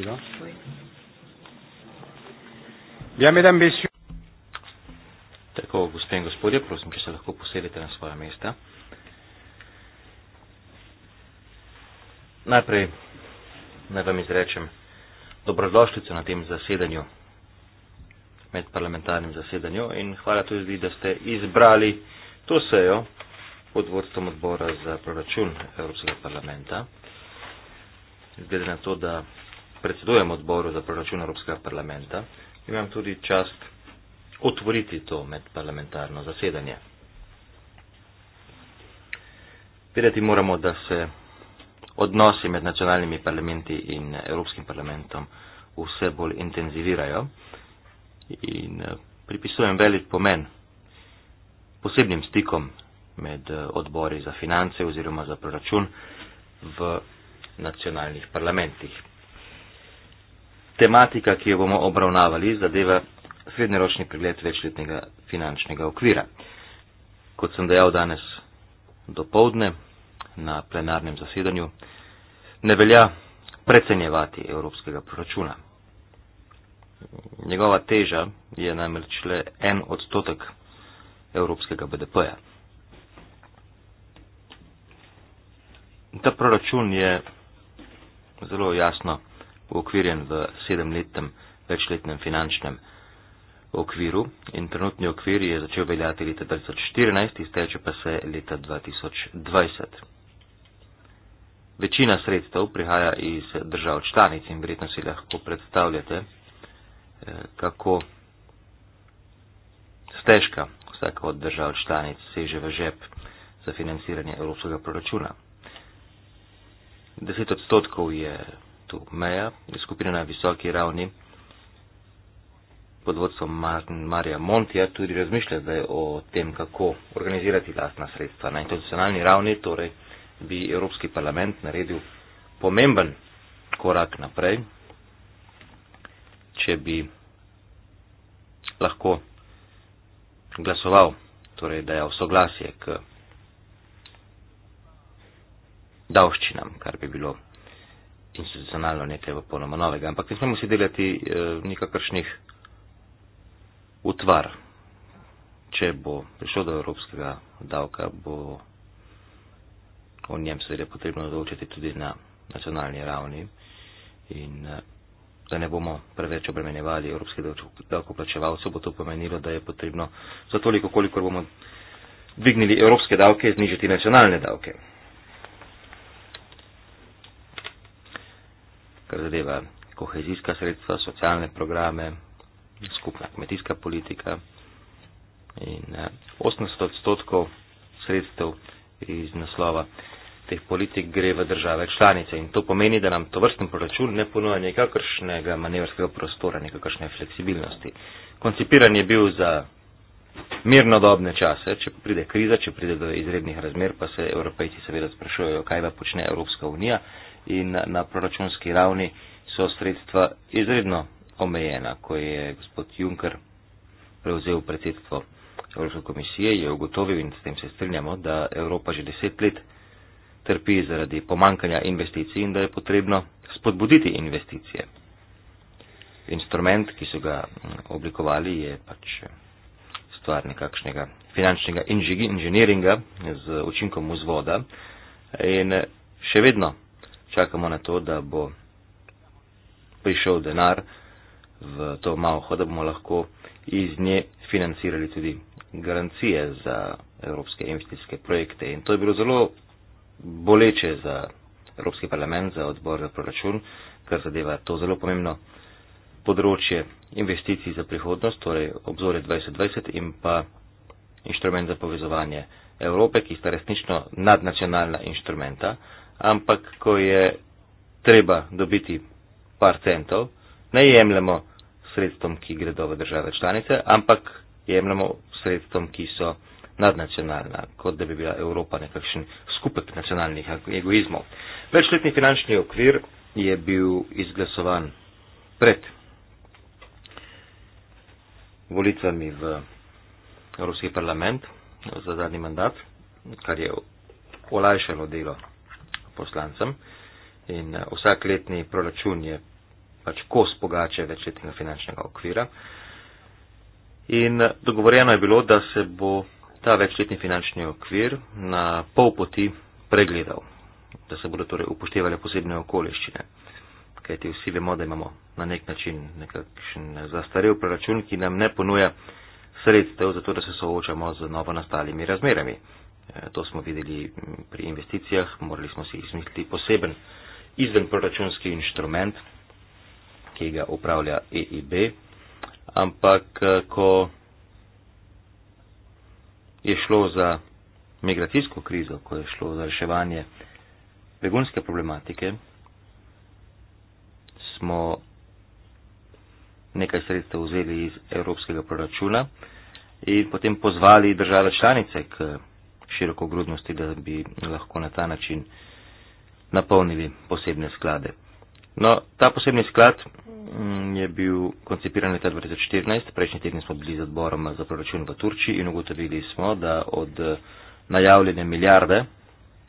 va. Oui. Bien, mesdames, messieurs. Tako, gospe in gospodje, prosim, če se lahko posedete na svoje mesta. Najprej naj vam izrečem dobrodošljico na tem zasedanju, medparlamentarnem zasedanju in hvala tudi, da ste izbrali to sejo pod vodstvom odbora za proračun Evropskega parlamenta. Zgleda na to, da predsedujem odboru za proračun Evropskega parlamenta, imam tudi čast otvoriti to medparlamentarno zasedanje. Vedeti moramo, da se odnosi med nacionalnimi parlamenti in Evropskim parlamentom vse bolj intenzivirajo in eh, pripisujem velik pomen posebnim stikom med eh, odbori za finance oziroma za proračun v nacionalnih parlamentih tematika, ki jo bomo obravnavali, zadeva srednjeročni pregled večletnega finančnega okvira. Kot sem dejal danes do povdne na plenarnem zasedanju, ne velja precenjevati evropskega proračuna. Njegova teža je namreč le en odstotek evropskega BDP-ja. Ta proračun je zelo jasno ukvirjen v sedemletnem večletnem finančnem okviru in trenutni okvir je začel veljati leta 2014, izteče pa se leta 2020. Večina sredstev prihaja iz držav članic in verjetno si lahko predstavljate, eh, kako stežka vsaka od držav članic seže v žep za financiranje evropskega proračuna. 10 odstotkov je tu meja, je skupina na visoki ravni pod vodstvom Mar Marija Montija tudi razmišlja zdaj o tem, kako organizirati lastna sredstva. Na institucionalni ravni torej bi Evropski parlament naredil pomemben korak naprej, če bi lahko glasoval, torej dajal soglasje k davščinam, kar bi bilo institucionalno nekaj popolnoma novega, ampak ne smemo si delati eh, nikakršnih utvar. Če bo prišlo do evropskega davka, bo o njem seveda potrebno določiti tudi na nacionalni ravni in eh, da ne bomo preveč obremenjevali evropskih davkoplačevalcev, bo to pomenilo, da je potrebno za toliko, koliko bomo dvignili evropske davke, znižiti nacionalne davke. kar zadeva kohezijska sredstva, socialne programe, skupna kmetijska politika. In 80 eh, odstotkov sredstev iz naslova teh politik gre v države članice. In to pomeni, da nam to vrsten proračun ne ponuja nekakršnega manevrskega prostora, nekakršne fleksibilnosti. Koncipiran je bil za mirnodobne čase, če pride kriza, če pride do izrednih razmer, pa se evropejci seveda sprašujejo, kaj pa počne Evropska unija in na proračunski ravni so sredstva izredno omejena, ko je gospod Juncker prevzel predsedstvo Evropske komisije, je ugotovil in s tem se strinjamo, da Evropa že deset let trpi zaradi pomankanja investicij in da je potrebno spodbuditi investicije. Instrument, ki so ga mm, oblikovali, je pač stvar nekakšnega finančnega inženiringa z učinkom vzvoda in še vedno čakamo na to, da bo prišel denar v to malho, da bomo lahko iz nje financirali tudi garancije za evropske investicijske projekte. In to je bilo zelo boleče za Evropski parlament, za odbor za proračun, kar zadeva to zelo pomembno področje investicij za prihodnost, torej obzore 2020 in pa inštrument za povezovanje Evrope, ki sta resnično nadnacionalna inštrumenta ampak ko je treba dobiti par centov, ne jemljemo sredstvom, ki gredo v države članice, ampak jemljemo sredstvom, ki so nadnacionalna, kot da bi bila Evropa nekakšen skupek nacionalnih egoizmov. Večletni finančni okvir je bil izglasovan pred volitvami v Evropski parlament za zadnji mandat, kar je olajšalo delo poslancem. In eh, vsak letni proračun je pač kos pogače večletnega finančnega okvira. In eh, dogovorjeno je bilo, da se bo ta večletni finančni okvir na pol poti pregledal, da se bodo torej upoštevali posebne okoliščine. Ker ti vsi vemo, da imamo na nek način nekakšen zastarel proračun, ki nam ne ponuja sredstev za to, da se soočamo z novo nastalimi razmerami. Eh, to smo videli mm, pri investicijah, morali smo si izmisliti poseben izvenproračunski inštrument, ki ga upravlja EIB. Ampak, eh, ko je šlo za migracijsko krizo, ko je šlo za reševanje begunske problematike, smo nekaj sredstev vzeli iz evropskega proračuna in potem pozvali države članice k širokogrudnosti, da bi lahko na ta način napolnili posebne sklade. No, ta posebni sklad mm, je bil koncipiran leta 2014, prejšnji teden smo bili z odborom za proračun v Turčiji in ugotovili smo, da od eh, najavljene milijarde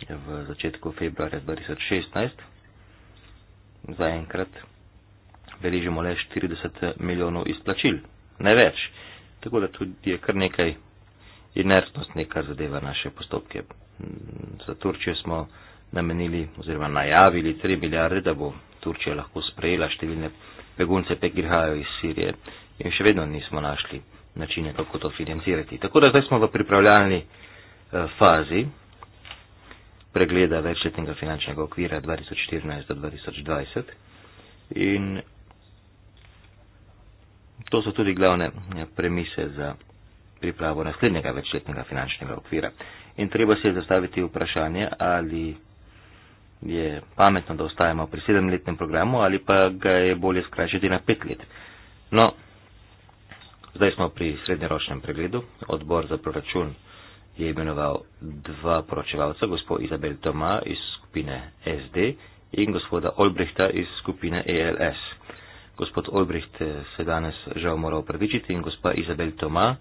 v začetku februarja 2016, zaenkrat beležimo le 40 milijonov izplačil, ne več. Tako da tudi je kar nekaj inertnostni, kar zadeva naše postopke. Za Turčijo smo namenili oziroma najavili 3 milijarde, da bo Turčija lahko sprejela številne begunce, ki prihajajo iz Sirije in še vedno nismo našli načine, kako to financirati. Tako da zdaj smo v pripravljalni eh, fazi pregleda večletnega finančnega okvira 2014 do 2020 in to so tudi glavne eh, premise za pripravo naslednjega večletnega finančnega okvira. In treba se je zastaviti vprašanje, ali je pametno, da ostajamo pri sedemletnem programu ali pa ga je bolje skrajšati na pet let. No, zdaj smo pri srednjeročnem pregledu. Odbor za proračun je imenoval dva poročevalca, gospod Izabel Toma iz skupine SD in gospoda Olbrihta iz skupine ALS. E gospod Olbricht se danes žal mora upravičiti in gospa Izabel Toma.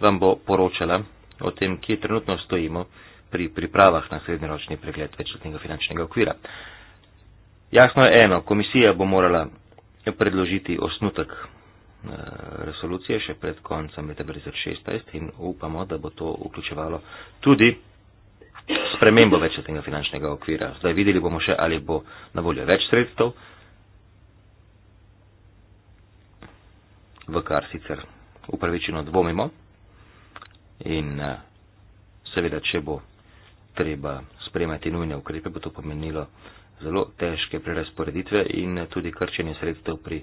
vam bo poročala o tem, kje trenutno stojimo pri pripravah na srednjeročni pregled večletnega finančnega okvira. Jasno je eno, komisija bo morala predložiti osnutek eh, resolucije še pred koncem leta 2016 in upamo, da bo to vključevalo tudi spremembo večletnega finančnega okvira. Zdaj videli bomo še, ali bo na voljo več sredstev, v kar sicer upravičeno dvomimo in eh, seveda, če bo treba spremati nujne ukrepe, bo to pomenilo zelo težke prerasporeditve in eh, tudi krčenje sredstev pri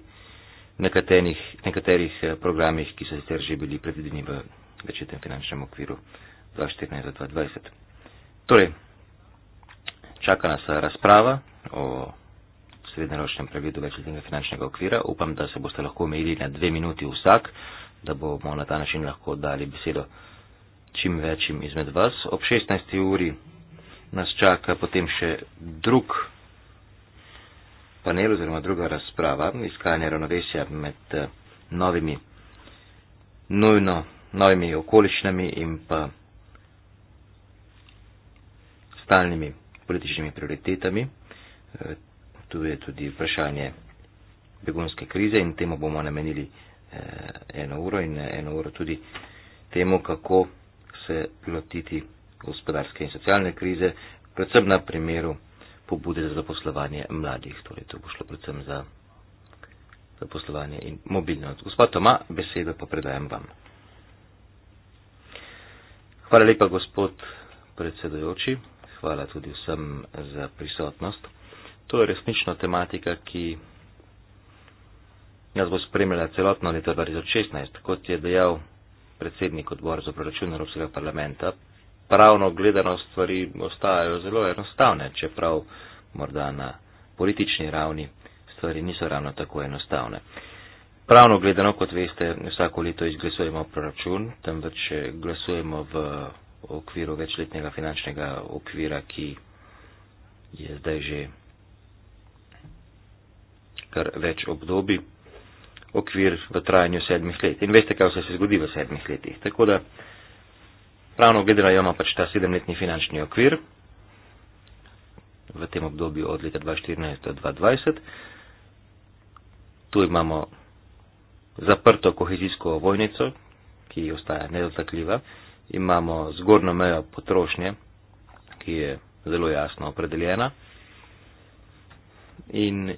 nekaterih, nekaterih eh, programih, ki so sicer že bili predvideni v večjem finančnem okviru 2014-2020. Torej, čaka nas razprava o srednjeročnem pregledu večletnega finančnega okvira. Upam, da se boste lahko omejili na dve minuti vsak, da bomo na ta način lahko dali besedo čim večjim izmed vas. Ob 16. uri nas čaka potem še drug panel oziroma druga razprava, iskanje ravnovesja med eh, novimi, nujno novimi okoliščinami in pa stalnimi političnimi prioritetami. Eh, tu je tudi vprašanje begunske krize in temu bomo namenili eh, eno uro in eno uro tudi temu, kako se lotiti gospodarske in socialne krize, predvsem na primeru pobude za zaposlovanje mladih. Torej, to bo šlo predvsem za zaposlovanje in mobilnost. Gospod Toma, besedo pa predajem vam. Hvala lepa, gospod predsedojoči. Hvala tudi vsem za prisotnost. To je resnično tematika, ki nas bo spremljala celotno leto 2016. Kot je dejal predsednik odbora za proračun Evropskega parlamenta. Pravno gledano stvari ostajajo zelo enostavne, čeprav morda na politični ravni stvari niso ravno tako enostavne. Pravno gledano, kot veste, vsako leto izglasujemo proračun, temveč eh, glasujemo v okviru večletnega finančnega okvira, ki je zdaj že kar več obdobij okvir v trajanju sedmih let. In veste, kaj vse se zgodi v sedmih letih. Tako da pravno gledano imamo pač ta sedemletni finančni okvir v tem obdobju od leta 2014 do 2020. Tu imamo zaprto kohezijsko vojnico, ki ostaja nedotakljiva. Imamo zgornjo mejo potrošnje, ki je zelo jasno opredeljena. In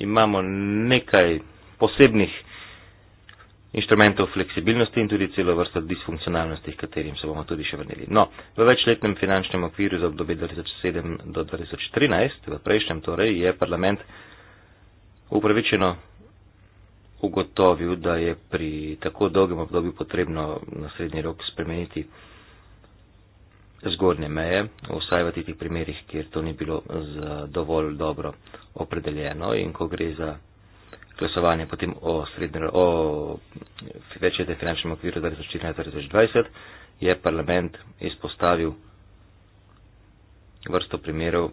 imamo nekaj posebnih inštrumentov fleksibilnosti in tudi celo vrsto disfunkcionalnosti, katerim se bomo tudi še vrnili. No, v večletnem finančnem okviru za obdobje 2007 do 2013, v prejšnjem torej, je parlament upravičeno ugotovil, da je pri tako dolgem obdobju potrebno na srednji rok spremeniti zgornje meje, vsaj v tistih primerjih, kjer to ni bilo dovolj dobro opredeljeno in ko gre za glasovanje potem o, srednjo, o večjete finančnem okviru 2014-2020, je parlament izpostavil vrsto primerov,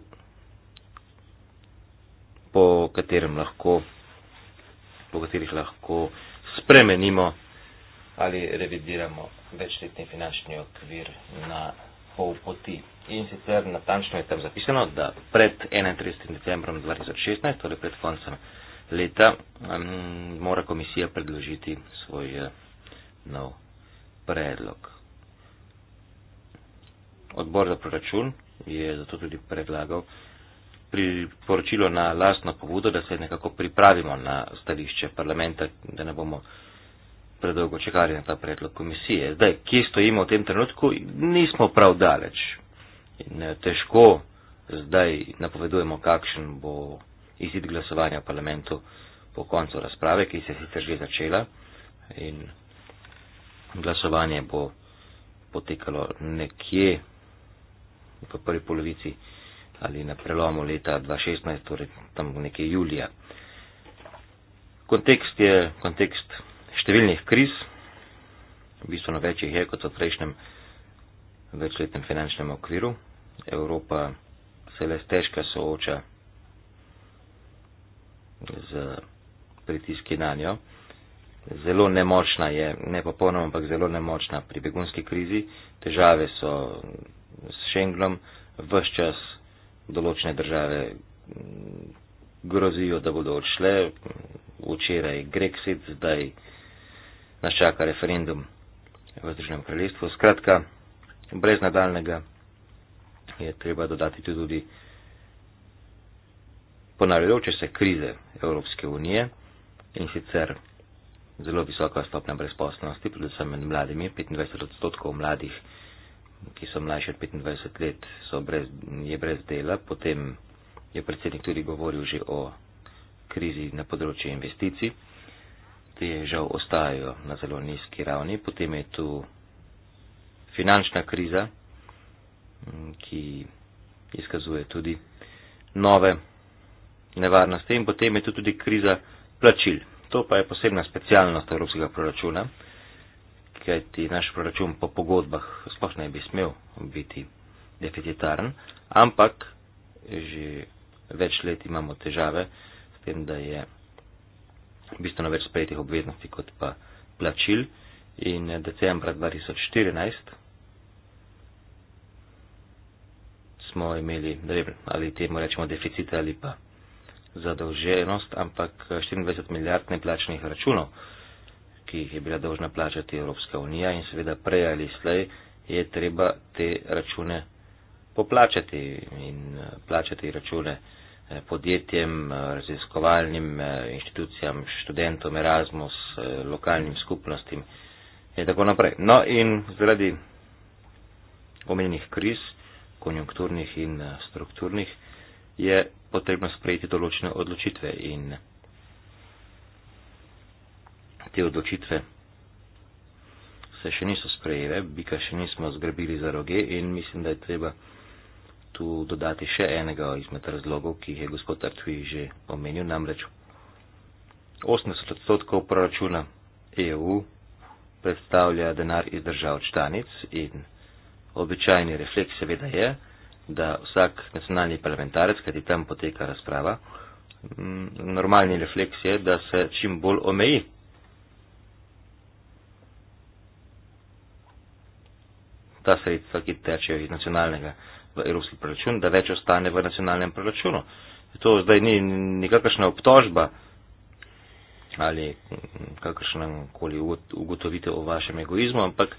po, lahko, po katerih lahko spremenimo ali revidiramo večletni finančni okvir na pol poti. In sicer natančno je tam zapisano, da pred 31. decembrom 2016, torej pred koncem leta um, mora komisija predložiti svoj eh, nov predlog. Odbor za proračun je zato tudi predlagal priporočilo na lastno pobudo, da se nekako pripravimo na stališče parlamenta, da ne bomo predolgo čakali na ta predlog komisije. Zdaj, kje stojimo v tem trenutku, nismo prav daleč. In eh, težko zdaj napovedujemo, kakšen bo izid glasovanja v parlamentu po koncu razprave, ki se je sicer že začela in glasovanje bo potekalo nekje v prvi polovici ali na prelomu leta 2016, torej tam nekje julija. Kontekst je kontekst številnih kriz, bistveno večjih je kot v prejšnjem večletnem finančnem okviru. Evropa se le stežka sooča z pritiski na njo. Zelo nemočna je, ne popolnoma, ampak zelo nemočna pri begunski krizi. Težave so s Schengenom, vse čas določene države grozijo, da bodo odšle. Včeraj je Grexit, zdaj nas čaka referendum v Združenem kraljestvu. Skratka, brez nadaljnega je treba dodati tudi ponavljajoče se krize Evropske unije in sicer zelo visoka stopnja brezposlenosti, predvsem med mladimi, 25 odstotkov mladih, ki so mlajši od 25 let, brez, je brez dela. Potem je predsednik tudi govoril že o krizi na področju investicij. Te žal ostajajo na zelo nizki ravni. Potem je tu finančna kriza, ki izkazuje tudi nove nevarnosti in potem je tu tudi kriza plačil. To pa je posebna specialnost evropskega proračuna, ker ti naš proračun po pogodbah sploh ne bi smel biti deficitaren, ampak že več let imamo težave s tem, da je bistveno več sprejetih obveznosti kot pa plačil in decembra 2014 smo imeli, ne vem, ali temu rečemo deficit ali pa zadolženost, ampak 24 milijard neplačnih računov, ki jih je bila dolžna plačati Evropska unija in seveda prej ali slej je treba te račune poplačati in eh, plačati račune eh, podjetjem, eh, raziskovalnim inštitucijam, študentom Erasmus, lokalnim skupnostim in tako naprej. No in zaradi omenjenih kriz, konjunkturnih in strukturnih, je potrebno sprejeti določene odločitve in te odločitve se še niso sprejele, bi ga še nismo zgrabili za roge in mislim, da je treba tu dodati še enega izmed razlogov, ki jih je gospod Artvi že omenil, namreč 80 odstotkov proračuna EU predstavlja denar iz držav članic in običajni refleks seveda je, da vsak nacionalni parlamentarec, kajti tam poteka razprava, mm, normalni refleks je, da se čim bolj omeji. Ta sredstva, ki tečejo iz nacionalnega v evropski proračun, da več ostane v nacionalnem proračunu. To zdaj ni nikakršna obtožba ali kakršna koli ugotovitev o vašem egoizmu, ampak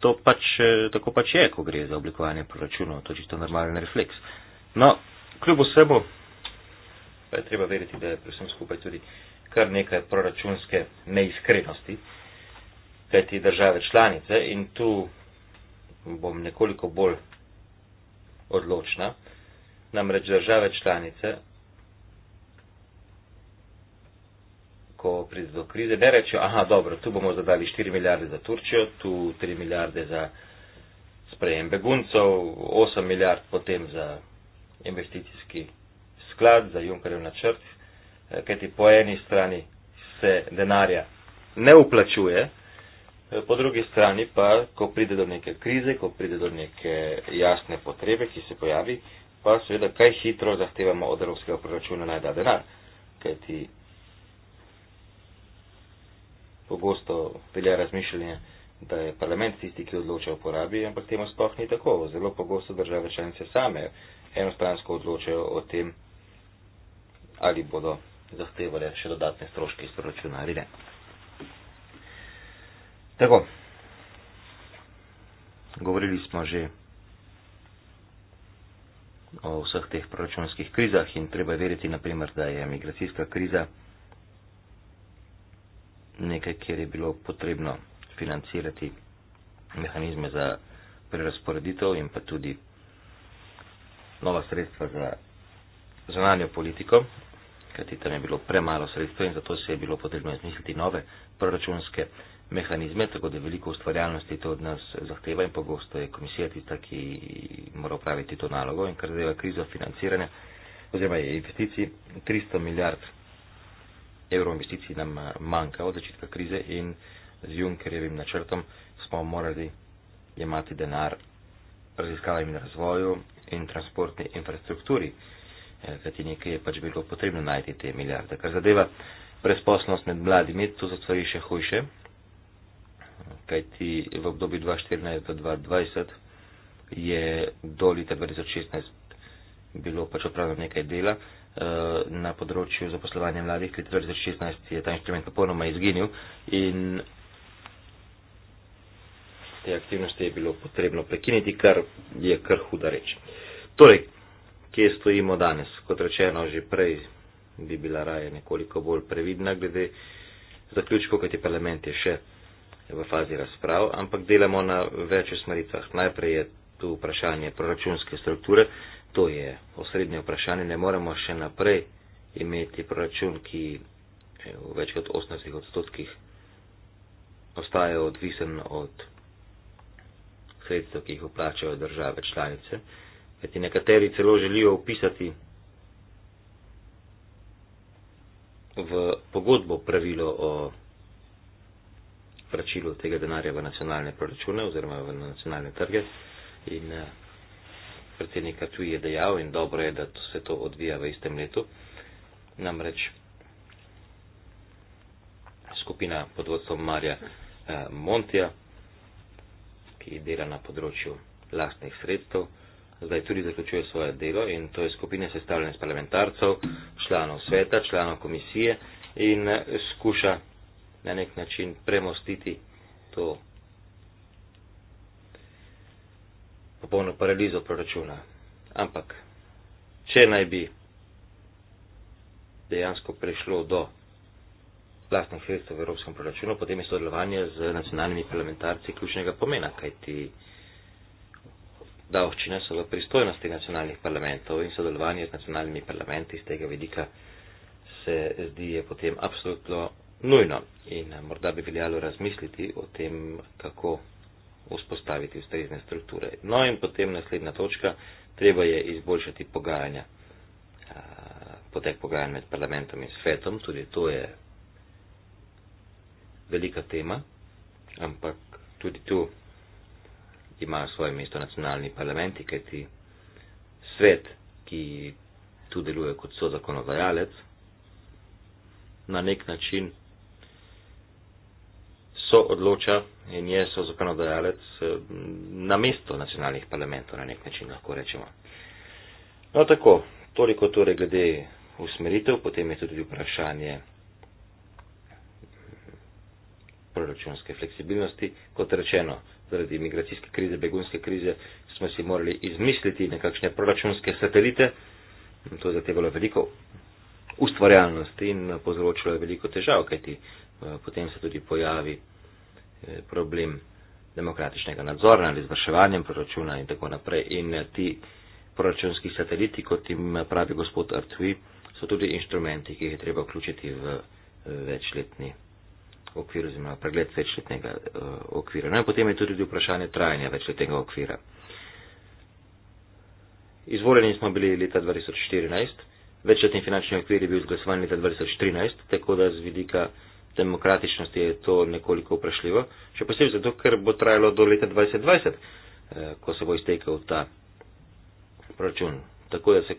to pač, eh, tako pač je, ko gre za oblikovanje proračunov, to je čisto normalen refleks. No, kljub vsemu, pa je treba veriti, da je pri vsem skupaj tudi kar nekaj proračunske neiskrenosti, kajti države članice in tu bom nekoliko bolj odločna, namreč države članice ko pride do krize, ne rečejo, aha, dobro, tu bomo zadali 4 milijarde za Turčijo, tu 3 milijarde za sprejem beguncov, 8 milijard potem za investicijski sklad, za Junkerjev načrt, eh, kajti po eni strani se denarja ne uplačuje, eh, po drugi strani pa, ko pride do neke krize, ko pride do neke jasne potrebe, ki se pojavi, pa seveda kaj hitro zahtevamo od evropskega proračuna naj da denar. Kajti pogosto velja razmišljanje, da je parlament tisti, ki odloča o porabi, ampak temu sploh ni tako. Zelo pogosto države članice same enostransko odločajo o tem, ali bodo zahtevali še dodatne stroške iz proračuna ali ne. Tako, govorili smo že o vseh teh proračunskih krizah in treba veriti, naprimer, da je migracijska kriza nekaj, kjer je bilo potrebno financirati mehanizme za prerasporeditev in pa tudi nova sredstva za zunanjo politiko, kajti tam je bilo premalo sredstva in zato se je bilo potrebno izmisliti nove proračunske mehanizme, tako da veliko ustvarjalnosti to od nas zahteva in pogosto je komisija tista, ki mora upraviti to nalogo in kar zadeva krizo financiranja oziroma investicij 300 milijard evroinvesticij nam eh, manjka od začetka krize in z Junkerjevim načrtom smo morali jemati denar raziskavam in razvoju in transportni infrastrukturi, eh, kajti nekaj je pač bilo potrebno najti te milijarde. Kar zadeva presposnost med mladimi, to so stvari še hujše, kajti v obdobju 2014 do 2020 je do leta 2016 bilo pač opravljeno nekaj dela, Eh, na področju zaposlovanja mladih, ki je 2016 je ta instrument popolnoma izginil in te aktivnosti je bilo potrebno prekiniti, kar je kar huda reč. Torej, kje stojimo danes? Kot rečeno, že prej bi bila raje nekoliko bolj previdna glede zaključkov, kajti parlament je še v fazi razprav, ampak delamo na več usmeritvah. Najprej je tu vprašanje proračunske strukture, To je osrednje vprašanje. Ne moremo še naprej imeti proračun, ki v več kot 80 odstotkih ostaje odvisen od sredstev, ki jih uplačajo države članice. Kajti nekateri celo želijo upisati v pogodbo pravilo o vračilu tega denarja v nacionalne proračune oziroma v nacionalne trge in eh, predsednika Tuji je dejal in dobro je, da to se to odvija v istem letu. Namreč skupina pod vodstvom Marja eh, Montija, ki dela na področju lastnih sredstev, zdaj tudi zaključuje svoje delo in to je skupina sestavljena iz parlamentarcev, članov sveta, članov komisije in eh, skuša na nek način premostiti to popolno paralizo proračuna. Ampak, če naj bi dejansko prišlo do lastnih sredstev v evropskem proračunu, potem je sodelovanje z nacionalnimi parlamentarci ključnega pomena, kajti davščine so v pristojnosti nacionalnih parlamentov in sodelovanje z nacionalnimi parlamenti z tega vidika se zdi je potem absolutno nujno. In eh, morda bi veljalo razmisliti o tem, kako vzpostaviti ustrezne strukture. No in potem naslednja točka, treba je izboljšati pogajanja, potek pogajanj med parlamentom in svetom, tudi to je velika tema, ampak tudi tu imajo svoje mesto nacionalni parlamenti, kajti svet, ki tu deluje kot so zakonodajalec, na nek način so odloča in je so zakonodajalec eh, na mesto nacionalnih parlamentov, na nek način lahko rečemo. No tako, toliko torej glede usmeritev, potem je tudi vprašanje mm, proračunske fleksibilnosti. Kot rečeno, zaradi imigracijske krize, begunske krize smo si morali izmisliti nekakšne proračunske satelite. To je zategalo veliko ustvarjalnosti in povzročilo je veliko težav, kajti eh, potem se tudi pojavi Eh, problem demokratičnega nadzora nad izvrševanjem proračuna in tako naprej. In eh, ti proračunski sateliti, kot jim eh, pravi gospod Artui, so tudi inštrumenti, ki jih je treba vključiti v večletni okvir oziroma pregled večletnega uh, okvira. No in potem je tudi vprašanje trajanja večletnega okvira. Izvoljeni smo bili leta 2014, večletni finančni okvir je bil izglasovan leta 2013, tako da z vidika demokratičnosti je to nekoliko vprašljivo, še posebej zato, ker bo trajalo do leta 2020, eh, ko se bo iztekel ta proračun. Tako da se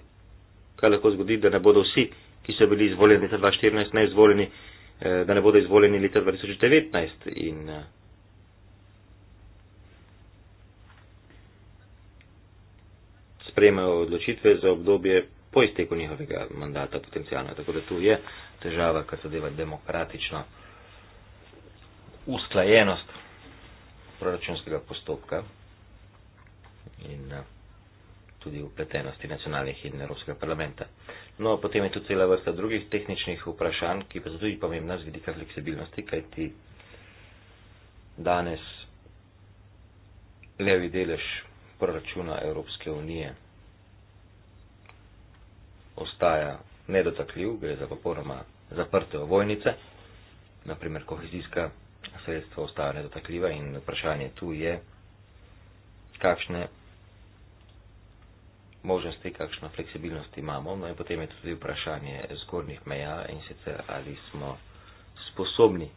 kaj lahko zgodi, da ne bodo vsi, ki so bili izvoljeni leta 2014, ne izvoljeni, da ne bodo izvoljeni leta 2019. In, eh, Sprejemajo odločitve za obdobje po izteku njihovega mandata potencijalno. Tako da tu je težava, kar zadeva demokratično usklajenost proračunskega postopka in eh, tudi upletenosti nacionalnih in Evropskega parlamenta. No, potem je tu cela vrsta drugih tehničnih vprašanj, ki pa so tudi pomembna z vidika fleksibilnosti, kajti danes levi delež proračuna Evropske unije ostaja nedotakljiv, gre za poporoma zaprte ovojnice, naprimer kohezijska sredstva ostaja nedotakljiva in vprašanje tu je, kakšne možnosti, kakšno fleksibilnost imamo. No in potem je tudi vprašanje zgornjih meja in sicer ali smo sposobni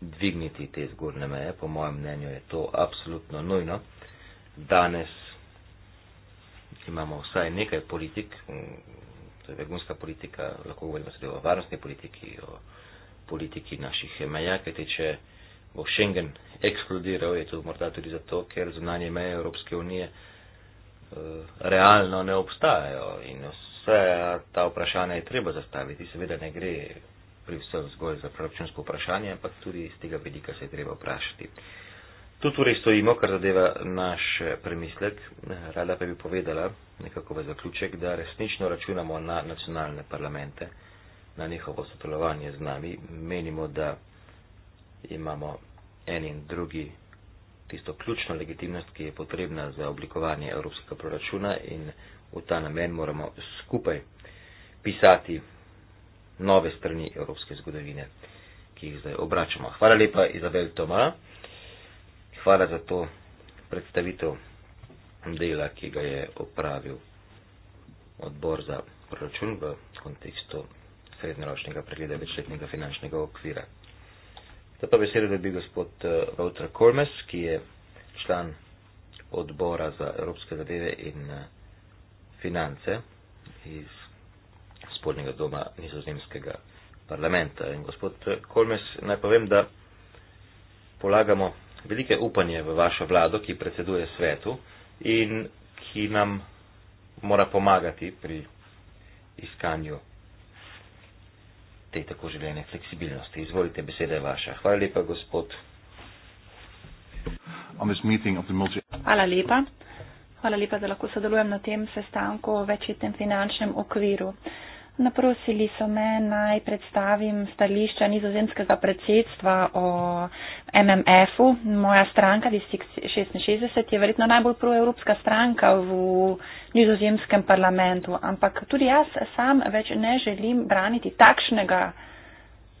dvigniti te zgornje meje. Po mojem mnenju je to absolutno nujno. Danes imamo vsaj nekaj politik, to je begunska politika, lahko govorimo tudi o varnostni politiki, o politiki naših meja, kajti če bo Schengen eksplodiral, je to morda tudi zato, ker zunanje meje Evropske unije eh, realno ne obstajajo in vse ta vprašanja je treba zastaviti. Seveda ne gre pri vsem zgolj za proračunsko vprašanje, ampak tudi iz tega vidika se je treba vprašati. Tu torej stojimo, kar zadeva naš eh, premislek. Eh, rada pa bi povedala, nekako v zaključek, da resnično računamo na nacionalne parlamente, na njihovo sodelovanje z nami. Menimo, da imamo en in drugi tisto ključno legitimnost, ki je potrebna za oblikovanje evropskega proračuna in v ta namen moramo skupaj pisati nove strani evropske zgodovine, ki jih zdaj obračamo. Hvala lepa, Izabel Toma. Hvala za to predstavitev dela, ki ga je opravil odbor za proračun v kontekstu srednjeročnega pregleda večletnega finančnega okvira. Za to besedo dobi gospod eh, Walter Kormes, ki je član odbora za evropske zadeve in eh, finance iz spodnjega doma nizozemskega parlamenta. In gospod eh, Kormes, naj povem, da polagamo velike upanje v vašo vlado, ki predseduje svetu in ki nam mora pomagati pri iskanju te tako željene fleksibilnosti. Izvolite, beseda je vaša. Hvala lepa, gospod. Hvala lepa. Hvala lepa, da lahko sodelujem na tem sestanku o večjetem finančnem okviru. Uh, Naprosili so me naj predstavim stališča nizozemskega predsedstva o MMF-u. Moja stranka, Distrikt 66, je verjetno najbolj proevropska stranka v nizozemskem parlamentu, ampak tudi jaz sam več ne želim braniti takšnega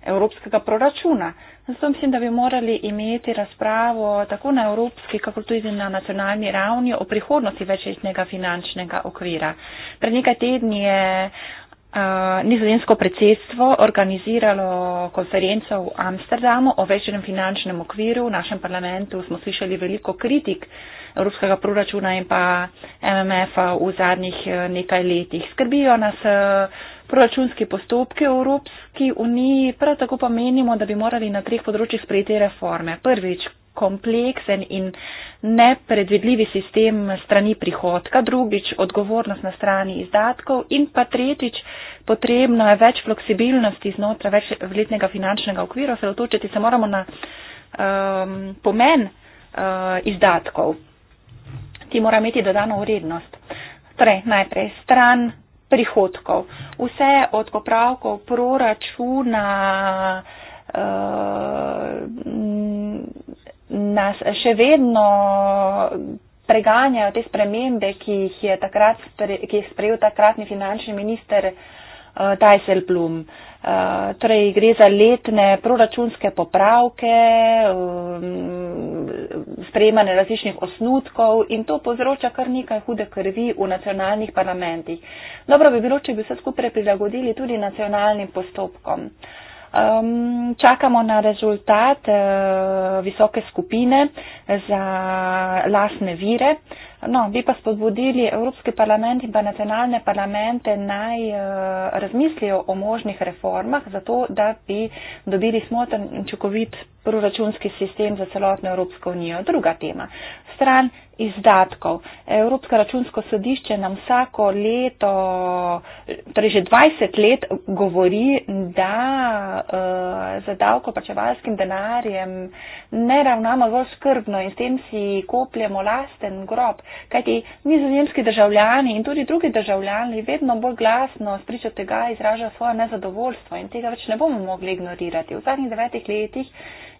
evropskega proračuna. Zato mislim, da bi morali imeti razpravo tako na evropski, kako tudi na nacionalni ravni o prihodnosti večletnega finančnega okvira. Pred nekaj tedni je Eh, nizozemsko predsedstvo organiziralo konferenco v Amsterdamu o večjem finančnem okviru. V našem parlamentu smo slišali veliko kritik evropskega proračuna in pa MMF-a v zadnjih eh, nekaj letih. Skrbijo nas eh, proračunski postopki v Evropski uniji, prav tako pa menimo, da bi morali na treh področjih sprejeti reforme. Prvič, kompleksen in nepredvidljivi sistem strani prihodka, drugič odgovornost na strani izdatkov in pa tretjič potrebno je več fleksibilnosti znotraj večletnega finančnega okvira, se otočiti se moramo na um, pomen uh, izdatkov, ki mora imeti dodano vrednost. Torej, najprej stran prihodkov. Vse od popravkov proračuna, uh, nas še vedno preganjajo te spremembe, ki jih je, takrat, ki je sprejel takratni finančni minister uh, eh, Tajselblum. Uh, eh, torej, gre za letne proračunske popravke, um, sprejemanje različnih osnutkov in to povzroča kar nekaj hude krvi v nacionalnih parlamentih. Dobro bi bilo, če bi vse skupaj prilagodili tudi nacionalnim postopkom. Uh, Um, čakamo na rezultat uh, visoke skupine za lasne vire. No, bi pa spodbudili Evropski parlament in pa nacionalne parlamente naj uh, razmislijo o možnih reformah, zato da bi dobili smotrn in čukovit proračunski sistem za celotno Evropsko unijo. Druga tema. Stran izdatkov. Evropsko računsko sodišče nam vsako leto, torej že 20 let, govori, da uh, eh, za davkoplačevalskim denarjem ne ravnamo zelo skrbno in s tem si kopljemo lasten grob, kajti nizozemski državljani in tudi drugi državljani vedno bolj glasno spričo tega izražajo svoje nezadovoljstvo in tega več ne bomo mogli ignorirati. V zadnjih devetih letih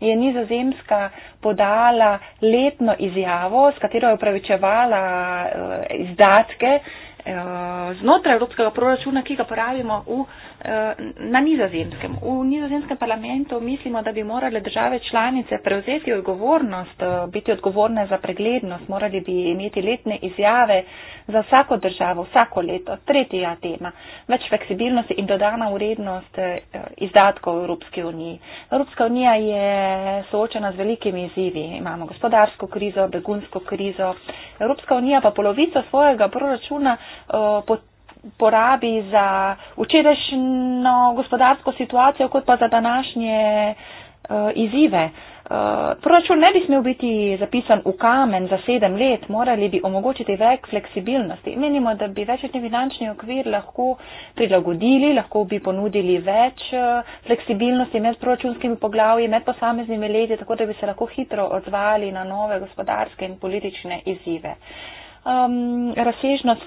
je nizozemska podala letno izjavo, s katero je upravičevala eh, izdatke eh, znotraj evropskega proračuna, ki ga porabimo v Eh, na nizozemskem. V nizozemskem parlamentu mislimo, da bi morale države članice prevzeti odgovornost, eh, biti odgovorne za preglednost, morali bi imeti letne izjave za vsako državo, vsako leto. Tretja tema. Več fleksibilnosti in dodana urednost eh, izdatkov v Evropski uniji. Evropska unija je soočena z velikimi izzivi. Imamo gospodarsko krizo, begunsko krizo. Evropska unija pa polovico svojega proračuna pot porabi za včerajšnjo gospodarsko situacijo, kot pa za današnje uh, izzive. Uh, proračun ne bi smel biti zapisan v kamen za sedem let, morali bi omogočiti več fleksibilnosti. Menimo, da bi večni finančni okvir lahko prilagodili, lahko bi ponudili več uh, fleksibilnosti med proračunskimi poglavji, med posameznimi leti, tako da bi se lahko hitro odzvali na nove gospodarske in politične izzive. Uh, um, razsežnost,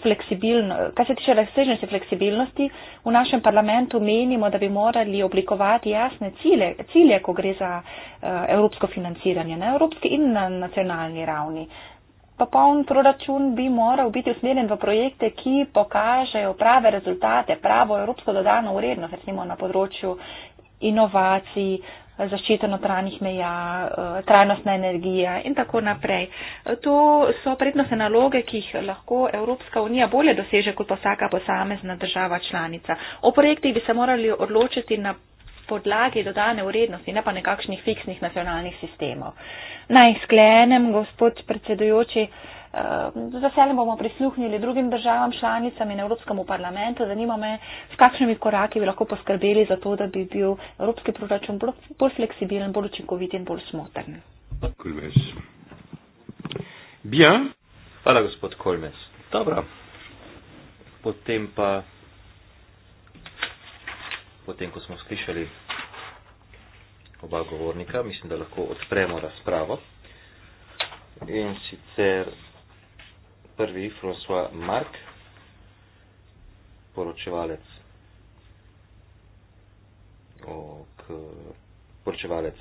kar se tiče razsežnosti fleksibilnosti, v našem parlamentu menimo, da bi morali oblikovati jasne cilje, cilje ko gre za uh, evropsko financiranje na evropski in na nacionalni ravni. Popoln proračun bi moral biti usmerjen v projekte, ki pokažejo prave rezultate, pravo evropsko dodano vrednost, recimo na področju inovacij, uh, zaščita notranjih meja, eh, trajnostna energija in tako naprej. To so prednostne naloge, ki jih lahko Evropska unija bolje doseže kot pa vsaka posamezna država članica. O projektih bi se morali odločiti na podlagi dodane urednosti, ne pa nekakšnih fiksnih nacionalnih sistemov. Naj sklenem, gospod predsedujoči, Eh, z veseljem bomo prisluhnili drugim državam, članicam in Evropskemu parlamentu. Zanima me, s kakšnimi koraki bi lahko poskrbeli za to, da bi bil Evropski proračun bolj fleksibilen, bolj učinkovit in bolj smotrn. Kolmes. Bien. Hvala, gospod Kolmes. Dobro. Potem pa, potem ko smo slišali oba govornika, mislim, da lahko odpremo razpravo. In sicer prvi François Mark, poročevalec o, k, poročevalec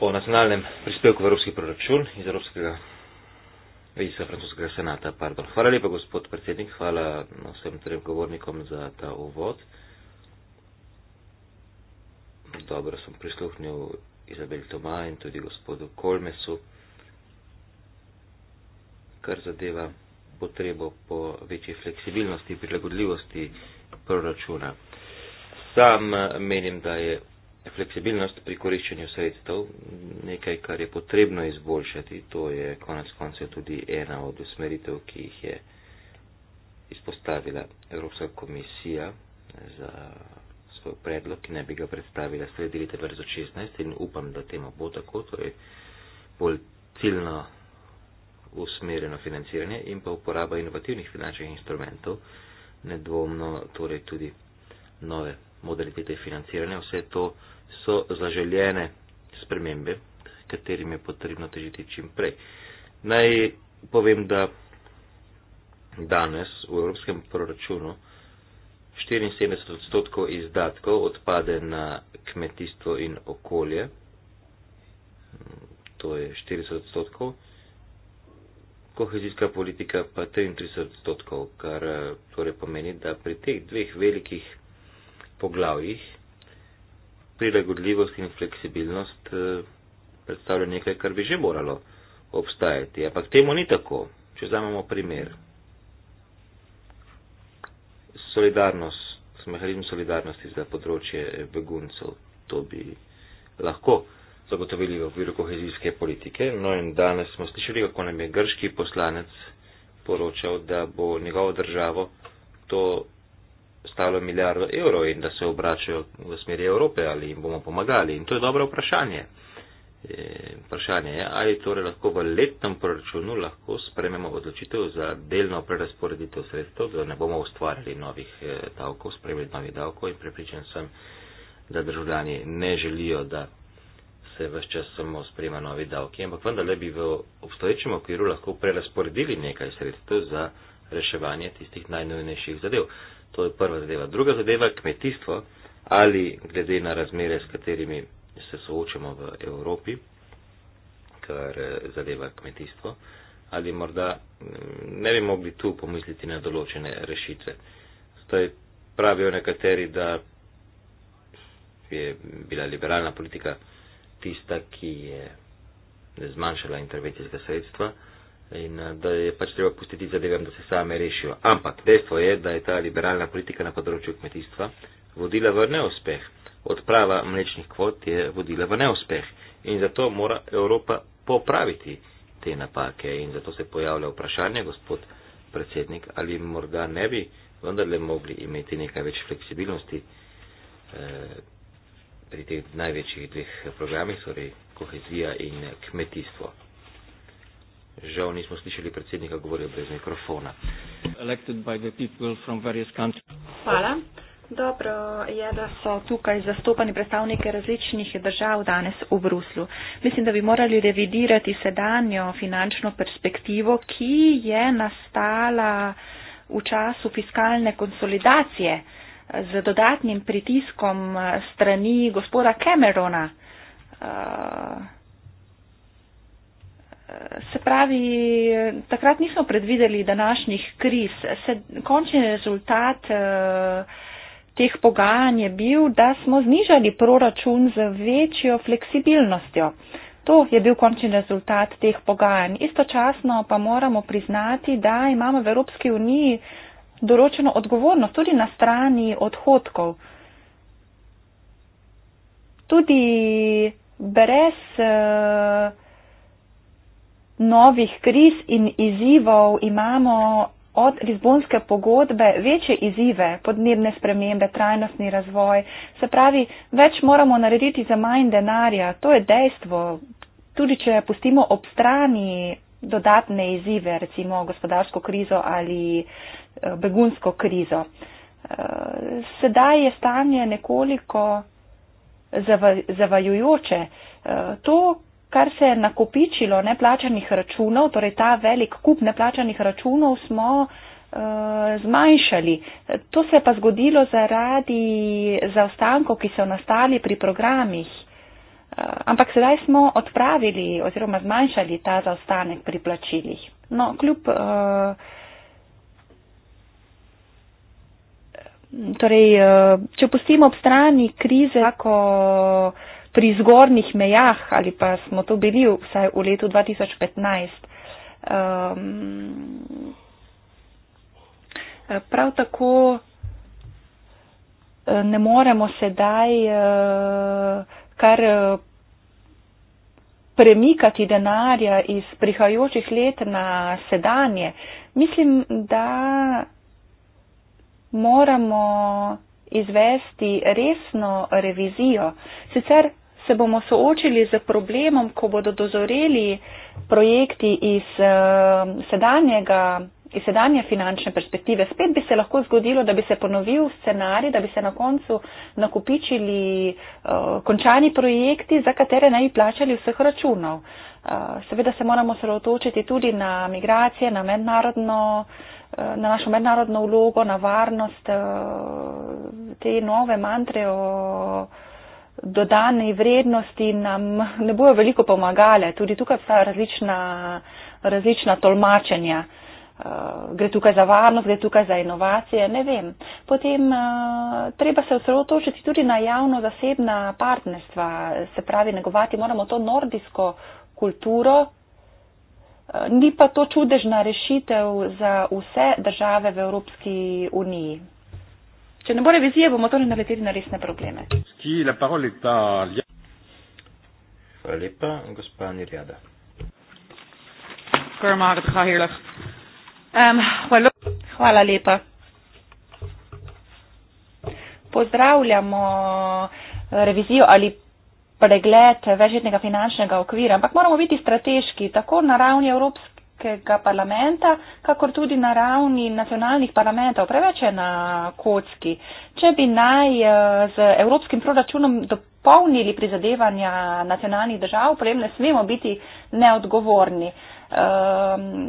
o nacionalnem prispevku v Evropski proračun iz Evropskega iz francoskega senata. Pardon. Hvala lepa, gospod predsednik, hvala vsem trem govornikom za ta uvod. Dobro sem prisluhnil Izabel Toma in tudi gospodu Kolmesu kar zadeva potrebo po večji fleksibilnosti, prilagodljivosti proračuna. Sam eh, menim, da je fleksibilnost pri koriščenju sredstev nekaj, kar je potrebno izboljšati. To je konec koncev tudi ena od usmeritev, ki jih je izpostavila Evropska komisija eh, za svoj predlog, ki ne bi ga predstavila sredi leta 2016 in upam, da tema bo tako, torej bolj ciljno usmerjeno financiranje in pa uporaba inovativnih finančnih instrumentov, nedvomno torej tudi nove modalitete financiranja. Vse to so zaželjene spremembe, katerim je potrebno težiti čim prej. Naj povem, da danes v evropskem proračunu 74 odstotkov izdatkov odpade na kmetijstvo in okolje. To je 40 odstotkov kohezijska politika pa 33 odstotkov, kar eh, torej pomeni, da pri teh dveh velikih poglavjih prilagodljivost in fleksibilnost eh, predstavlja nekaj, kar bi že moralo obstajati. Ampak temu ni tako. Če vzamemo primer. Solidarnost, mehanizm solidarnosti za področje beguncev, to bi lahko zagotovili v okviru kohezijske politike. No in danes smo slišali, kako nam je grški poslanec poročal, da bo njegovo državo to stalo milijardo evrov in da se obračajo v smeri Evrope ali jim bomo pomagali. In to je dobro vprašanje. E, vprašanje je, ali torej lahko v letnem proračunu lahko sprememo odločitev za delno prerasporeditev sredstev, da ne bomo ustvarjali novih e, davkov, sprememo novih davkov in prepričan sem, da državljani ne želijo, da se vse čas samo sprejema novi davki, ampak vendarle bi v obstoječem okviru lahko prerasporedili nekaj sredstev za reševanje tistih najnujnejših zadev. To je prva zadeva. Druga zadeva, kmetijstvo ali glede na razmere, s katerimi se soočamo v Evropi, kar eh, zadeva kmetijstvo, ali morda mm, ne bi mogli tu pomisliti na določene rešitve. Zdaj pravijo nekateri, da je bila liberalna politika tista, ki je zmanjšala intervencijska sredstva in eh, da je pač treba pustiti zadevam, da se same rešijo. Ampak dejstvo je, da je ta liberalna politika na področju kmetijstva vodila v neuspeh. Odprava mlečnih kvot je vodila v neuspeh in zato mora Evropa popraviti te napake in zato se pojavlja vprašanje, gospod predsednik, ali morda ne bi vendarle mogli imeti nekaj več fleksibilnosti. Eh, pri teh največjih dveh programih, torej kohezija in kmetijstvo. Žal nismo slišali predsednika govorijo brez mikrofona. Hvala. Dobro je, da so tukaj zastopani predstavniki različnih držav danes v Bruslu. Mislim, da bi morali revidirati sedanjo finančno perspektivo, ki je nastala v času fiskalne konsolidacije z dodatnim pritiskom strani gospoda Camerona. Eh, se pravi, takrat nismo predvideli današnjih kriz. Se, končni rezultat eh, teh pogajanj je bil, da smo znižali proračun z večjo fleksibilnostjo. To je bil končni rezultat teh pogajanj. Istočasno pa moramo priznati, da imamo v Evropski uniji določeno odgovornost tudi na strani odhodkov. Tudi brez uh, novih kriz in izzivov imamo od Lizbonske pogodbe večje izzive, podnebne spremembe, trajnostni razvoj. Se pravi, več moramo narediti za manj denarja. To je dejstvo. Tudi če pustimo ob strani dodatne izzive, recimo gospodarsko krizo ali Eh, begunsko krizo. Eh, sedaj je stanje nekoliko zavajujoče. Eh, to, kar se je nakopičilo neplačanih računov, torej ta velik kup neplačanih računov, smo zmanjšali. To se je pa zgodilo zaradi zaostankov, ki so nastali pri programih. Ampak sedaj smo odpravili oziroma zmanjšali ta zaostanek pri plačilih. No, kljub uh, torej, eh, če pustimo ob strani krize, kako pri zgornjih mejah, ali pa smo to bili vsaj v letu 2015, um, ehm, prav tako eh, ne moremo sedaj uh, kar premikati denarja iz prihajajočih let na sedanje. Mislim, da moramo izvesti resno revizijo. Sicer se bomo soočili z problemom, ko bodo dozoreli projekti iz eh, sedanjega. Iz sedanje finančne perspektive spet bi se lahko zgodilo, da bi se ponovil scenarij, da bi se na koncu nakupičili uh, eh, končani projekti, za katere naj bi plačali vseh računov. Uh, seveda se moramo sredotočiti tudi na migracije, na mednarodno uh, na našo mednarodno vlogo, na varnost, eh, te nove mantre o dodani vrednosti nam ne bojo veliko pomagale. Tudi tukaj sta različna, različna tolmačenja. Eh, gre tukaj za varnost, gre tukaj za inovacije, ne vem. Potem eh, treba se osredotočiti tudi na javno-zasebna partnerstva, se pravi, negovati moramo to nordijsko kulturo, Ni pa to čudežna rešitev za vse države v Evropski uniji. Če ne bo revizije, bomo torej naleteli na resne probleme. Hvala lepa, gospa Nirjada. Ehm, Hvala lepa. Pozdravljamo revizijo ali pregled večletnega finančnega okvira, ampak moramo biti strateški tako na ravni Evropskega parlamenta, kakor tudi na ravni nacionalnih parlamentov. Preveč je na kocki. Če bi naj eh, z Evropskim proračunom dopolnili prizadevanja nacionalnih držav, potem ne smemo biti neodgovorni. Um,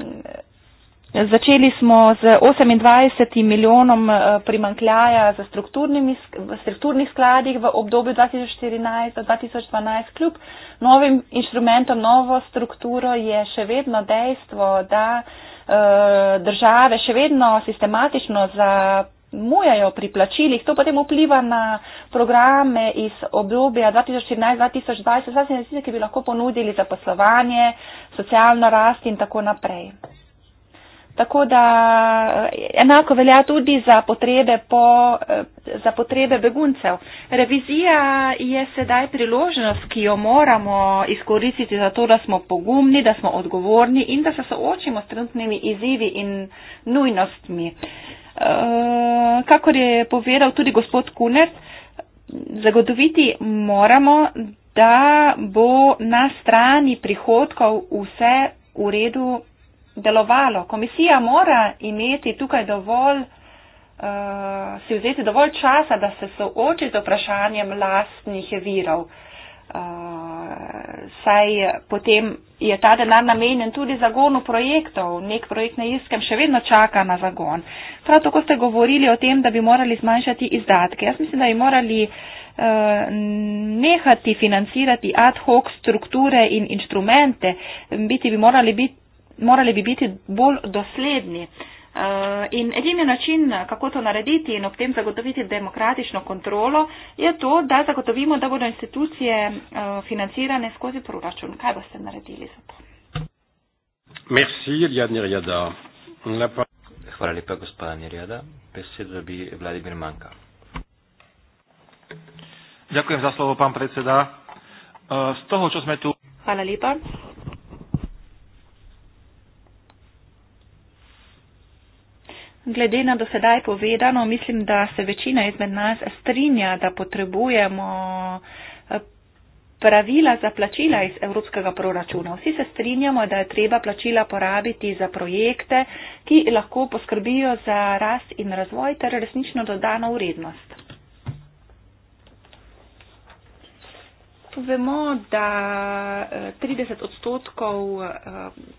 Začeli smo z 28 milijonom eh, primankljaja za strukturnih skladih v obdobju 2014-2012. Kljub novim inštrumentom, novo strukturo je še vedno dejstvo, da eh, države še vedno sistematično zamujajo pri plačilih. To potem vpliva na programe iz obdobja 2014-2020, ki bi lahko ponudili zaposlovanje, socialno rast in tako naprej. Tako da eh, enako velja tudi za potrebe, po, eh, za potrebe beguncev. Revizija je sedaj priložnost, ki jo moramo izkoristiti za to, da smo pogumni, da smo odgovorni in da se soočimo s trenutnimi izzivi in nujnostmi. Eh, kakor je povedal tudi gospod Kunec, zagotoviti moramo, da bo na strani prihodkov vse v redu delovalo. Komisija mora imeti tukaj dovolj, uh, si vzeti dovolj časa, da se sooči z vprašanjem lastnih virov. Uh, saj potem je ta denar namenjen tudi zagonu projektov. Nek projekt na Irskem še vedno čaka na zagon. Prav tako ste govorili o tem, da bi morali zmanjšati izdatke. Jaz mislim, da bi morali eh, nehati financirati ad hoc strukture in inštrumente, biti bi morali biti morali bi biti bolj dosledni. Eh, in edini način, kako to narediti in ob tem zagotoviti demokratično kontrolo, je to, da zagotovimo, da bodo institucije eh, financirane skozi proračun. Kaj boste naredili za to? Merci, Hvala lepa, gospod Nirjada. Besedo bi Vladimir Manka. Zahvaljujem za slovo, pan predseda. Eh, z toho, čo sme tu. Hvala lepa. Glede na dosedaj povedano, mislim, da se večina izmed nas strinja, da potrebujemo eh, pravila za plačila iz evropskega proračuna. Vsi se strinjamo, da je treba plačila porabiti za projekte, ki lahko poskrbijo za rast in razvoj ter resnično dodano vrednost. povemo, da 30 eh, odstotkov eh,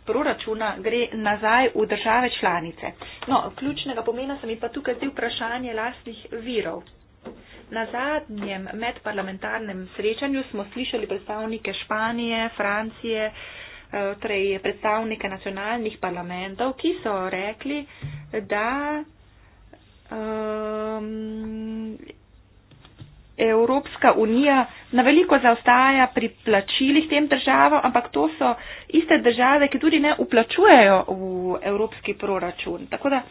proračuna gre nazaj v države članice. No, ključnega pomena se mi pa tukaj zdi vprašanje lastnih virov. Na zadnjem medparlamentarnem srečanju smo slišali predstavnike Španije, Francije, eh, torej predstavnike nacionalnih parlamentov, ki so rekli, da um, Evropska unija na veliko zaostaja pri plačilih tem državam, ampak to so iste države, ki tudi ne uplačujejo v evropski proračun. Tako da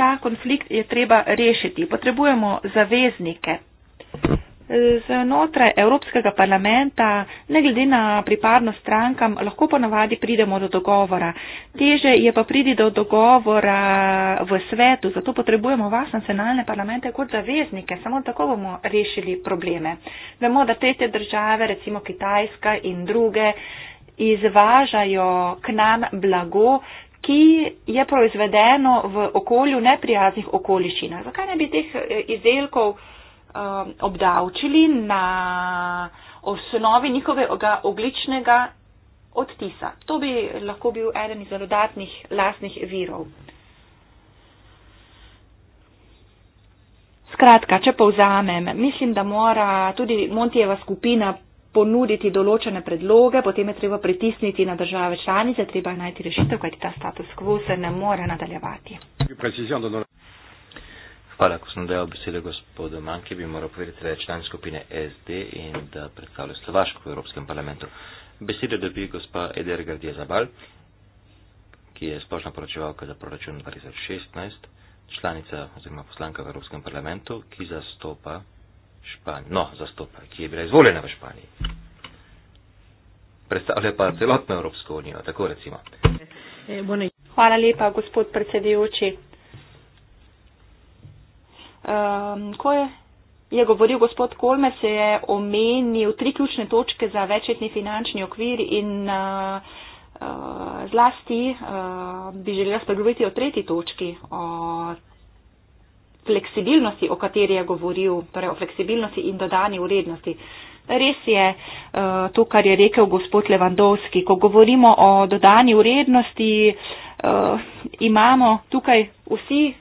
ta konflikt je treba rešiti. Potrebujemo zaveznike znotraj Evropskega parlamenta, ne glede na pripadnost strankam, lahko ponavadi pridemo do dogovora. Teže je pa pridi do dogovora v svetu, zato potrebujemo vas, nacionalne parlamente, kot zaveznike. Samo tako bomo rešili probleme. Vemo, da tretje države, recimo Kitajska in druge, izvažajo k nam blago ki je proizvedeno v okolju neprijaznih okoliščinah. Zakaj ne bi teh eh, izdelkov um, obdavčili na osnovi njihovega ogličnega odtisa. To bi lahko bil eden iz dodatnih lastnih virov. Skratka, če povzamem, mislim, da mora tudi Montijeva skupina ponuditi določene predloge, potem je treba pritisniti na države članice, treba najti rešitev, kajti ta status quo se ne more nadaljevati. Hvala, ko sem dejal besede gospodu Manke, bi moral povedati, da je član skupine SD in da predstavlja Slovaško v Evropskem parlamentu. Besedo dobi gospa Eder Gardija Zabal, ki je splošna poročevalka za proračun 2016, članica oziroma poslanka v Evropskem parlamentu, ki zastopa Španijo. No, zastopa, ki je bila izvoljena v Španiji. Predstavlja pa celotno Evropsko unijo, tako recimo. Hvala lepa, gospod predsedujoči um, ko je, je govoril gospod Kolme, se je omenil tri ključne točke za večetni finančni okvir in uh, uh, zlasti uh, bi želela spregovoriti o tretji točki, o fleksibilnosti, o kateri je govoril, torej o fleksibilnosti in dodani urednosti. Uh, Res je eh, to, kar je rekel gospod Levandovski. Ko govorimo o dodani vrednosti, eh, imamo tukaj vsi eh,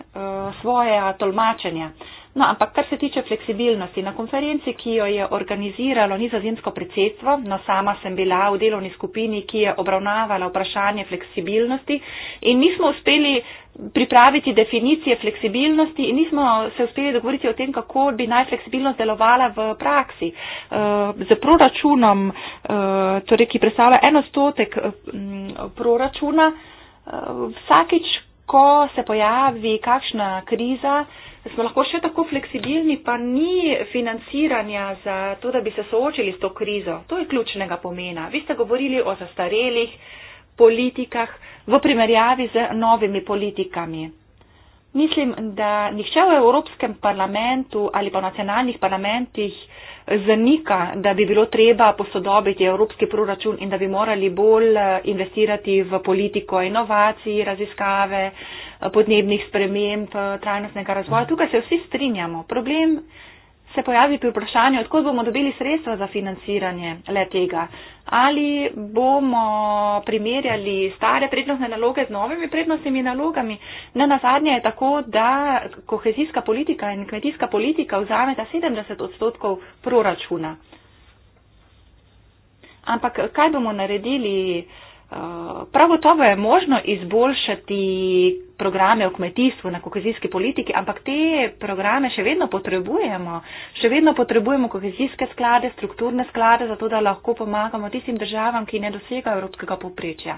svoje tolmačenja. No, ampak kar se tiče fleksibilnosti, na konferenci, ki jo je organiziralo nizozemsko predsedstvo, no sama sem bila v delovni skupini, ki je obravnavala vprašanje fleksibilnosti in nismo uspeli pripraviti definicije fleksibilnosti in nismo se uspeli dogovoriti o tem, kako bi naj fleksibilnost delovala v praksi. Z eh, proračunom, eh, torej, ki predstavlja en odstotek eh, proračuna, vsakič, ko se pojavi kakšna kriza, smo lahko še tako fleksibilni, pa ni financiranja za to, da bi se soočili s to krizo. To je ključnega pomena. Vi ste govorili o zastarelih politikah v primerjavi z novimi politikami. Mislim, da nihče v Evropskem parlamentu ali pa v nacionalnih parlamentih zanika, da bi bilo treba posodobiti Evropski proračun in da bi morali bolj eh, investirati v politiko inovacij, raziskave, podnebnih sprememb, eh, trajnostnega razvoja. Mhm. Tukaj se vsi strinjamo. Problem se pojavi pri vprašanju, odkud bomo dobili sredstva za financiranje le tega. Ali bomo primerjali stare prednostne naloge z novimi prednostnimi nalogami. Na nazadnje je tako, da kohezijska politika in kmetijska politika vzame za 70 odstotkov proračuna. Ampak kaj bomo naredili? Eh, Pravo to je možno izboljšati programe o kmetijstvu, na kohezijski politiki, ampak te programe še vedno potrebujemo. Še vedno potrebujemo kohezijske sklade, strukturne sklade, zato da lahko pomagamo tistim državam, ki ne dosegajo evropskega poprečja.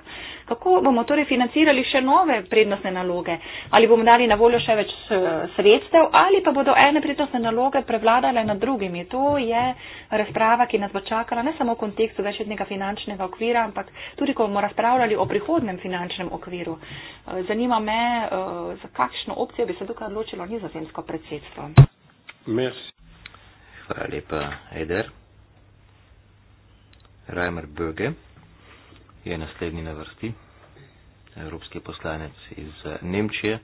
Kako bomo torej financirali še nove prednostne naloge? Ali bomo dali na voljo še več eh, sredstev ali pa bodo ene prednostne naloge prevladale nad drugimi? To je razprava, ki nas bo čakala ne samo v kontekstu večjetnega finančnega okvira, ampak tudi, ko bomo razpravljali o prihodnem finančnem okviru. Eh, zanima me, Eh, za kakšno opcijo bi se tukaj odločilo nizozemsko predsedstvo. Merci. Hvala lepa, Eder. Reimer Böge je naslednji na vrsti, evropski poslanec iz eh, Nemčije,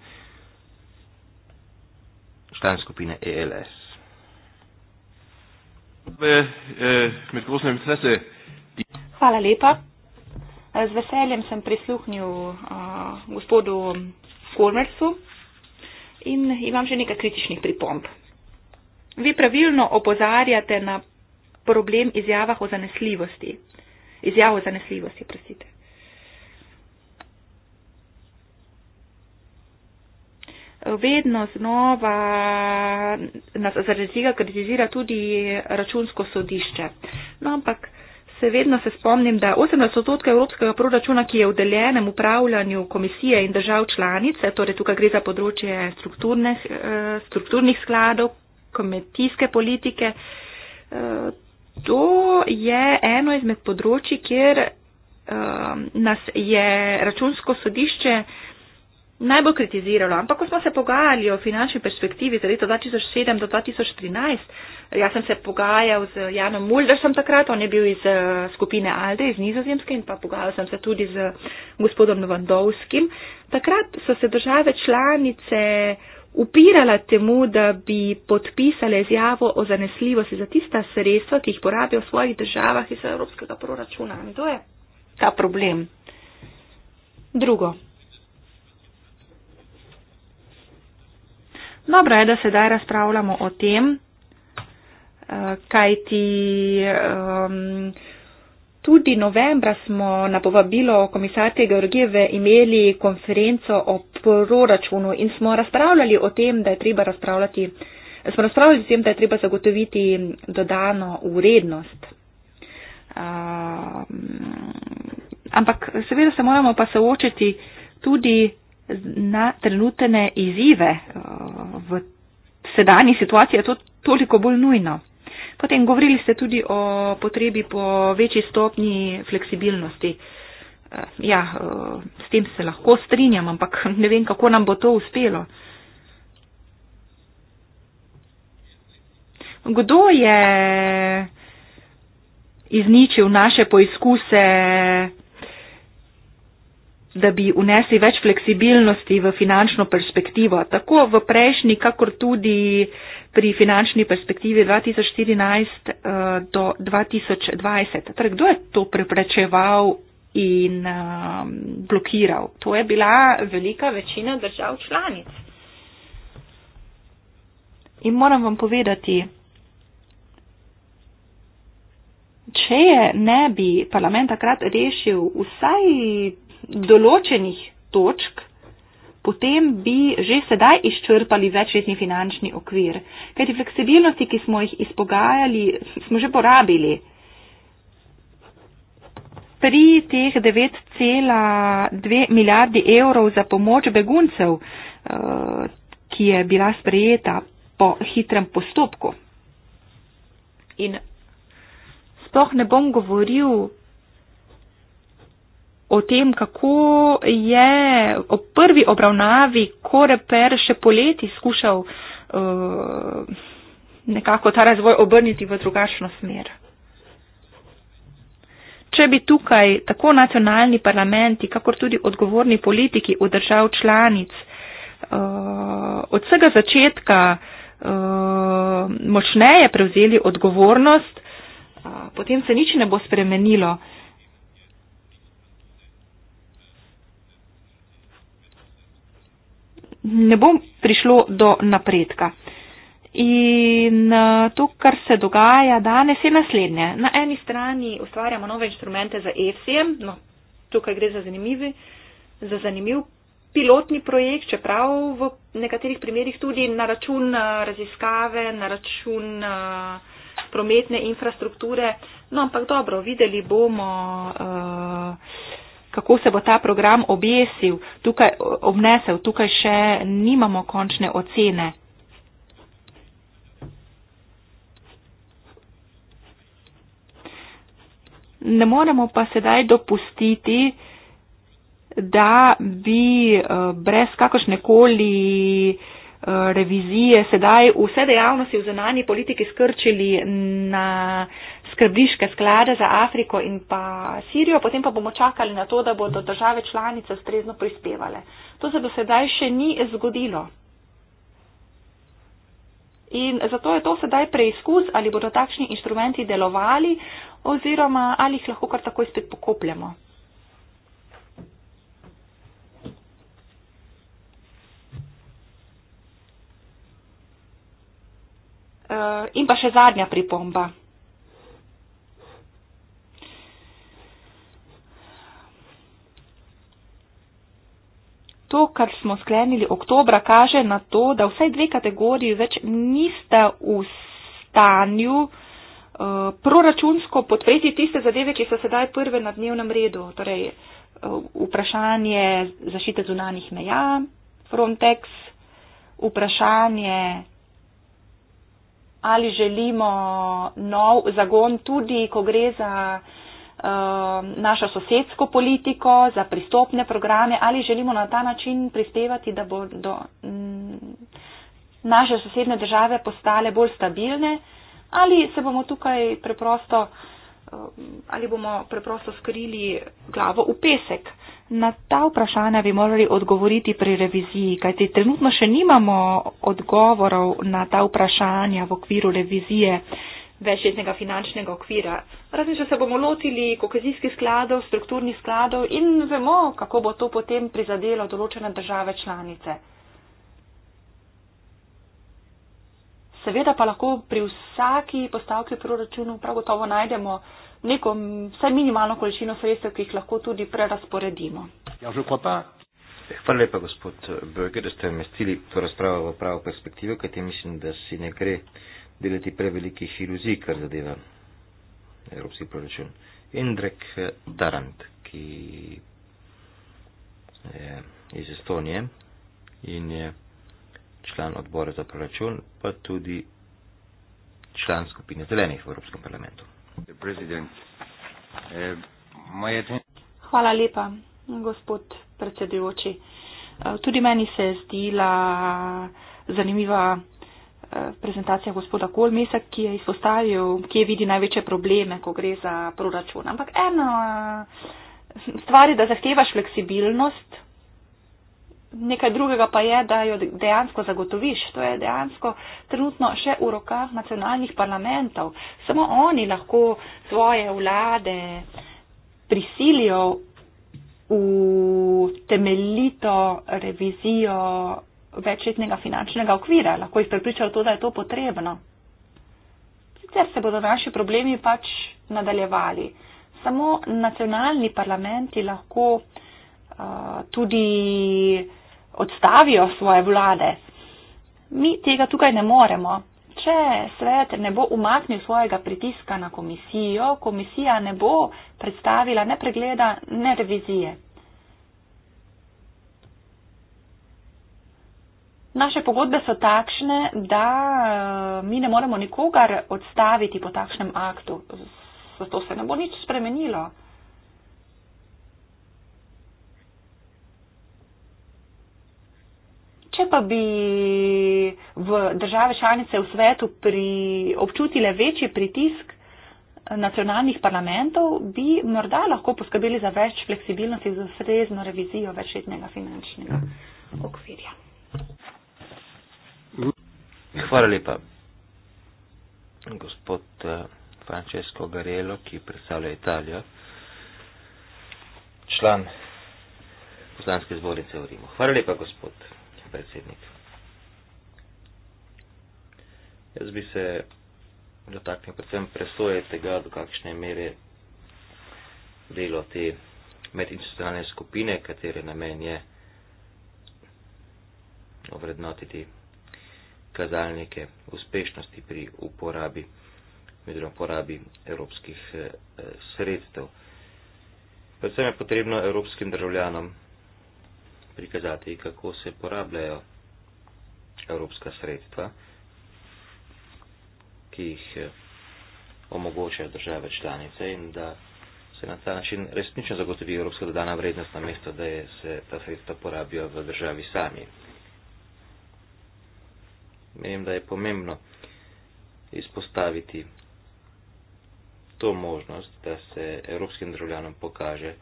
član skupine ELS. Eh, Hvala lepa. Z veseljem sem prisluhnil uh, gospodu Commerceu in imam že nekaj kritičnih pripomb. Vi pravilno opozarjate na problem izjavah o zanesljivosti. Izjav o zanesljivosti, prosite. Vedno znova nas zaradi tega kritizira tudi računsko sodišče. No, ampak se vedno se spomnim, da 80 odstotkov evropskega proračuna, ki je v deljenem upravljanju komisije in držav članice, torej tukaj gre za področje strukturnih, eh, strukturnih skladov, kometijske politike, eh, to je eno izmed področji, kjer eh, nas je računsko sodišče naj bo kritiziralo. Ampak, ko smo se pogajali o finančni perspektivi za leto 2007 do 2013, jaz sem se pogajal z Janom Muldersom takrat, on je bil iz eh, skupine Alde iz Nizozemske in pa pogajal sem se tudi z gospodom Novandovskim. Takrat so se države članice upirala temu, da bi podpisale izjavo o zanesljivosti za tista sredstva, ki jih porabijo v svojih državah iz evropskega proračuna. In to je ta problem. Drugo. Dobro je, da sedaj razpravljamo o tem, eh, kaj ti um, ehm, tudi novembra smo na povabilo komisarke Georgijeve imeli konferenco o proračunu in smo razpravljali o tem, da je treba razpravljati. Smo razpravljali s tem, da je treba zagotoviti dodano urednost. Um, ehm, ampak seveda se moramo pa soočiti tudi na trenutne izzive eh, v sedanji situaciji je to toliko bolj nujno. Potem govorili ste tudi o potrebi po večji stopnji fleksibilnosti. Eh, ja, eh, s tem se lahko strinjam, ampak ne vem, kako nam bo to uspelo. Kdo je izničil naše poizkuse da bi vnesli več fleksibilnosti v finančno perspektivo, tako v prejšnji, kakor tudi pri finančni perspektivi 2014 eh, do 2020. Torej, kdo je to preprečeval in eh, blokiral? To je bila velika večina držav članic. In moram vam povedati, če je ne bi parlament takrat rešil vsaj določenih točk, potem bi že sedaj izčrpali večletni finančni okvir. Kajti fleksibilnosti, ki smo jih izpogajali, smo že porabili. Pri teh 9,2 milijardi evrov za pomoč beguncev, eh, ki je bila sprejeta po hitrem postopku. In sploh ne bom govoril o tem, kako je ob prvi obravnavi Koreper še poleti skušal eh, nekako ta razvoj obrniti v drugačno smer. Če bi tukaj tako nacionalni parlamenti, kakor tudi odgovorni politiki v držav članic eh, od vsega začetka eh, močneje prevzeli odgovornost, potem se nič ne bo spremenilo. ne bo prišlo do napredka. In eh, to, kar se dogaja danes, je naslednje. Na eni strani ustvarjamo nove instrumente za ESM, no, tukaj gre za, za zanimiv pilotni projekt, čeprav v nekaterih primerjih tudi na račun eh, raziskave, na račun eh, prometne infrastrukture. No, ampak dobro, videli bomo. Uh, kako se bo ta program objesil, tukaj, obnesel, tukaj še nimamo končne ocene. Ne moremo pa sedaj dopustiti, da bi eh, brez kakršnekoli eh, revizije sedaj vse dejavnosti v zonanji politiki skrčili na skrbiške sklade za Afriko in pa Sirijo, potem pa bomo čakali na to, da bodo države članice ustrezno prispevale. To se do sedaj še ni zgodilo. In zato je to sedaj preizkus, ali bodo takšni inštrumenti delovali oziroma ali jih lahko kar takoj spet pokopljamo. Eh, in pa še zadnja pripomba. to, kar smo sklenili oktobra, kaže na to, da vsaj dve kategoriji več nista v stanju uh, proračunsko podpreti tiste zadeve, ki so sedaj prve na dnevnem redu. Torej, uh, vprašanje zašite zunanih meja, Frontex, vprašanje ali želimo nov zagon tudi, ko gre za. Uh, Um, našo sosedsko politiko, za pristopne programe ali želimo na ta način prispevati, da bodo mm, naše sosedne države postale bolj stabilne ali se bomo tukaj preprosto, um, ali bomo preprosto skrili glavo v pesek. Na ta vprašanja bi morali odgovoriti pri reviziji, kajti trenutno še nimamo odgovorov na ta vprašanja v okviru revizije. Uh, večletnega finančnega okvira. Razen, če se bomo lotili kohezijskih skladov, strukturnih skladov in vemo, kako bo to potem prizadelo določene države članice. Seveda pa lahko pri vsaki postavki proračunu prav gotovo najdemo neko vsaj minimalno količino sredstev, ki jih lahko tudi prerasporedimo. Ja, eh, Hvala lepa, gospod Böger, da ste umestili to razpravo v pravo perspektivo, kajti mislim, da si ne gre delati prevelikih iluzij, kar zadeva evropski proračun. Indrek Darant, ki je iz Estonije in je član odbora za proračun, pa tudi član skupine zelenih v Evropskem parlamentu. Hvala lepa, gospod predsedujoči. Tudi meni se je zdela zanimiva prezentacija gospoda Kolmesa, ki je izpostavil, kje vidi največje probleme, ko gre za proračun. Ampak eno stvar je, da zahtevaš fleksibilnost, nekaj drugega pa je, da jo dejansko zagotoviš. To je dejansko trenutno še v rokah nacionalnih parlamentov. Samo oni lahko svoje vlade prisilijo v temeljito revizijo večletnega finančnega okvira, lahko jih prepričajo to, da je to potrebno. Sicer se bodo naši problemi pač nadaljevali. Samo nacionalni parlamenti lahko uh, tudi odstavijo svoje vlade. Mi tega tukaj ne moremo. Če svet ne bo umaknil svojega pritiska na komisijo, komisija ne bo predstavila ne pregleda, ne revizije. Naše pogodbe so takšne, da eh, mi ne moremo nikogar odstaviti po takšnem aktu. Zato se ne bo nič spremenilo. Če pa bi v države članice v svetu pri, občutile večji pritisk nacionalnih parlamentov, bi morda lahko poskrbeli za več fleksibilnosti z ustrezno revizijo večletnega finančnega okvirja. Hvala lepa. Gospod eh, Francesco Garelo, ki predstavlja Italijo, član poslanske zbornice v Rimu. Hvala lepa, gospod predsednik. Jaz bi se dotaknil predvsem presoje tega, do kakšne mere delo te medinstitucionalne skupine, katere namen je ovrednotiti kazalnike uspešnosti pri uporabi, medrejno porabi evropskih eh, sredstev. Predvsem je potrebno evropskim državljanom prikazati, kako se porabljajo evropska sredstva, ki jih eh, omogočajo države članice in da se na ta način resnično zagotovi evropska dodana vrednost na mesto, da je, se ta sredstva porabijo v državi sami menim, da je pomembno izpostaviti to možnost, da se evropskim državljanom pokaže,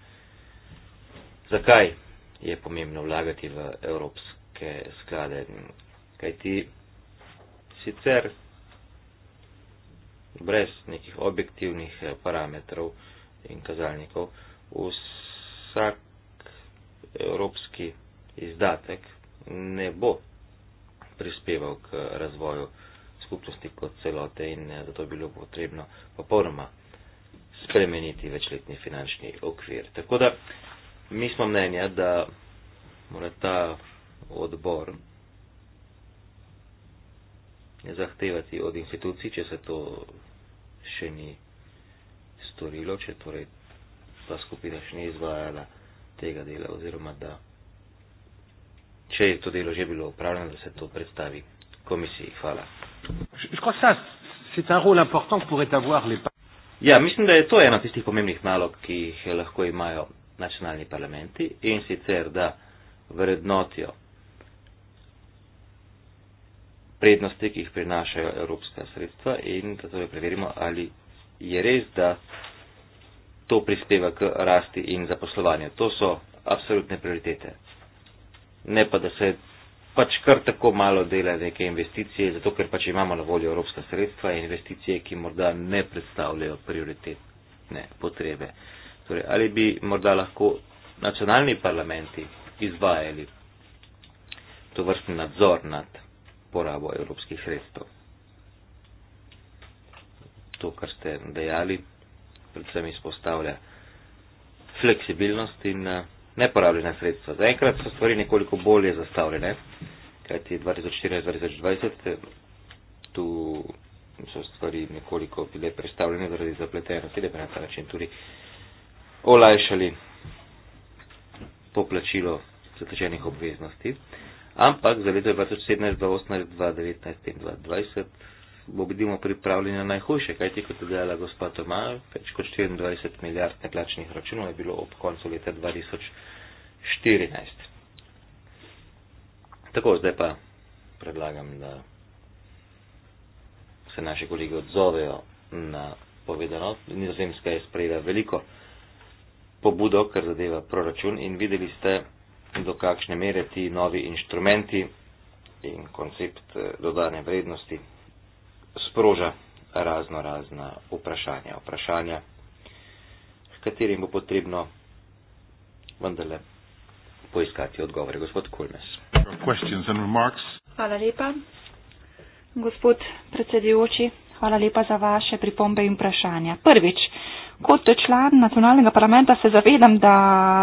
zakaj je pomembno vlagati v evropske sklade. Kaj ti sicer brez nekih objektivnih eh, parametrov in kazalnikov vsak evropski izdatek ne bo prispeval k razvoju skupnosti kot celote in eh, zato je bilo potrebno popolnoma spremeniti večletni finančni okvir. Tako da mi smo mnenja, da mora ta odbor zahtevati od institucij, če se to še ni storilo, če torej ta skupina še ni izvajala tega dela oziroma da če je to delo že bilo upravljeno, da se to predstavi komisiji. Hvala. Ja, mislim, da je to ena tistih pomembnih nalog, ki jih lahko imajo nacionalni parlamenti in sicer, da vrednotijo prednosti, ki jih prinašajo evropska sredstva in da torej preverimo, ali je res, da to prispeva k rasti in zaposlovanju. To so absolutne prioritete ne pa da se pač kar tako malo dela neke investicije, zato ker pač imamo na voljo evropska sredstva in investicije, ki morda ne predstavljajo prioritetne potrebe. Torej, ali bi morda lahko nacionalni parlamenti izvajali to vrstni nadzor nad porabo evropskih sredstev? To, kar ste dejali, predvsem izpostavlja fleksibilnost in uh, neporabljena sredstva. Zaenkrat so stvari nekoliko bolje zastavljene, kajti 2014-2020 eh, tu so stvari nekoliko bile predstavljene zaradi zapletenosti, da bi na ta način tudi olajšali poplačilo zatečenih obveznosti. Ampak za leto 2017, 2018, 2019 in 2020 bodimo pripravljeni na najhujše, kajti kot je dejala gospa Toma, več kot 24 milijard neplačnih računov je bilo ob koncu leta 2014. Tako, zdaj pa predlagam, da se naši kolegi odzovejo na povedano. Nizozemska je sprejela veliko pobudo, kar zadeva proračun in videli ste, do kakšne mere ti novi inštrumenti in koncept eh, dodane vrednosti sproža razno razna vprašanja, vprašanja, katerim bo potrebno vendarle poiskati odgovore. Gospod Kulmes. Hvala lepa. Gospod predsedujoči, hvala lepa za vaše pripombe in vprašanja. Prvič, kot član nacionalnega parlamenta se zavedam, da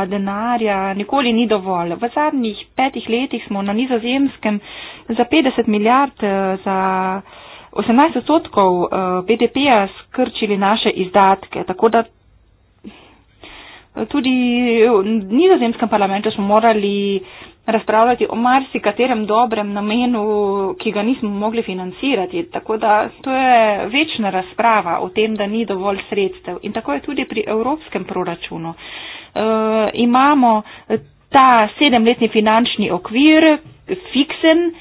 denarja nikoli ni dovolj. V zadnjih petih letih smo na nizozemskem za 50 milijard eh, za. 18 odstotkov BDP-ja eh, skrčili naše izdatke. Tako da tudi v nizozemskem parlamentu smo morali razpravljati o marsikaterem dobrem namenu, ki ga nismo mogli financirati. Tako da to je večna razprava o tem, da ni dovolj sredstev. In tako je tudi pri evropskem proračunu. E, imamo ta sedemletni finančni okvir, fiksen,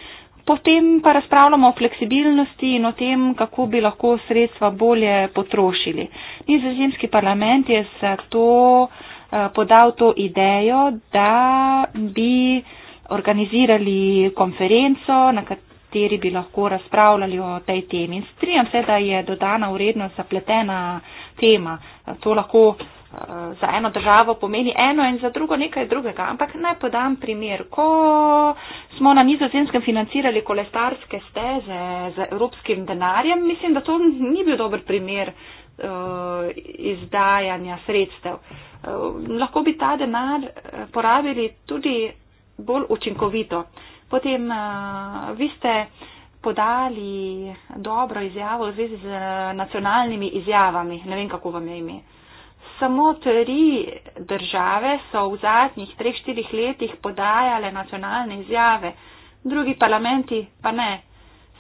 potem pa razpravljamo o fleksibilnosti in o tem, kako bi lahko sredstva bolje potrošili. Nizozemski parlament je zato eh, podal to idejo, da bi organizirali konferenco, na kateri bi lahko razpravljali o tej temi. In strijam se, da je dodana urednost zapletena tema. To lahko Eh, za eno državo pomeni eno in za drugo nekaj drugega. Ampak naj podam primer. Ko smo na nizozemskem financirali kolestarske steze z evropskim denarjem, mislim, da to ni bil dober primer uh, izdajanja sredstev. Uh, lahko bi ta denar porabili tudi bolj učinkovito. Potem uh, vi ste podali dobro izjavo v zvezi z nacionalnimi izjavami. Ne vem, kako vam je ime. Uh, samo tri države so v zadnjih treh, štirih letih podajale nacionalne izjave, drugi parlamenti pa ne.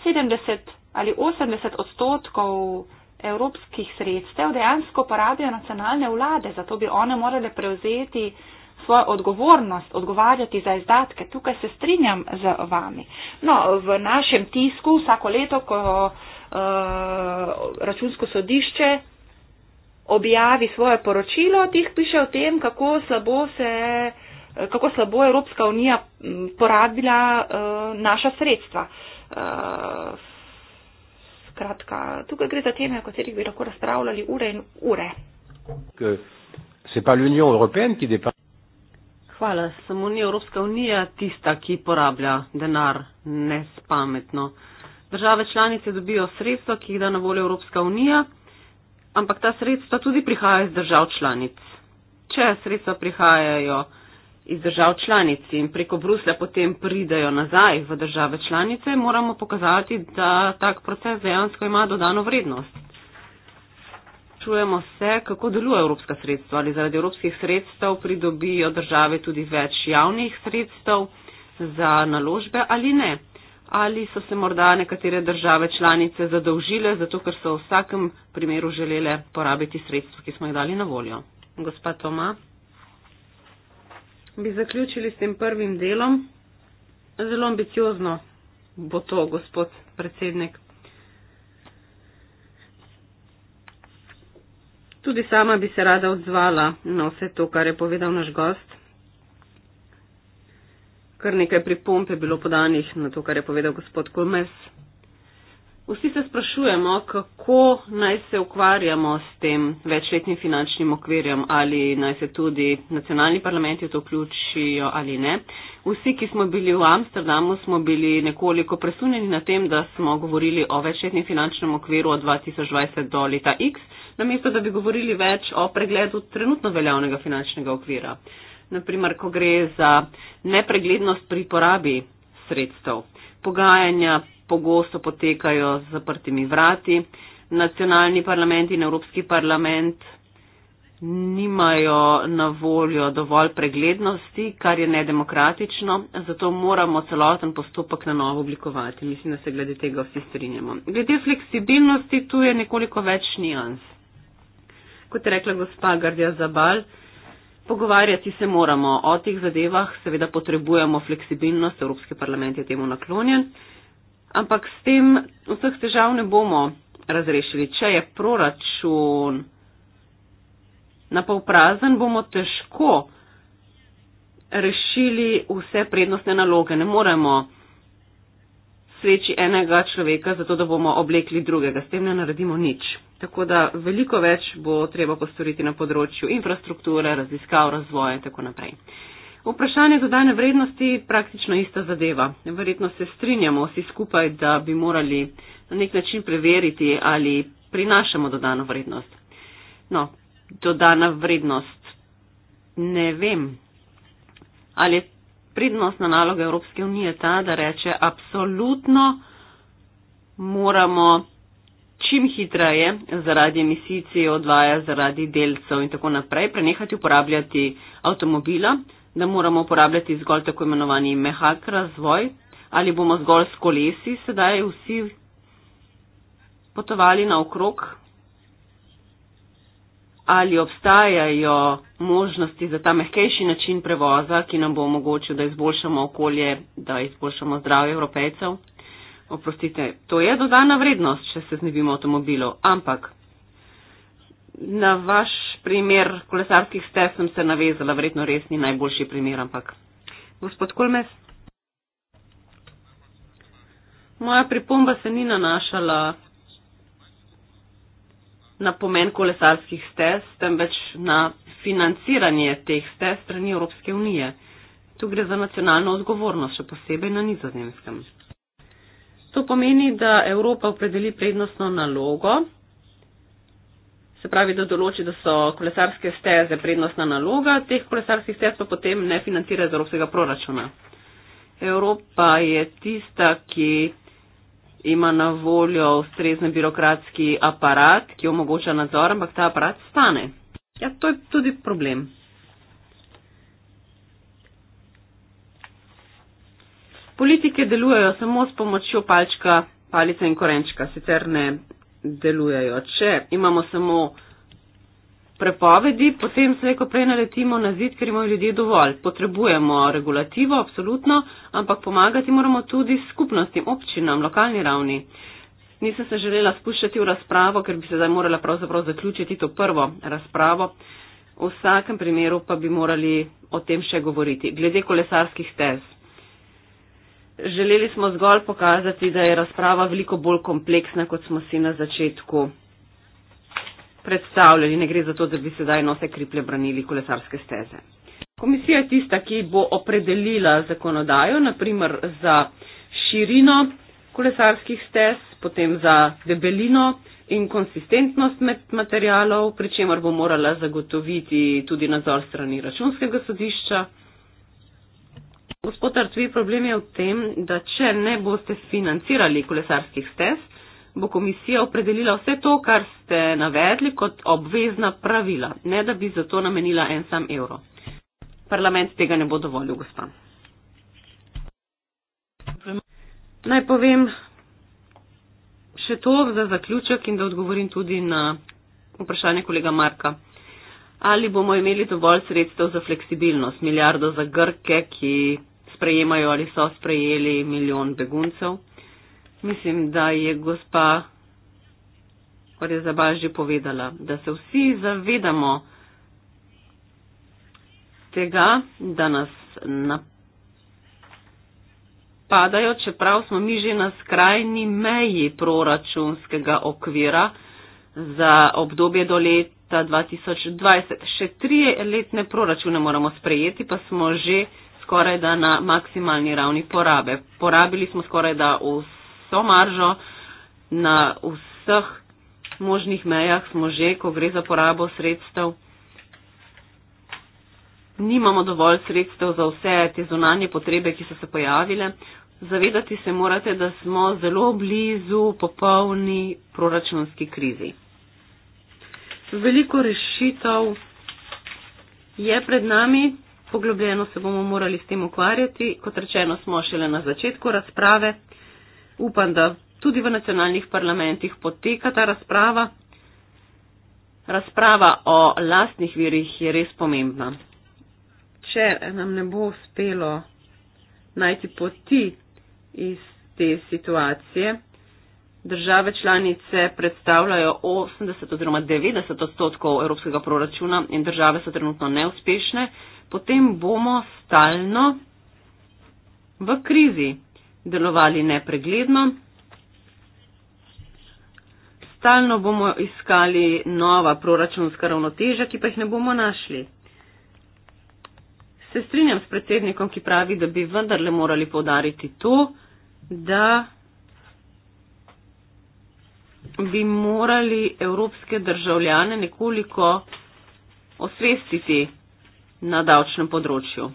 70 ali 80 odstotkov evropskih sredstev dejansko porabijo nacionalne vlade, zato bi one morale prevzeti svojo odgovornost, odgovarjati za izdatke. Tukaj se strinjam z vami. No, v našem tisku vsako leto, ko uh, računsko sodišče objavi svoje poročilo, tih piše o tem, kako slabo se kako slabo je Evropska unija porabila uh, naša sredstva. Uh, skratka, tukaj gre za teme, o katerih bi lahko razpravljali ure in ure. Hvala, samo ni Evropska unija tista, ki porablja denar nespametno. Države članice dobijo sredstva, ki jih da na voljo Evropska unija ampak ta sredstva tudi prihajajo iz držav članic. Če sredstva prihajajo iz držav članic in preko Bruslja potem pridajo nazaj v države članice, moramo pokazati, da tak proces dejansko ima dodano vrednost. Čujemo se, kako deluje evropska sredstva, ali zaradi evropskih sredstev pridobijo države tudi več javnih sredstev za naložbe ali ne ali so se morda nekatere države članice zadolžile, zato ker so v vsakem primeru želele porabiti sredstva, ki smo jih dali na voljo. Gospa Toma, bi zaključili s tem prvim delom. Zelo ambiciozno bo to, gospod predsednik. Tudi sama bi se rada odzvala na vse to, kar je povedal naš gost. Kar nekaj pripomp je bilo podanih na to, kar je povedal gospod Kolmes. Vsi se sprašujemo, kako naj se ukvarjamo s tem večletnim finančnim okvirjem, ali naj se tudi nacionalni parlamenti v to vključijo ali ne. Vsi, ki smo bili v Amsterdamu, smo bili nekoliko presunjeni na tem, da smo govorili o večletnem finančnem okviru od 2020 do leta X, namesto da bi govorili več o pregledu trenutno veljavnega finančnega okvira naprimer, ko gre za nepreglednost pri porabi sredstev. Pogajanja pogosto potekajo z zaprtimi vrati, nacionalni parlament in Evropski parlament nimajo na voljo dovolj preglednosti, kar je nedemokratično, zato moramo celoten postopek na novo oblikovati. Mislim, da se glede tega vsi strinjamo. Glede fleksibilnosti tu je nekoliko več nijans. Kot je rekla gospa Gardja Zabal, Pogovarjati se moramo o teh zadevah, seveda potrebujemo fleksibilnost, Evropski parlament je temu naklonjen, ampak s tem vseh težav ne bomo razrešili. Če je proračun na pol prazen, bomo težko rešili vse prednostne naloge. Ne moremo sreči enega človeka, zato da bomo oblekli drugega. S tem ne naredimo nič. Tako da veliko več bo treba postoriti na področju infrastrukture, raziskav, razvoja in tako naprej. Vprašanje dodane vrednosti je praktično ista zadeva. Verjetno se strinjamo vsi skupaj, da bi morali na nek način preveriti, ali prinašamo dodano vrednost. No, dodana vrednost. Ne vem. Ali je prednostna naloga Evropske unije ta, da reče, apsolutno moramo čim hitreje zaradi emisij CO2, zaradi delcev in tako naprej prenehati uporabljati avtomobila, da moramo uporabljati zgolj tako imenovani mehak razvoj ali bomo zgolj s kolesi sedaj vsi potovali na okrog ali obstajajo možnosti za ta mehkejši način prevoza, ki nam bo omogočil, da izboljšamo okolje, da izboljšamo zdravje evropejcev. Oprostite, to je dodana vrednost, če se znebimo avtomobilov, ampak na vaš primer kolesarskih stez sem se navezala, verjetno res ni najboljši primer, ampak. Gospod Kolmes. Moja pripomba se ni nanašala na pomen kolesarskih stez, temveč na financiranje teh stez strani Evropske unije. Tu gre za nacionalno odgovornost, še posebej na nizozemskem. To pomeni, da Evropa opredeli prednostno nalogo, se pravi, da določi, da so kolesarske steze prednostna naloga, teh kolesarskih stez pa potem ne financira iz evropskega proračuna. Evropa je tista, ki ima na voljo ustrezen birokratski aparat, ki omogoča nadzor, ampak ta aparat stane. Ja, to je tudi problem. Politike delujejo samo s pomočjo palčka, palice in korenčka, sicer ne delujejo. Če imamo samo prepovedi, potem se reko prej naletimo na zid, ker imamo ljudje dovolj. Potrebujemo regulativo, absolutno, ampak pomagati moramo tudi skupnostim, občinam, lokalni ravni. Nisem se želela spuščati v razpravo, ker bi se zdaj morala pravzaprav zaključiti to prvo razpravo. V vsakem primeru pa bi morali o tem še govoriti. Glede kolesarskih stez. Želeli smo zgolj pokazati, da je razprava veliko bolj kompleksna, kot smo si na začetku predstavljali, ne gre za to, da bi sedaj nose kriple branili kolesarske steze. Komisija je tista, ki bo opredelila zakonodajo, naprimer za širino kolesarskih stez, potem za debelino in konsistentnost materialov, pri čemer bo morala zagotoviti tudi nadzor strani računskega sodišča. Gospod Artvi, problem je v tem, da če ne boste financirali kolesarskih stez, bo komisija opredelila vse to, kar ste navedli kot obvezna pravila, ne da bi za to namenila en sam evro. Parlament tega ne bo dovolil, gospa. Naj povem še to za zaključek in da odgovorim tudi na vprašanje kolega Marka. Ali bomo imeli dovolj sredstev za fleksibilnost, milijardo za Grke, ki sprejemajo ali so sprejeli milijon beguncev? Mislim, da je gospa, kot je zabaž že povedala, da se vsi zavedamo tega, da nas napadajo, čeprav smo mi že na skrajni meji proračunskega okvira za obdobje do leta 2020. Še tri letne proračune moramo sprejeti, pa smo že skoraj da na maksimalni ravni porabe. Porabili smo skoraj da vse vso maržo na vseh možnih mejah smo že, ko gre za porabo sredstev. Nimamo dovolj sredstev za vse te zunanje potrebe, ki so se pojavile. Zavedati se morate, da smo zelo blizu popolni proračunski krizi. Veliko rešitev je pred nami, poglobljeno se bomo morali s tem ukvarjati. Kot rečeno, smo šele na začetku razprave, upam, da tudi v nacionalnih parlamentih poteka ta razprava. Razprava o lastnih virih je res pomembna. Če nam ne bo uspelo najti poti iz te situacije, države članice predstavljajo 80 oziroma 90 odstotkov evropskega proračuna in države so trenutno neuspešne, potem bomo stalno v krizi delovali nepregledno. Stalno bomo iskali nova proračunska ravnoteža, ki pa jih ne bomo našli. Se strinjam s predsednikom, ki pravi, da bi vendarle morali povdariti to, da bi morali evropske državljane nekoliko osvestiti na davčnem področju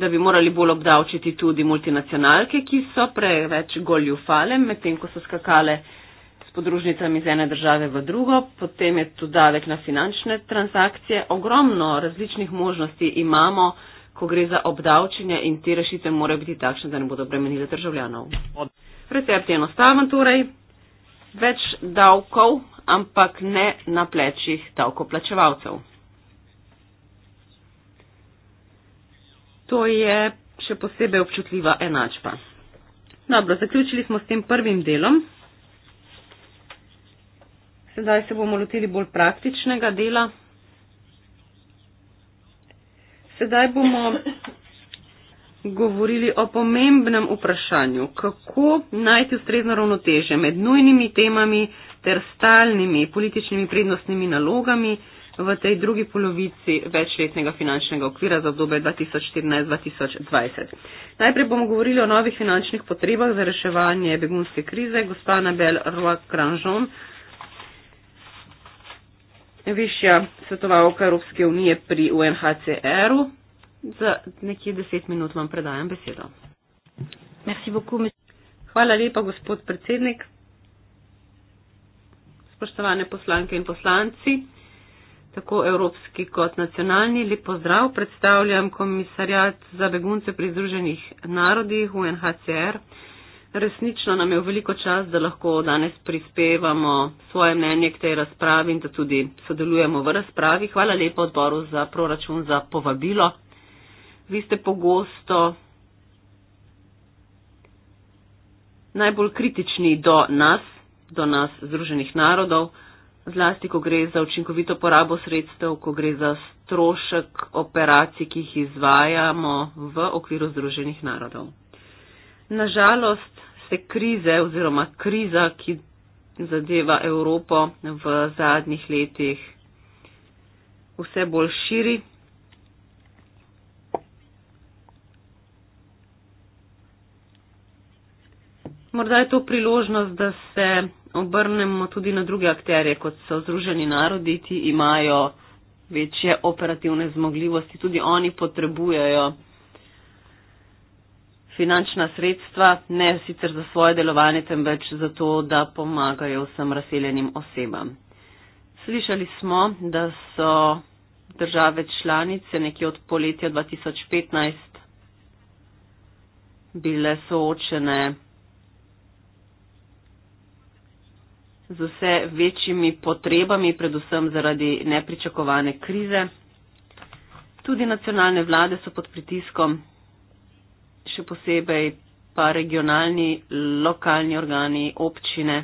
da bi morali bolj obdavčiti tudi multinacionalke, ki so preveč goljufale, medtem ko so skakale s podružnicami iz ene države v drugo, potem je tu davek na finančne transakcije. Ogromno različnih možnosti imamo, ko gre za obdavčenje in te rešitve morajo biti takšne, da ne bodo bremenile državljanov. Recept je enostaven torej, več davkov, ampak ne na plečih davkoplačevalcev. to je še posebej občutljiva enačba. Dobro, zaključili smo s tem prvim delom. Sedaj se bomo lotili bolj praktičnega dela. Sedaj bomo govorili o pomembnem vprašanju, kako najti ustrezno ravnoteže med nujnimi temami ter stalnimi političnimi prednostnimi nalogami, v tej drugi polovici večletnega finančnega okvira za obdobje 2014-2020. Najprej bomo govorili o novih finančnih potrebah za reševanje begunske krize. Gospa Nabel Roa-Kranžon, višja svetovalka Evropske unije pri UNHCR-u. Za nekje deset minut vam predajam besedo. Hvala lepa, gospod predsednik. Spoštovane poslanke in poslanci tako evropski kot nacionalni. Lep pozdrav, predstavljam komisarjat za begunce pri Združenih narodih UNHCR. Resnično nam je v veliko čas, da lahko danes prispevamo svoje mnenje k tej razpravi in da tudi sodelujemo v razpravi. Hvala lepa odboru za proračun za povabilo. Vi ste pogosto najbolj kritični do nas, do nas Združenih narodov zlasti, ko gre za učinkovito porabo sredstev, ko gre za strošek operacij, ki jih izvajamo v okviru Združenih narodov. Nažalost se krize oziroma kriza, ki zadeva Evropo v zadnjih letih, vse bolj širi. Morda je to priložnost, da se obrnemo tudi na druge akterje, kot so Združeni narodi, ti imajo večje operativne zmogljivosti, tudi oni potrebujejo finančna sredstva, ne sicer za svoje delovanje, temveč za to, da pomagajo vsem razseljenim osebam. Slišali smo, da so države članice nekje od poletja 2015 bile soočene z vse večjimi potrebami, predvsem zaradi nepričakovane krize. Tudi nacionalne vlade so pod pritiskom, še posebej pa regionalni, lokalni organi, občine.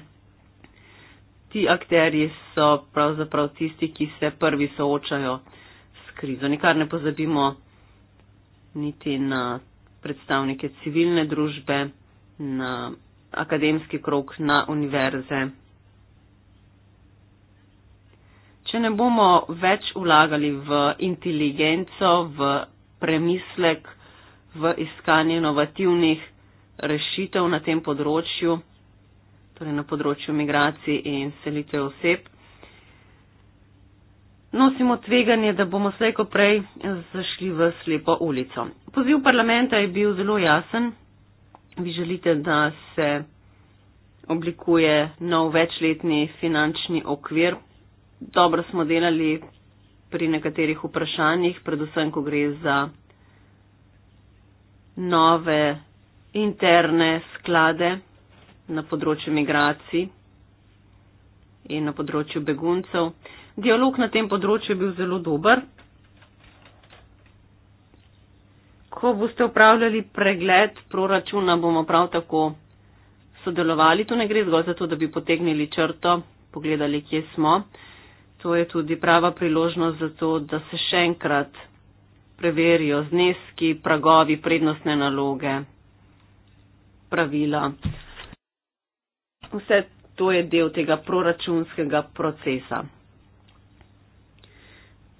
Ti akterji so pravzaprav tisti, ki se prvi soočajo s krizo. Nikar ne pozabimo niti na predstavnike civilne družbe, na akademski krok, na univerze če ne bomo več vlagali v inteligenco, v premislek, v iskanje inovativnih rešitev na tem področju, torej na področju migracij in selitev oseb, nosimo tveganje, da bomo slejko prej zašli v slepo ulico. Poziv parlamenta je bil zelo jasen. Vi želite, da se oblikuje nov večletni finančni okvir dobro smo delali pri nekaterih vprašanjih, predvsem, ko gre za nove interne sklade na področju migracij in na področju beguncev. Dialog na tem področju je bil zelo dober. Ko boste upravljali pregled proračuna, bomo prav tako sodelovali. Tu ne gre zgolj za to, da bi potegnili črto, pogledali, kje smo to je tudi prava priložnost za to, da se še enkrat preverijo zneski, pragovi, prednostne naloge, pravila. Vse to je del tega proračunskega procesa.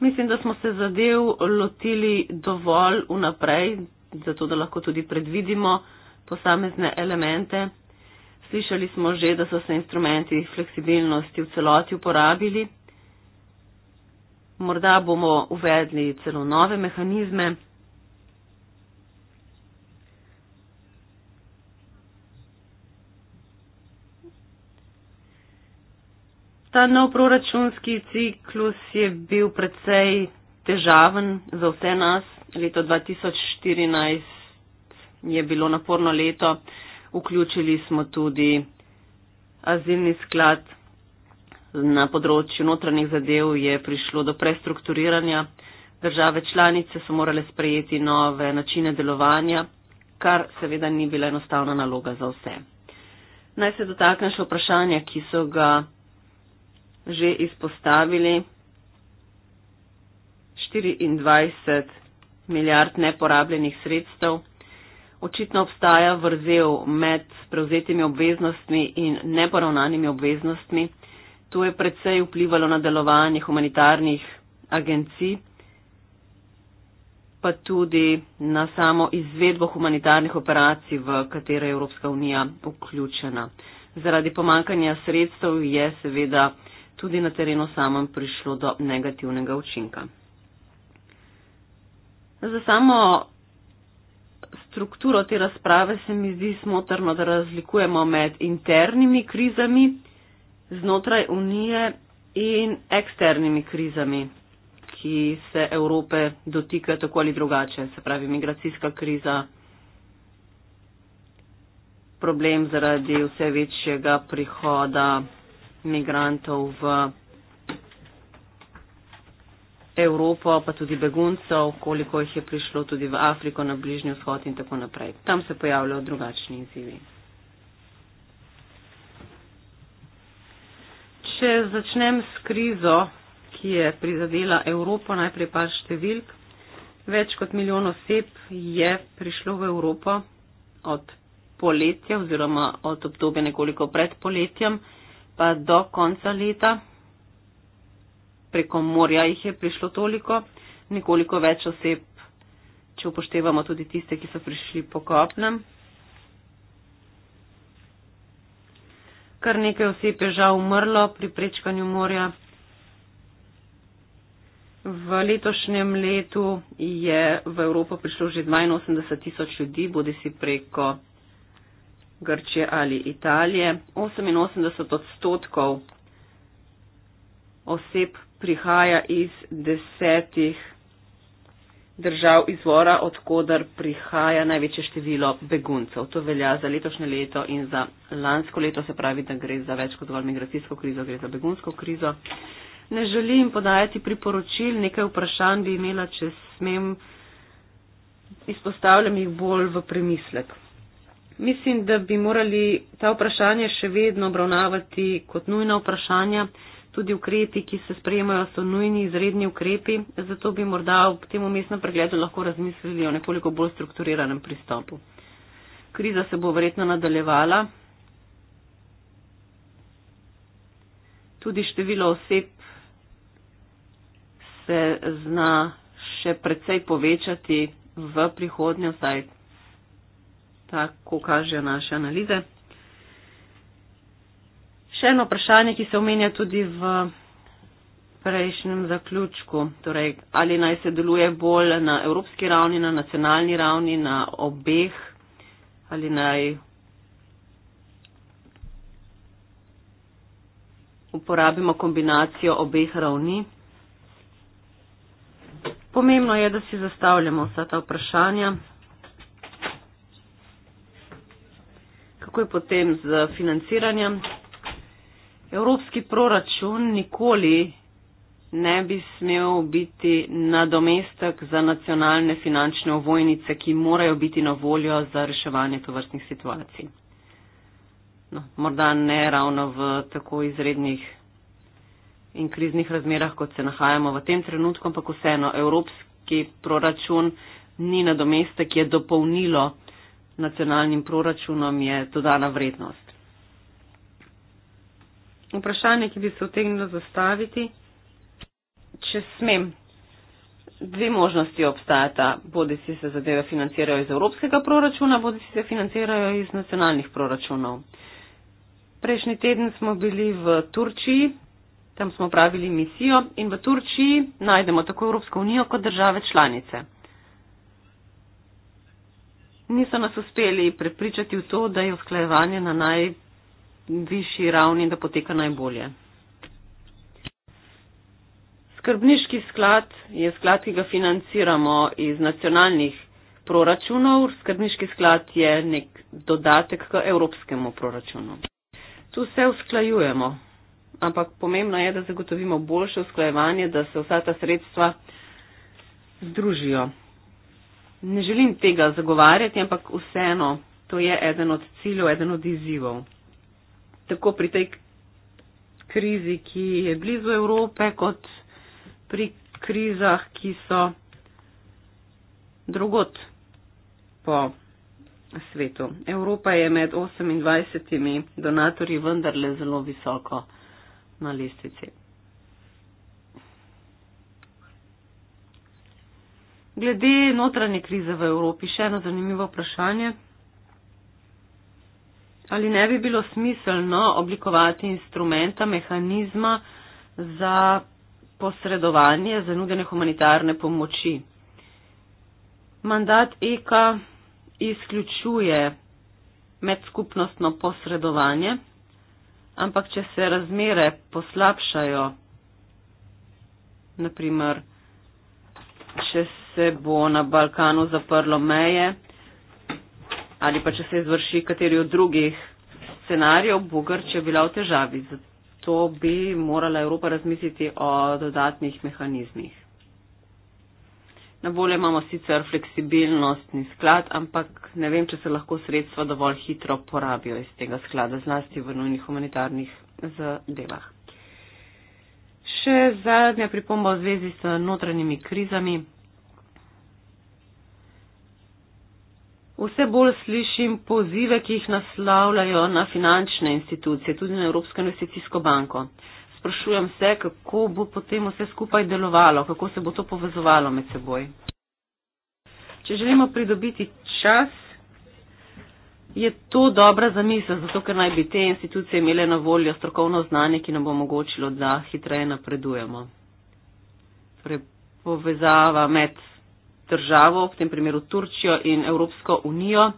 Mislim, da smo se zadev lotili dovolj vnaprej, zato da lahko tudi predvidimo posamezne elemente. Slišali smo že, da so se instrumenti fleksibilnosti v celoti uporabili morda bomo uvedli celo nove mehanizme. Ta nov proračunski ciklus je bil precej težaven za vse nas. Leto 2014 je bilo naporno leto. Vključili smo tudi azilni sklad Na področju notranjih zadev je prišlo do prestrukturiranja. Države članice so morale sprejeti nove načine delovanja, kar seveda ni bila enostavna naloga za vse. Naj se dotaknem še vprašanja, ki so ga že izpostavili. 24 milijard neporabljenih sredstev. Očitno obstaja vrzel med prevzetimi obveznostmi in neporavnanimi obveznostmi. To je predvsej vplivalo na delovanje humanitarnih agencij, pa tudi na samo izvedbo humanitarnih operacij, v katere je Evropska unija vključena. Zaradi pomankanja sredstev je seveda tudi na terenu samem prišlo do negativnega učinka. Za samo strukturo te razprave se mi zdi smotrno, da razlikujemo med internimi krizami, znotraj Unije in eksternimi krizami, ki se Evrope dotikajo tako ali drugače, se pravi migracijska kriza, problem zaradi vse večjega prihoda migrantov v Evropo, pa tudi beguncev, koliko jih je prišlo tudi v Afriko, na Bližnji vzhod in tako naprej. Tam se pojavljajo drugačni izzivi. če začnem s krizo, ki je prizadela Evropo, najprej par številk. Več kot milijon oseb je prišlo v Evropo od poletja oziroma od obdobja nekoliko pred poletjem pa do konca leta. Preko morja jih je prišlo toliko, nekoliko več oseb, če upoštevamo tudi tiste, ki so prišli po kopnem. kar nekaj oseb je žal umrlo pri prečkanju morja. V letošnjem letu je v Evropo prišlo že 82 tisoč ljudi, bodi si preko Grčije ali Italije. 88 odstotkov oseb prihaja iz desetih držav izvora, odkudar prihaja največje število beguncev. To velja za letošnje leto in za lansko leto, se pravi, da gre za več kot zgolj migracijsko krizo, gre za begunsko krizo. Ne želim podajati priporočil, nekaj vprašanj bi imela, če smem, izpostavljam jih bolj v premislek. Mislim, da bi morali ta vprašanja še vedno obravnavati kot nujna vprašanja. Tudi ukrepi, ki se sprejemajo, so nujni, izredni ukrepi, zato bi morda ob tem umestnem pregledu lahko razmislili o nekoliko bolj strukturiranem pristopu. Kriza se bo verjetno nadaljevala. Tudi število oseb se zna še precej povečati v prihodnje, vsaj tako kažejo naše analize še eno vprašanje, ki se omenja tudi v prejšnjem zaključku. Torej, ali naj se deluje bolj na evropski ravni, na nacionalni ravni, na obeh, ali naj uporabimo kombinacijo obeh ravni. Pomembno je, da si zastavljamo vsa ta vprašanja. Kako je potem z financiranjem? Evropski proračun nikoli ne bi smel biti nadomestek za nacionalne finančne ovojnice, ki morajo biti na voljo za reševanje tovrstnih situacij. No, morda ne ravno v tako izrednih in kriznih razmerah, kot se nahajamo v tem trenutku, ampak vseeno evropski proračun ni nadomestek, je dopolnilo nacionalnim proračunom, je dodana vrednost vprašanje, ki bi se utegnilo zastaviti, če smem. Dve možnosti obstajata, bodi si se zadeve financirajo iz evropskega proračuna, bodi si se financirajo iz nacionalnih proračunov. Prejšnji teden smo bili v Turčiji, tam smo pravili misijo in v Turčiji najdemo tako Evropsko unijo kot države članice. Niso nas uspeli prepričati v to, da je usklajevanje na najbolj najvišji ravni, da poteka najbolje. Skrbniški sklad je sklad, ki ga financiramo iz nacionalnih proračunov. Skrbniški sklad je nek dodatek k evropskemu proračunu. Tu se usklajujemo, ampak pomembno je, da zagotovimo boljše usklajevanje, da se vsa ta sredstva združijo. Ne želim tega zagovarjati, ampak vseeno, to je eden od ciljev, eden od izzivov tako pri tej krizi, ki je blizu Evrope, kot pri krizah, ki so drugot po svetu. Evropa je med 28 donatorji vendarle zelo visoko na lestvici. Glede notranje krize v Evropi, še eno zanimivo vprašanje. Ali ne bi bilo smiselno oblikovati instrumenta, mehanizma za posredovanje, za nudene humanitarne pomoči? Mandat EKA izključuje medskupnostno posredovanje, ampak če se razmere poslabšajo, naprimer, če se bo na Balkanu zaprlo meje, ali pa če se izvrši kateri od drugih scenarijev, bo Grčija bila v težavi. Zato bi morala Evropa razmisliti o dodatnih mehanizmih. Na bolje imamo sicer fleksibilnostni sklad, ampak ne vem, če se lahko sredstva dovolj hitro porabijo iz tega sklada, zlasti v nujnih humanitarnih zadevah. Še zadnja pripomba v zvezi s notranjimi krizami. Vse bolj slišim pozive, ki jih naslavljajo na finančne institucije, tudi na Evropsko investicijsko banko. Sprašujem se, kako bo potem vse skupaj delovalo, kako se bo to povezovalo med seboj. Če želimo pridobiti čas, je to dobra zamisel, zato ker naj bi te institucije imele na voljo strokovno znanje, ki nam bo omogočilo, da hitreje napredujemo. Torej, povezava med državo, v tem primeru Turčijo in Evropsko unijo,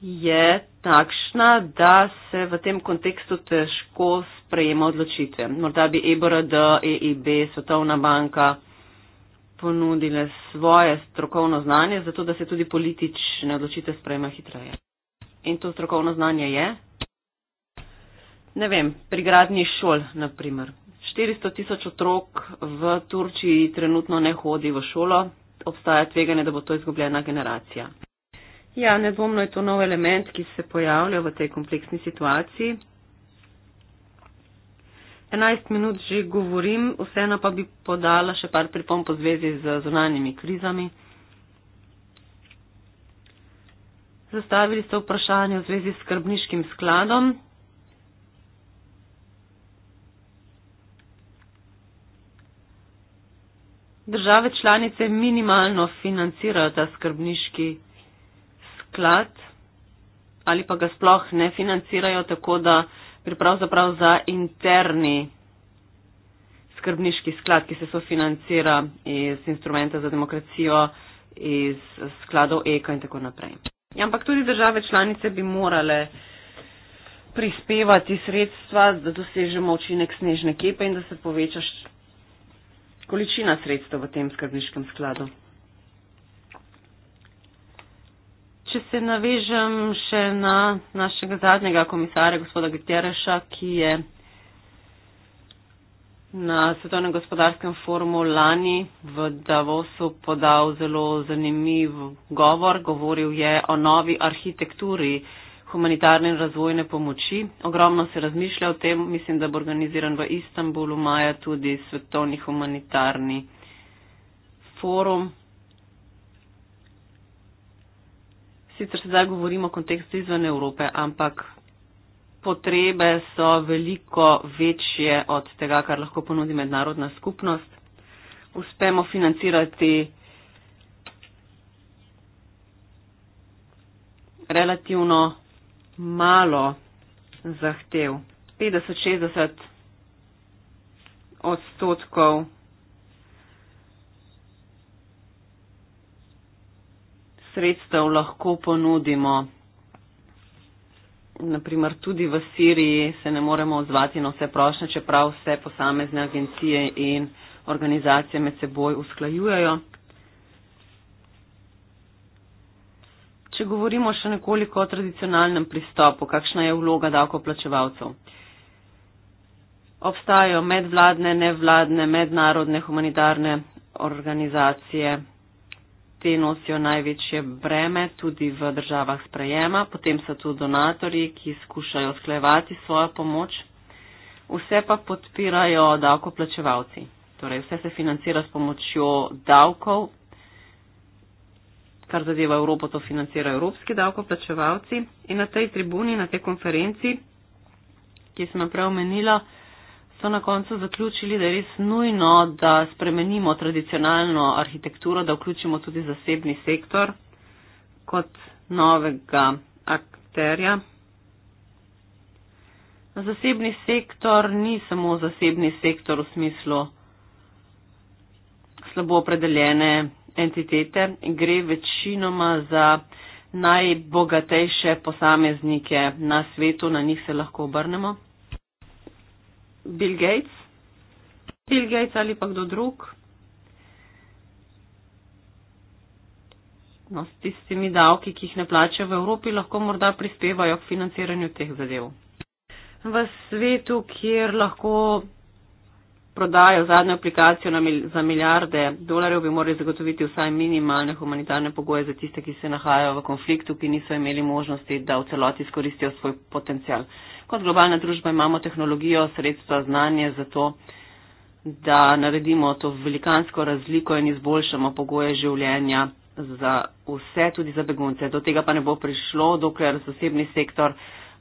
je takšna, da se v tem kontekstu težko sprejema odločitve. Morda bi EBRD, EIB, Svetovna banka ponudile svoje strokovno znanje, zato da se tudi politične odločitve sprejema hitreje. In to strokovno znanje je? Ne vem, pri gradnji šol, naprimer. 400 tisoč otrok v Turčiji trenutno ne hodi v šolo, obstaja tveganje, da bo to izgubljena generacija. Ja, nedvomno je to nov element, ki se pojavlja v tej kompleksni situaciji. 11 minut že govorim, vseeno pa bi podala še par pripomp po zvezi z zunanjimi krizami. Zastavili ste vprašanje v zvezi s skrbniškim skladom, države članice minimalno financirajo ta skrbniški sklad ali pa ga sploh ne financirajo tako, da gre pravzaprav za interni skrbniški sklad, ki se sofinancira iz instrumenta za demokracijo, iz skladov EKA in tako naprej. Ja, ampak tudi države članice bi morale prispevati sredstva, da dosežemo učinek snežne kepe in da se poveča količina sredstev v tem skrbniškem skladu. Če se navežem še na našega zadnjega komisarja, gospoda Gutjereša, ki je na Svetovnem gospodarskem forumu lani v Davosu podal zelo zanimiv govor, govoril je o novi arhitekturi humanitarne in razvojne pomoči. Ogromno se razmišlja o tem, mislim, da bo organiziran v Istanbulu maja tudi svetovni humanitarni forum. Sicer se zdaj govorimo o kontekstu izven Evrope, ampak potrebe so veliko večje od tega, kar lahko ponudi mednarodna skupnost. Uspemo financirati relativno malo zahtev. 50-60 odstotkov sredstev lahko ponudimo. Naprimer, tudi v Siriji se ne moremo odzvati na vse prošnje, čeprav vse posamezne agencije in organizacije med seboj usklajujejo. Če govorimo še nekoliko o tradicionalnem pristopu, kakšna je vloga davkoplačevalcev? Obstajajo medvladne, nevladne, mednarodne humanitarne organizacije. Te nosijo največje breme tudi v državah sprejema, potem so tu donatorji, ki skušajo sklevati svojo pomoč. Vse pa podpirajo davkoplačevalci. Torej, vse se financira s pomočjo davkov kar zadeva Evropo, to financirajo evropski davkoplačevalci. In na tej tribuni, na tej konferenci, ki sem jo preomenila, so na koncu zaključili, da je res nujno, da spremenimo tradicionalno arhitekturo, da vključimo tudi zasebni sektor kot novega akterja. Zasebni sektor ni samo zasebni sektor v smislu slabo opredeljene entitete gre večinoma za najbogatejše posameznike na svetu, na njih se lahko obrnemo. Bill Gates. Bill Gates ali pa kdo drug. No, s tistimi davki, ki jih ne plačajo v Evropi, lahko morda prispevajo k financiranju teh zadev. V svetu, kjer lahko prodajo zadnjo aplikacijo mil za milijarde dolarjev, bi morali zagotoviti vsaj minimalne humanitarne pogoje za tiste, ki se nahajajo v konfliktu, ki niso imeli možnosti, da v celoti izkoristijo svoj potencial. Kot globalna družba imamo tehnologijo, sredstva, znanje za to, da naredimo to velikansko razliko in izboljšamo pogoje življenja za vse, tudi za begunce. Do tega pa ne bo prišlo, dokler zasebni sektor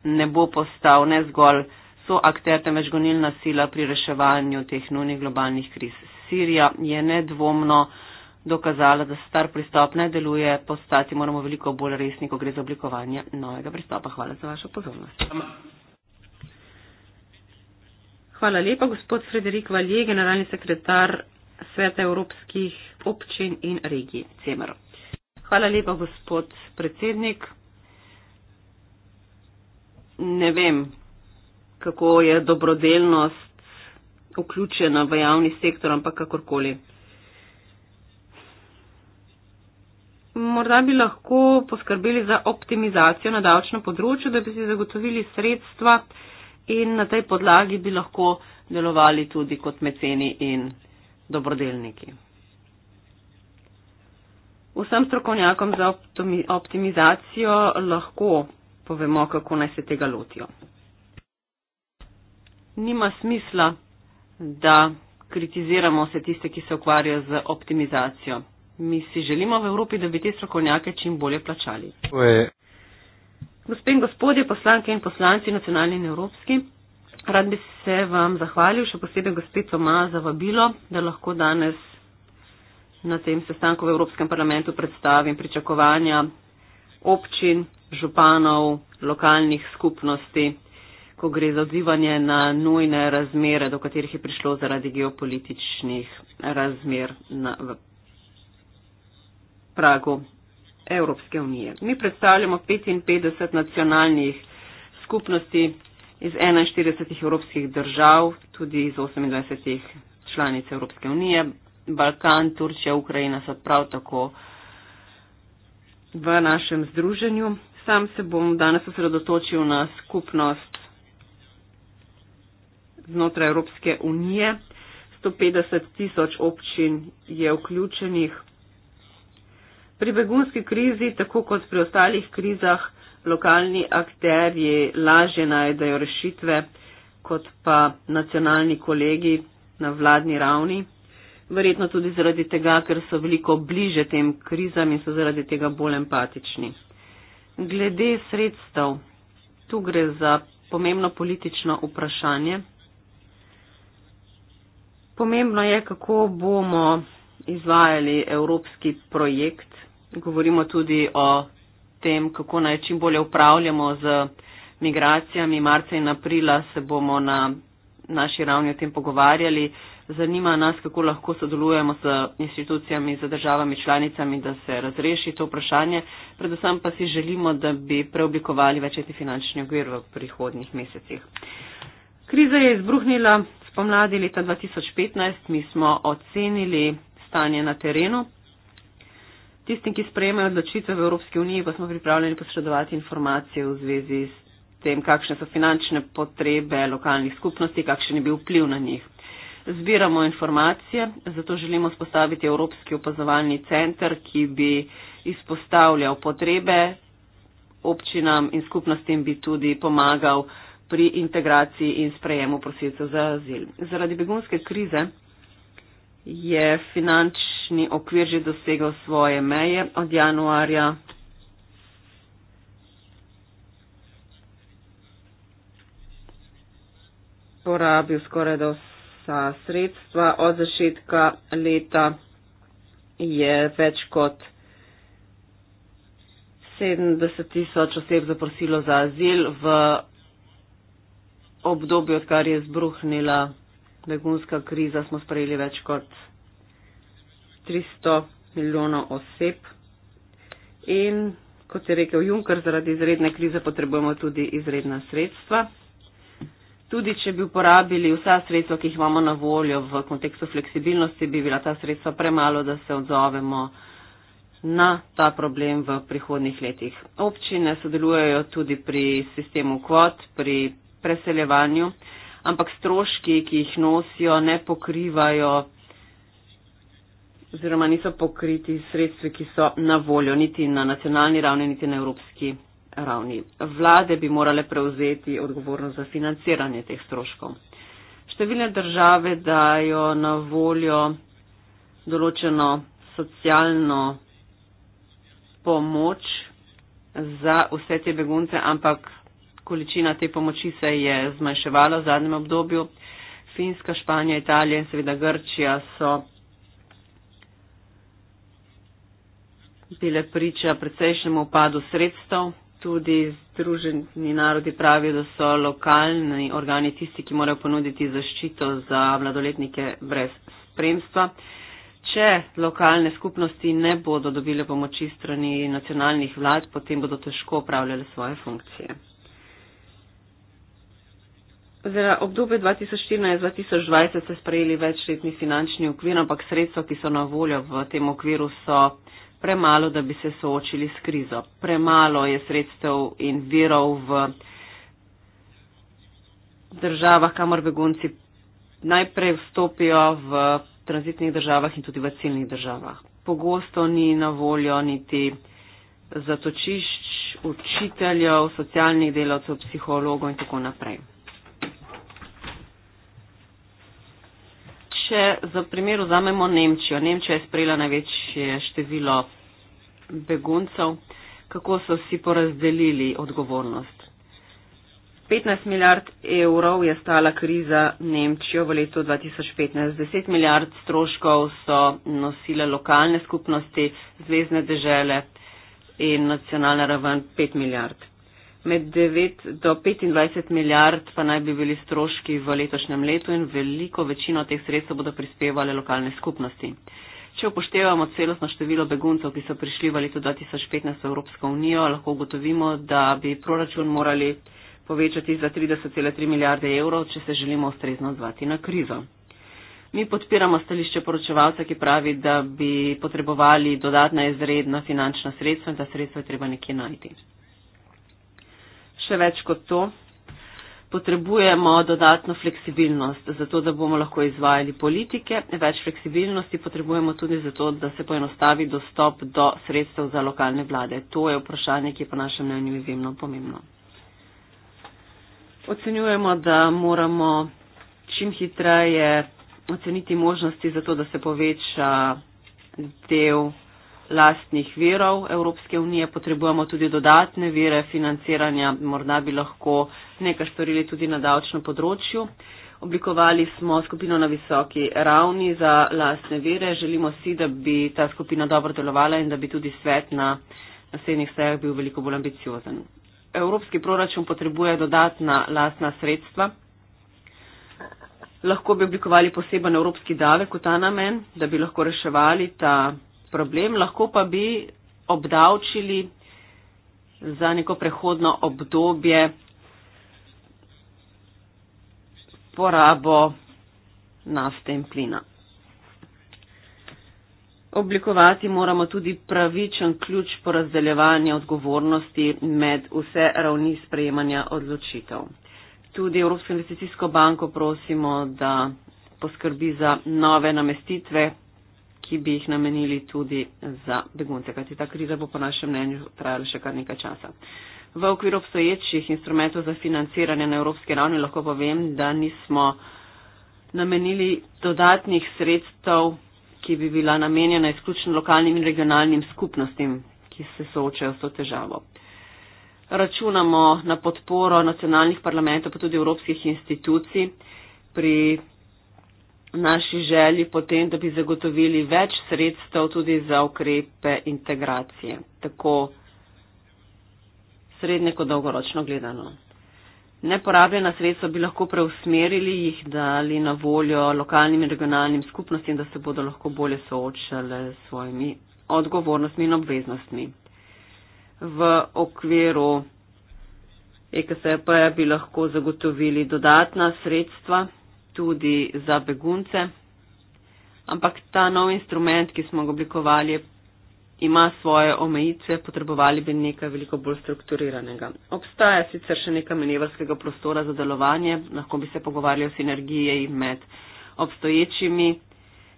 ne bo postal ne zgolj so akter temveč gonilna sila pri reševanju teh nujnih globalnih kriz. Sirija je nedvomno dokazala, da star pristop ne deluje, postati moramo veliko bolj resni, ko gre za oblikovanje novega pristopa. Hvala za vašo pozornost. Hvala lepa, gospod Frederik Valje, generalni sekretar Sveta Evropskih občin in regij CEMR. Hvala lepa, gospod predsednik. Ne vem, kako je dobrodelnost vključena v javni sektor, ampak kakorkoli. Morda bi lahko poskrbeli za optimizacijo na davčnem področju, da bi si zagotovili sredstva in na tej podlagi bi lahko delovali tudi kot meceni in dobrodelniki. Vsem strokovnjakom za optimizacijo lahko povemo, kako naj se tega lotijo nima smisla, da kritiziramo vse tiste, ki se ukvarjajo z optimizacijo. Mi si želimo v Evropi, da bi te strokovnjake čim bolje plačali. Gospe in gospodje, poslanke in poslanci, nacionalni in evropski, rad bi se vam zahvalil, še posebej gospe Toma, za vabilo, da lahko danes na tem sestanku v Evropskem parlamentu predstavim pričakovanja občin, županov, lokalnih skupnosti ko gre za odzivanje na nujne razmere, do katerih je prišlo zaradi geopolitičnih razmer na, v pragu Evropske unije. Mi predstavljamo 55 nacionalnih skupnosti iz 41 evropskih držav, tudi iz 28 članic Evropske unije. Balkan, Turčija, Ukrajina so prav tako v našem združenju. Sam se bom danes osredotočil na skupnost znotraj Evropske unije. 150 tisoč občin je vključenih. Pri begunski krizi, tako kot pri ostalih krizah, lokalni akterji lažje najdejo rešitve, kot pa nacionalni kolegi na vladni ravni. Verjetno tudi zaradi tega, ker so veliko bliže tem krizam in so zaradi tega bolj empatični. Glede sredstev, tu gre za pomembno politično vprašanje. Pomembno je, kako bomo izvajali evropski projekt. Govorimo tudi o tem, kako naj čim bolje upravljamo z migracijami. Marca in aprila se bomo na naši ravni o tem pogovarjali. Zanima nas, kako lahko sodelujemo z institucijami, z državami članicami, da se razreši to vprašanje. Predvsem pa si želimo, da bi preoblikovali večeti finančni okvir v prihodnih mesecih. Kriza je izbruhnila spomladi leta 2015 mi smo ocenili stanje na terenu. Tistim, ki sprejemajo odločitve v Evropski uniji, pa smo pripravljeni posredovati informacije v zvezi s tem, kakšne so finančne potrebe lokalnih skupnosti, kakšen je bil vpliv na njih. Zbiramo informacije, zato želimo spostaviti Evropski opazovalni center, ki bi izpostavljal potrebe občinam in skupnostim, bi tudi pomagal uh, pri integraciji in sprejemu prosilcev za azil. Zaradi begunske krize je finančni okvir že dosegal svoje meje od januarja. Porabil skoraj da vsa sredstva. Od začetka leta je več kot 70 tisoč oseb zaprosilo za azil v obdobju, odkar je zbruhnila begunska kriza, smo sprejeli več kot 300 milijonov oseb. In kot je rekel Juncker, zaradi izredne krize potrebujemo tudi izredna sredstva. Tudi, če bi uporabili vsa sredstva, ki jih imamo na voljo v kontekstu fleksibilnosti, bi bila ta sredstva premalo, da se odzovemo na ta problem v prihodnih letih. Občine sodelujejo tudi pri sistemu kvot, pri preseljevanju, ampak stroški, ki jih nosijo, ne pokrivajo oziroma niso pokriti sredstvi, ki so na voljo niti na nacionalni ravni, niti na evropski ravni. Vlade bi morale prevzeti odgovornost za financiranje teh stroškov. Številne države dajo na voljo določeno socialno pomoč za vse te begunce, ampak količina te pomoči se je zmanjševala v zadnjem obdobju. Finska, Španija, Italija in seveda Grčija so bile priča precejšnjemu upadu sredstev. Tudi združeni narodi pravijo, da so lokalni organi tisti, ki morajo ponuditi zaščito za mladoletnike brez spremstva. Če lokalne skupnosti ne bodo dobile pomoči strani nacionalnih vlad, potem bodo težko upravljale svoje funkcije. Zdaj, obdobje 2014-2020 ste sprejeli večletni finančni okvir, ampak sredstva, ki so na voljo v tem okviru, so premalo, da bi se soočili s krizo. Premalo je sredstev in virov v državah, kamor begunci najprej vstopijo v tranzitnih državah in tudi v ciljnih državah. Pogosto ni na voljo niti zatočišč učiteljev, socialnih delavcev, psihologov in tako naprej. če za primer vzamemo Nemčijo. Nemčija je sprejela največje število beguncev. Kako so si porazdelili odgovornost? 15 milijard evrov je stala kriza Nemčijo v letu 2015. 10 milijard stroškov so nosile lokalne skupnosti, zvezdne dežele in nacionalna raven 5 milijard med 9 do 25 milijard pa naj bi bili stroški v letošnjem letu in veliko večino teh sredstev bodo prispevale lokalne skupnosti. Če upoštevamo celostno število beguncev, ki so prišli v letu 2015 v Evropsko unijo, lahko ugotovimo, da bi proračun morali povečati za 30,3 milijarde evrov, če se želimo ustrezno odzvati na krizo. Mi podpiramo stališče poročevalca, ki pravi, da bi potrebovali dodatna izredna finančna sredstva in da sredstva je treba nekje najti še več kot to. Potrebujemo dodatno fleksibilnost, zato da bomo lahko izvajali politike. Več fleksibilnosti potrebujemo tudi zato, da se poenostavi dostop do sredstev za lokalne vlade. To je vprašanje, ki je po našem mnenju izjemno pomembno. Ocenjujemo, da moramo čim hitreje oceniti možnosti za to, da se poveča del lastnih virov Evropske unije, potrebujemo tudi dodatne vire financiranja, morda bi lahko nekaj storili tudi na davčnem področju. Oblikovali smo skupino na visoki ravni za lastne vire. Želimo si, da bi ta skupina dobro delovala in da bi tudi svet na naslednjih sejah bil veliko bolj ambiciozen. Evropski proračun potrebuje dodatna lastna sredstva. Lahko bi oblikovali poseben evropski davek v ta namen, da bi lahko reševali ta problem, lahko pa bi obdavčili za neko prehodno obdobje porabo nafte in plina. Oblikovati moramo tudi pravičen ključ porazdeljevanja odgovornosti med vse ravni sprejemanja odločitev. Tudi Evropsko investicijsko banko prosimo, da poskrbi za nove namestitve, ki bi jih namenili tudi za begunce, kajti ta kriza bo po našem mnenju trajala še kar nekaj časa. V okviru obstoječih instrumentov za financiranje na evropski ravni lahko povem, da nismo namenili dodatnih sredstev, ki bi bila namenjena izključno lokalnim in regionalnim skupnostim, ki se soočajo s to težavo. Računamo na podporo nacionalnih parlamentov, pa tudi evropskih institucij pri naši želji potem, da bi zagotovili več sredstev tudi za ukrepe integracije, tako srednje kot dolgoročno gledano. Neporabljena sredstva bi lahko preusmerili, jih dali na voljo lokalnim in regionalnim skupnostim, da se bodo lahko bolje soočale s svojimi odgovornostmi in obveznostmi. V okviru EKSP-ja bi lahko zagotovili dodatna sredstva, tudi za begunce. Ampak ta nov instrument, ki smo ga oblikovali, ima svoje omejitve, potrebovali bi nekaj veliko bolj strukturiranega. Obstaja sicer še nekaj manevrskega prostora za delovanje, lahko bi se pogovarjali o sinergiji med obstoječimi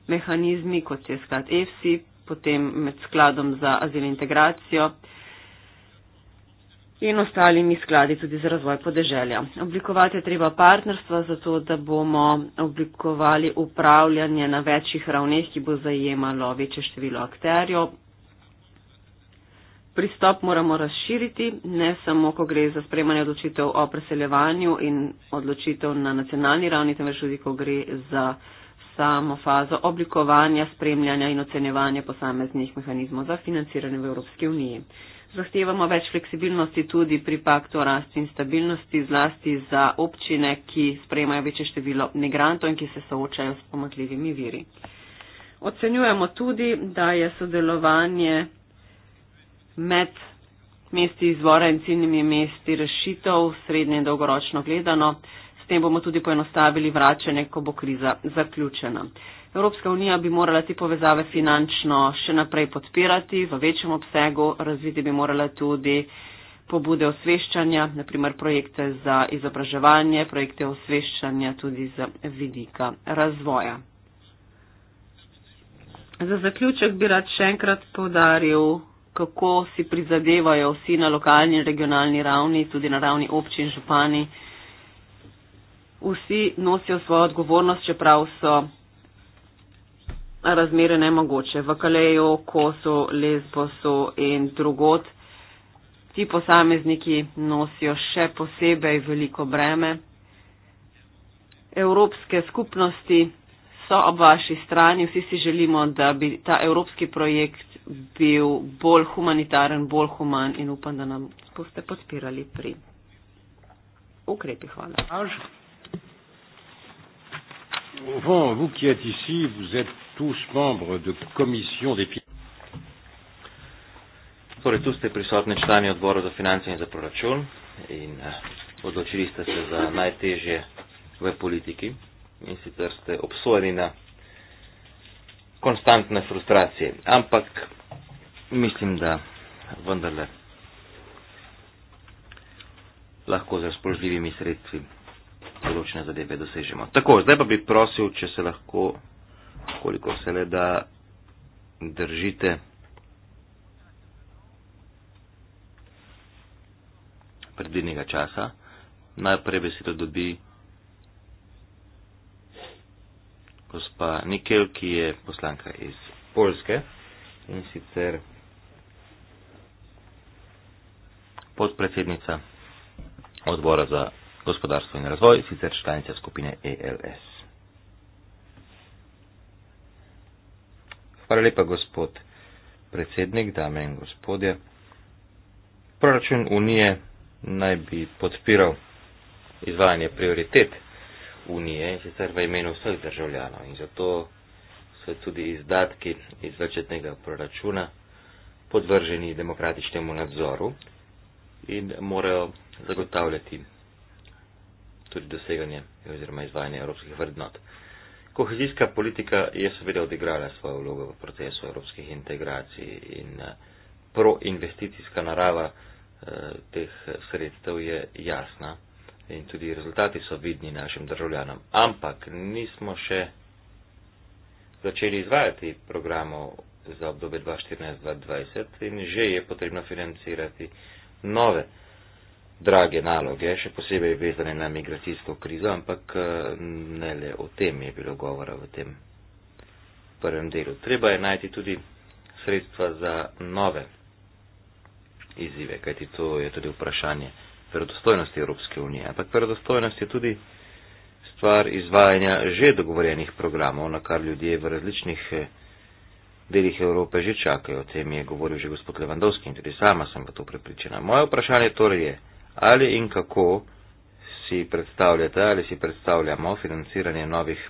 mehanizmi, kot je sklad EFSI, potem med skladom za azil integracijo in ostalimi skladi tudi za razvoj podeželja. Oblikovati je treba partnerstva, zato da bomo oblikovali upravljanje na večjih ravneh, ki bo zajemalo večje število akterjev. Pristop moramo razširiti, ne samo, ko gre za spremanje odločitev o preseljevanju in odločitev na nacionalni ravni, temveč tudi, ko gre za samo fazo oblikovanja, spremljanja in ocenjevanja posameznih mehanizmov za financiranje v Evropski uniji. Zahtevamo več fleksibilnosti tudi pri paktu o rasti in stabilnosti, zlasti za občine, ki sprejemajo večje število migrantov in ki se soočajo s pomakljivimi viri. Ocenjujemo tudi, da je sodelovanje med mesti izvora in ciljnimi mesti rešitev srednje in dolgoročno gledano. S tem bomo tudi poenostavili vračanje, ko bo kriza zaključena. Evropska unija bi morala te povezave finančno še naprej podpirati v večjem obsegu, razviti bi morala tudi pobude osveščanja, naprimer projekte za izobraževanje, projekte osveščanja tudi z vidika razvoja. Za zaključek bi rad še enkrat povdaril, kako si prizadevajo vsi na lokalni in regionalni ravni, tudi na ravni občin župani. Vsi nosijo svojo odgovornost, čeprav so razmere nemogoče. V Kaleju, Kosu, Lesbosu in drugot ti posamezniki nosijo še posebej veliko breme. Evropske skupnosti so ob vaši strani, vsi si želimo, da bi ta evropski projekt bil bolj humanitaren, bolj human in upam, da nam boste podpirali pri ukrepi. Hvala. Au revoir, vous qui êtes ici, vous êtes tous membres de commission des Torej, tu ste prisotni člani odbora za finance in za proračun in eh, odločili ste se za najtežje v politiki in sicer ste obsojeni na konstantne frustracije. Ampak mislim, da vendarle lahko z razpoložljivimi sredstvi določene zadeve dosežemo. Tako, zdaj pa bi prosil, če se lahko koliko se ne da držite predvidnega časa. Najprej besedo dobi gospa Nikel, ki je poslanka iz Poljske in sicer podpredsednica odbora za gospodarstvo in razvoj, sicer članica skupine ELS. Hvala lepa, gospod predsednik, dame in gospodje. Proračun Unije naj bi podpiral izvajanje prioritet Unije in sicer v imenu vseh državljanov. In zato so tudi izdatki iz začetnega proračuna podvrženi demokratičnemu nadzoru in morajo zagotavljati tudi doseganje oziroma izvajanje evropskih vrednot. Kohezijska politika je seveda odigrala svojo vlogo v procesu evropskih integracij in eh, proinvesticijska narava eh, teh sredstev je jasna in tudi rezultati so vidni našim državljanom. Ampak nismo še začeli izvajati programov za obdobje 2014-2020 in že je potrebno financirati nove drage naloge, še posebej vezane na migracijsko krizo, ampak eh, ne le o tem je bilo govora v tem prvem delu. Treba je najti tudi sredstva za nove izzive, kajti to je tudi vprašanje verodostojnosti Evropske unije. Ampak verodostojnost je tudi stvar izvajanja že dogovorjenih programov, na kar ljudje v različnih eh, delih Evrope že čakajo. O tem je govoril že gospod Levandovski in tudi sama sem v to prepričana. Moje vprašanje torej je, ali in kako si predstavljate ali si predstavljamo financiranje novih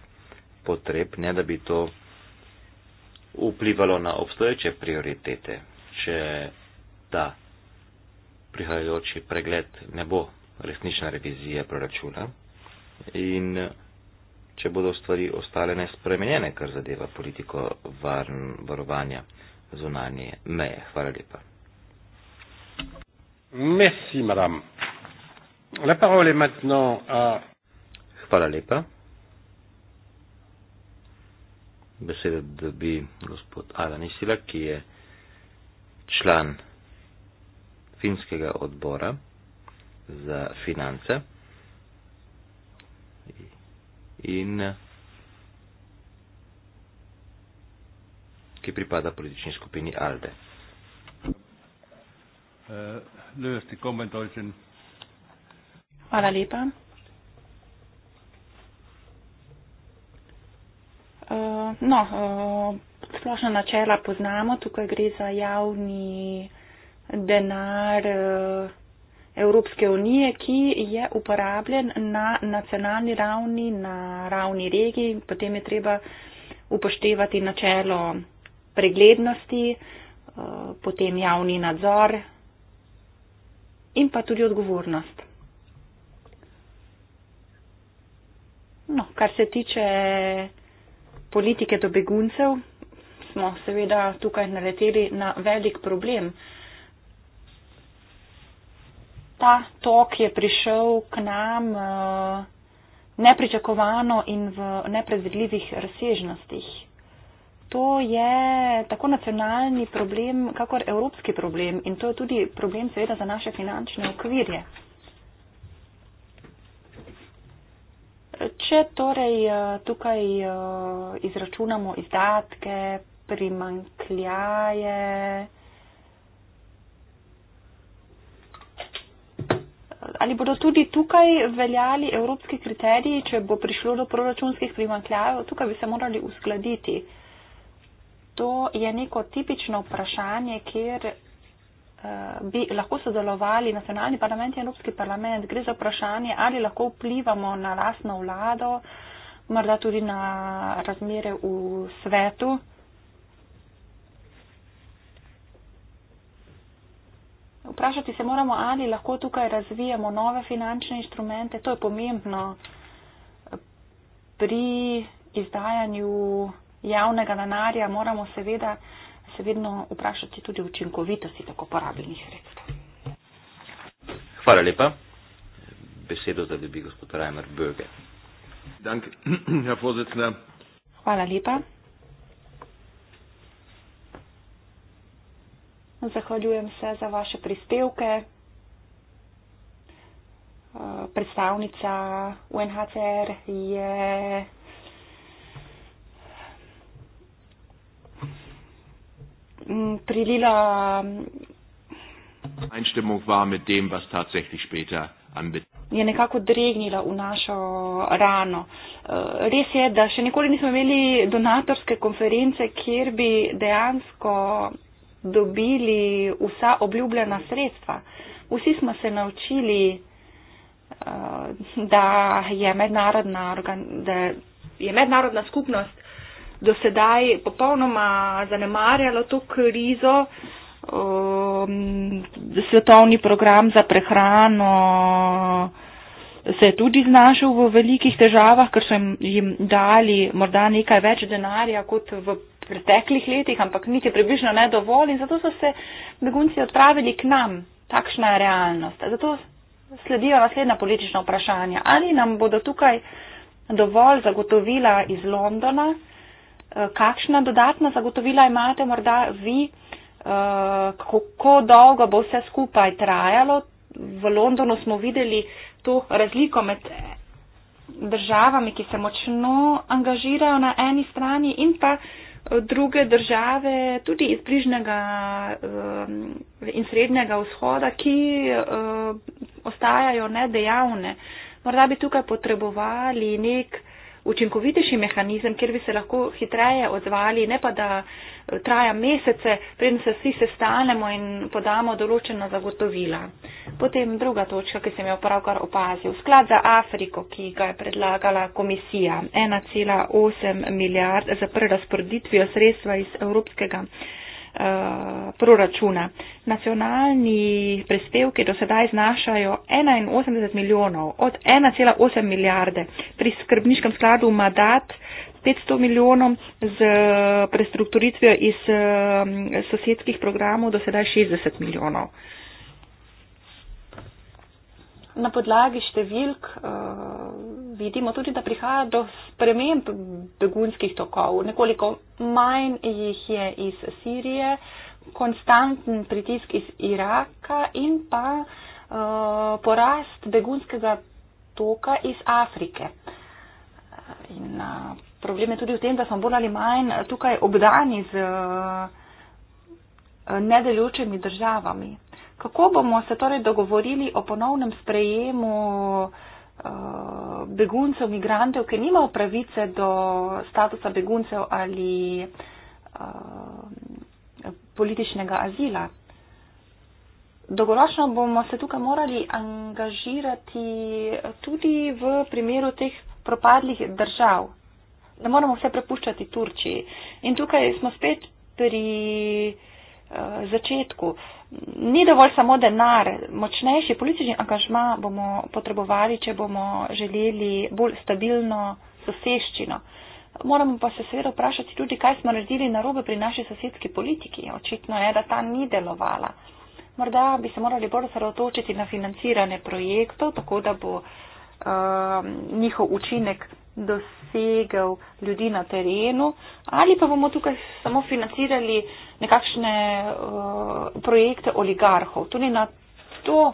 potreb, ne da bi to vplivalo na obstoječe prioritete, če ta prihajajoči pregled ne bo resnična revizija proračuna in če bodo stvari ostale nespremenjene, kar zadeva politiko varovanja zunanje meje. Hvala lepa. Merci, madame. La parole est maintenant à... Hvala lepa. Besedo dobi gospod Alan Isila, ki je član finskega odbora za finance in ki pripada politični skupini Alde. Eh, lyhyesti kommentoisin. Hvala lepa. Eh, no, eh, splošna načela poznamo, tukaj gre za javni denar Evropske unije, ki je uporabljen na nacionalni ravni, na ravni regiji. Potem je treba upoštevati načelo preglednosti, potem javni nadzor in pa tudi odgovornost. No, kar se tiče politike do beguncev, smo seveda tukaj naleteli na velik problem. Ta tok je prišel k nam eh, nepričakovano in v nepredvidljivih razsežnostih to je tako nacionalni problem, kakor evropski problem in to je tudi problem seveda za naše finančne okvirje. Če torej eh, tukaj eh, izračunamo izdatke, primankljaje, ali bodo tudi tukaj veljali evropski kriteriji, če bo prišlo do proračunskih primankljajev, tukaj bi se morali uskladiti to je neko tipično vprašanje, kjer eh, bi lahko sodelovali nacionalni parlament in Evropski parlament. Gre za vprašanje, ali lahko vplivamo na lasno vlado, morda tudi na razmere v svetu. Vprašati se moramo, ali lahko tukaj razvijamo nove finančne instrumente. To je pomembno pri izdajanju javnega denarja, moramo seveda se vedno vprašati tudi učinkovitosti tako porabljenih sredstev. Hvala lepa. Besedo za dobi gospod Reimer Böge. Hvala lepa. Zahvaljujem se za vaše prispevke. Eh, predstavnica UNHCR je prilila. Einstimmung war mit dem, was tatsächlich später anbetrifft. Je nekako dregnila v našo rano. E, res je, da še nikoli nismo imeli donatorske konference, kjer bi dejansko dobili vsa obljubljena sredstva. Vsi smo se naučili, e, da je mednarodna, da je mednarodna skupnost do sedaj popolnoma zanemarjalo to krizo. Um, svetovni program za prehrano se je tudi znašel v velikih težavah, ker so jim, jim dali morda nekaj več denarja kot v preteklih letih, ampak niti približno ne dovolj in zato so se begunci odpravili k nam. Takšna je realnost. Zato sledijo naslednja politična vprašanja. Ali nam bodo tukaj dovolj zagotovila iz Londona? Eh, kakšna dodatna zagotovila imate morda vi, eh, kako dolgo bo vse skupaj trajalo. V Londonu smo videli to razliko med državami, ki se močno angažirajo na eni strani in pa eh, druge države, tudi iz bližnjega in srednjega vzhoda, ki ostajajo nedejavne. Morda bi tukaj potrebovali nek učinkovitejši mehanizem, kjer bi se lahko hitreje odzvali, ne pa da eh, traja mesece, preden se vsi sestanemo in podamo določena zagotovila. Potem druga točka, ki sem jo pravkar opazil. Sklad za Afriko, ki ga je predlagala komisija. 1,8 milijard za prerasporeditvijo sredstva iz Evropskega. Eh, proračuna. Nacionalni prispevki do sedaj znašajo 81 milijonov od 1,8 milijarde. Pri skrbniškem skladu Madat 500 milijonov z prestrukturitvijo iz eh, sosedskih programov do sedaj 60 milijonov na podlagi številk uh, vidimo tudi, da prihaja do sprememb begunskih tokov. Nekoliko manj jih je iz Sirije, konstanten pritisk iz Iraka in pa uh, porast begunskega toka iz Afrike. In, uh, problem je tudi v tem, da smo bolj ali manj tukaj obdani z uh, nedelujočimi državami. Uh, Kako bomo se torej dogovorili o ponovnem sprejemu eh, beguncev, migrantov, ki nimajo pravice do statusa beguncev ali eh, političnega azila? Dolgoročno bomo se tukaj morali angažirati tudi v primeru teh propadlih držav. Ne moramo vse prepuščati Turčiji. In tukaj smo spet pri uh, začetku. Uh, ni dovolj samo denar, močnejši politični angažma bomo potrebovali, če bomo želeli bolj stabilno soseščino. Moramo pa se seveda vprašati tudi, kaj smo naredili narobe pri naši sosedski politiki. Očitno je, da ta ni delovala. Morda bi se morali bolj osredotočiti na financiranje projektov, tako da bo uh, Um, njihov učinek dosegel ljudi na terenu ali pa bomo tukaj samo financirali nekakšne uh, projekte oligarhov. Tudi na to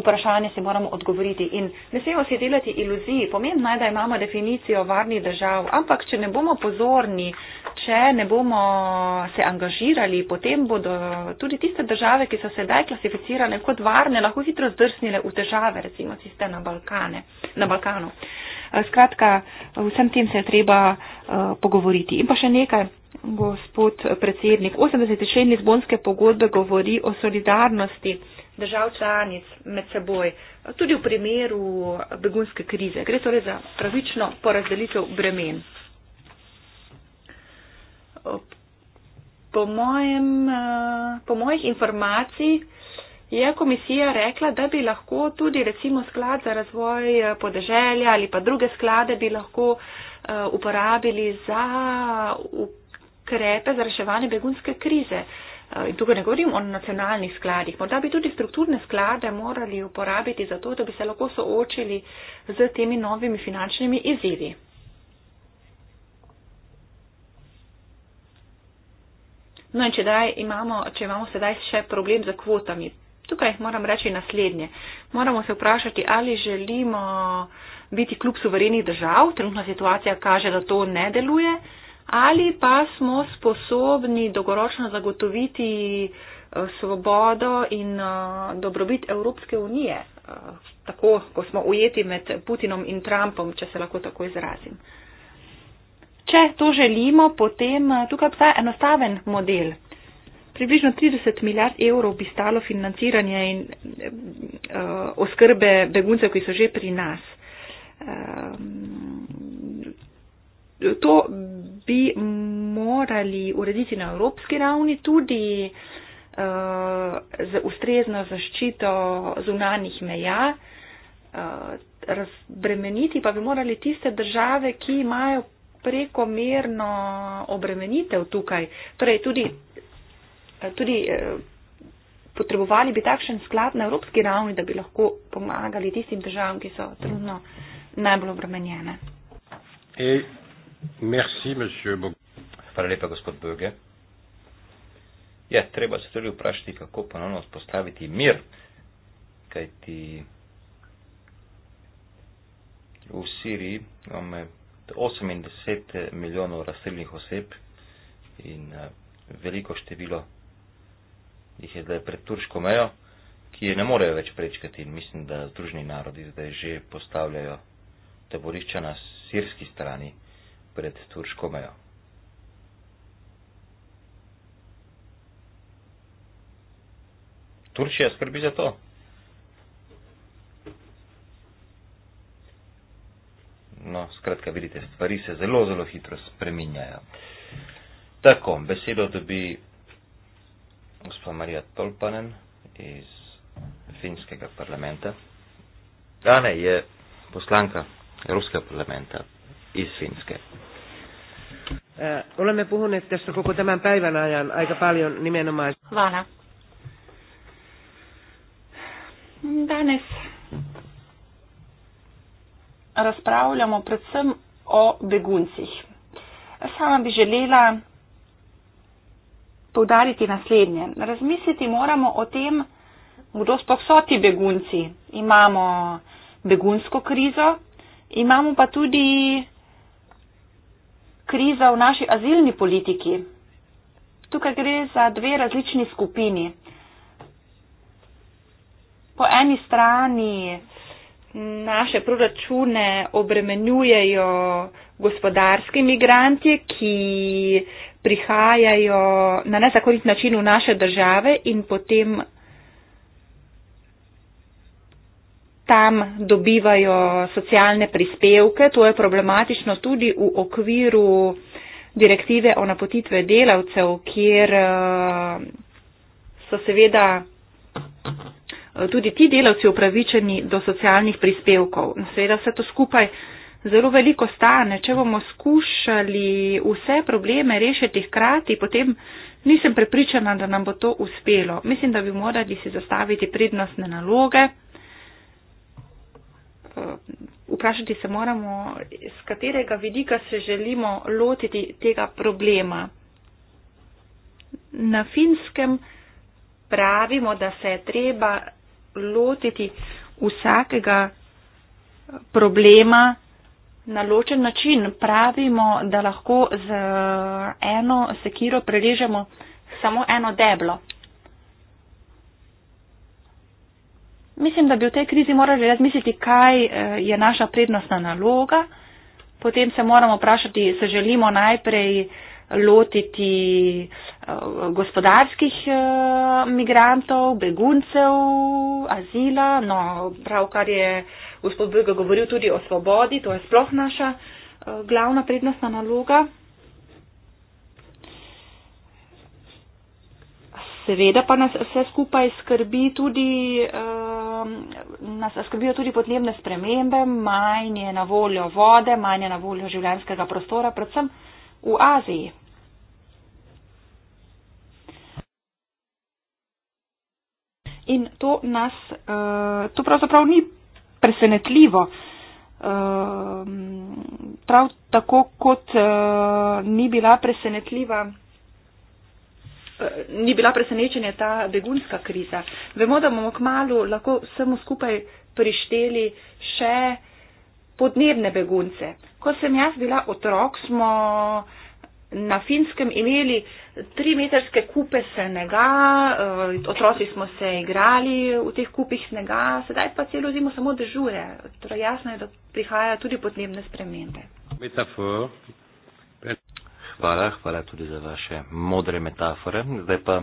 vprašanje se moramo odgovoriti in ne smemo si delati iluziji. Pomembno je, da imamo definicijo varnih držav, ampak če ne bomo pozorni, če ne bomo se angažirali, potem bodo tudi tiste države, ki so sedaj klasificirane kot varne, lahko hitro zdrsnile v težave, recimo tiste na, Balkane, na Balkanu. Eh, skratka, vsem tem se je treba uh, pogovoriti. In pa še nekaj, gospod predsednik. 80. člen Lizbonske pogodbe govori o solidarnosti držav članic med seboj, tudi v primeru begunske krize. Gre torej za pravično porazdelitev bremen. Po, mojem, eh, po mojih informacij je komisija rekla, da bi lahko tudi recimo sklad za razvoj eh, podeželja ali pa druge sklade bi lahko eh, uporabili za ukrepe za reševanje begunske krize. Uh, Eh, in tukaj ne govorim o nacionalnih skladih, morda bi tudi strukturne sklade morali uporabiti za to, da bi se lahko soočili z temi novimi finančnimi izzivi. No in če, imamo, če imamo sedaj še problem z kvotami, tukaj moram reči naslednje. Moramo se vprašati, ali želimo biti kljub suverenih držav, trenutna situacija kaže, da to ne deluje. Uh, ali pa smo sposobni dolgoročno zagotoviti eh, svobodo in eh, dobrobit Evropske unije, eh, tako, ko smo ujeti med Putinom in Trumpom, če se lahko tako izrazim. Če to želimo, potem tukaj obstaja enostaven model. Približno 30 milijard evrov bi stalo financiranje in uh, oskrbe beguncev, ki so že pri nas. Um, to bi morali urediti na evropski ravni tudi uh, z ustrezno zaščito zunanih meja, uh, razbremeniti pa bi morali tiste države, ki imajo prekomerno obremenitev tukaj. Torej tudi, eh, tudi potrebovali bi takšen sklad na evropski ravni, da bi lahko pomagali tistim državam, ki so trudno najbolj obremenjene. Merci, monsieur Bog. Hvala lepa, gospod Böge. Ja, treba se tudi vprašati, kako ponovno spostaviti mir, kajti v Siriji imamo 80 milijonov razstrelnih oseb in eh, veliko število jih je zdaj pred turško mejo, ki je ne morejo več prečkati in mislim, da združni narodi zdaj že postavljajo taborišča na sirski strani pred turško mejo. Turčija skrbi za to. No, skratka, vidite, stvari se zelo, zelo hitro spreminjajo. Tako, besedo dobi gospod Marija Tolpanen iz finskega parlamenta. Dane je poslanka Evropskega parlamenta iz Finske. Eh, olemme puhuneet tässä koko tämän päivän ajan aika paljon nimenomaan. Vana. Danes razpravljamo predvsem o beguncih. Sama bi želela poudariti naslednje. Razmisliti moramo o tem, kdo sploh so ti begunci. Imamo begunsko krizo, imamo pa tudi kriza v naši azilni politiki. Tukaj gre za dve različni skupini. Po eni strani naše proračune obremenjujejo gospodarski migranti, ki prihajajo na nezakonit način v naše države in potem tam dobivajo socialne prispevke. To je problematično tudi v okviru direktive o napotitve delavcev, kjer eh, so seveda eh, tudi ti delavci upravičeni do socialnih prispevkov. No, seveda vse to skupaj zelo veliko stane. Če bomo skušali vse probleme rešiti hkrati, potem nisem prepričana, da nam bo to uspelo. Mislim, da bi morali si zastaviti prednostne naloge. Eh, vprašati se moramo, z katerega vidika se želimo lotiti tega problema. Na finskem pravimo, da se je treba lotiti vsakega problema na ločen način. Pravimo, da lahko z eno sekiro prerežemo samo eno deblo. Mislim, da bi v tej krizi morali razmisliti, kaj eh, je naša prednostna naloga. Potem se moramo vprašati, se želimo najprej lotiti eh, gospodarskih eh, migrantov, beguncev, azila. No, pravkar je gospod Brgo govoril tudi o svobodi, to je sploh naša glavna prednostna naloga. Seveda pa nas vse skupaj skrbi tudi, uh, nas skrbijo tudi podnebne spremembe, manj je na voljo vode, manj je na voljo življenskega prostora, predvsem v Aziji. In to nas, eh, to pravzaprav ni presenetljivo. Ehm, prav tako kot eh, ni bila presenetljiva Eh, ni bila presenečenja ta begunska kriza. Vemo, da bomo k malu lahko vsemu skupaj prišteli še podnebne begunce. Ko sem jaz bila otrok, smo na finskem imeli tri meterske kupe snega, eh, otroci smo se igrali v teh kupih snega, sedaj pa celo zimo samo držuje. Torej jasno je, da prihaja tudi podnebne spremembe. Metafor hvala, hvala tudi za vaše modre metafore. Zdaj pa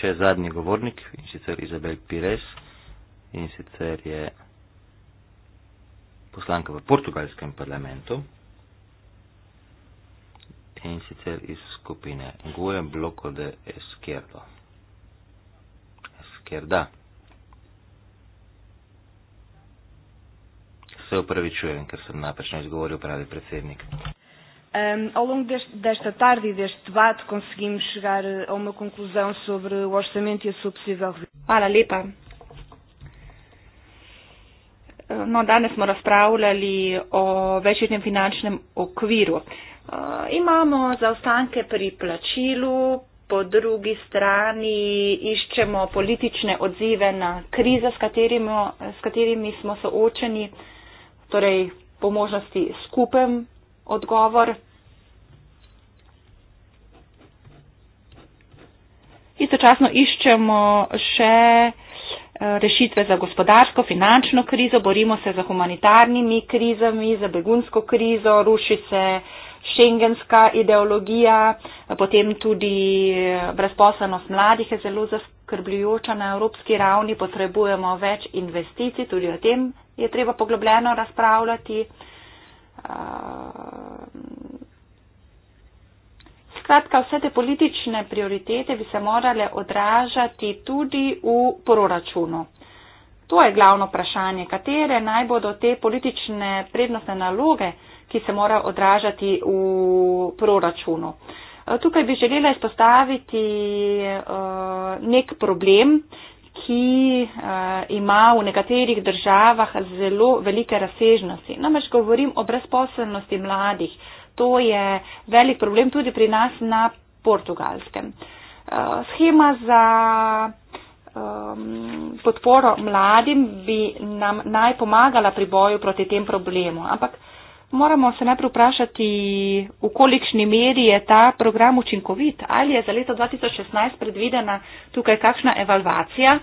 še zadnji govornik, in sicer Izabel Pires, in sicer je poslanka v portugalskem parlamentu in sicer iz skupine Gue Bloco de Esquerdo. Esquerda. Se upravičujem, ker sem napačno izgovoril pravi predsednik. Um, ao longo deste, desta tarde e deste debate, conseguimos chegar eh, a uma conclusão sobre o orçamento e a sua possível revisão. Hvala lepa. Eh, no, danes smo razpravljali o večjem finančnem okviru. Eh, imamo zaostanke pri plačilu, po drugi strani iščemo politične odzive na krize, s, s katerimi smo soočeni, torej po možnosti skupen odgovor. Istočasno iščemo še eh, rešitve za gospodarsko, finančno krizo, borimo se za humanitarnimi krizami, za begunsko krizo, ruši se šengenska ideologija, potem tudi eh, brezposelnost mladih je zelo zaskrbljujoča na evropski ravni, potrebujemo več investicij, tudi o tem je treba poglobljeno razpravljati. Eh, Skratka, vse te politične prioritete bi se morale odražati tudi v proračunu. To je glavno vprašanje, katere naj bodo te politične prednostne naloge, ki se morajo odražati v proračunu. E, tukaj bi želela izpostaviti e, nek problem, ki e, ima v nekaterih državah zelo velike razsežnosti. Namreč govorim o brezposelnosti mladih to je velik problem tudi pri nas na portugalskem. Uh, schema za um, podporo mladim bi nam naj pomagala pri boju proti tem problemu, ampak moramo se najprej vprašati, v kolikšni meri je ta program učinkovit, ali je za leto 2016 predvidena tukaj kakšna evalvacija.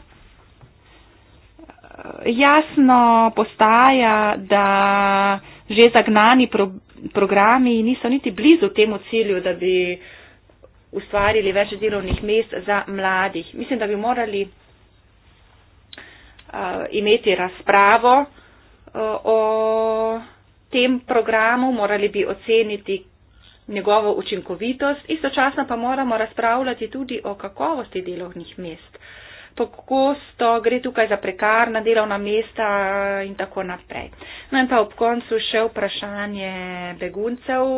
Jasno postaja, da že zagnani pro, programi niso niti blizu temu cilju, da bi ustvarili več delovnih mest za mladih. Mislim, da bi morali uh, imeti razpravo uh, o tem programu, morali bi oceniti njegovo učinkovitost, istočasno pa moramo razpravljati tudi o kakovosti delovnih mest. Uh, pogosto gre tukaj za prekarna delovna mesta in tako naprej. No in pa ob koncu še vprašanje beguncev.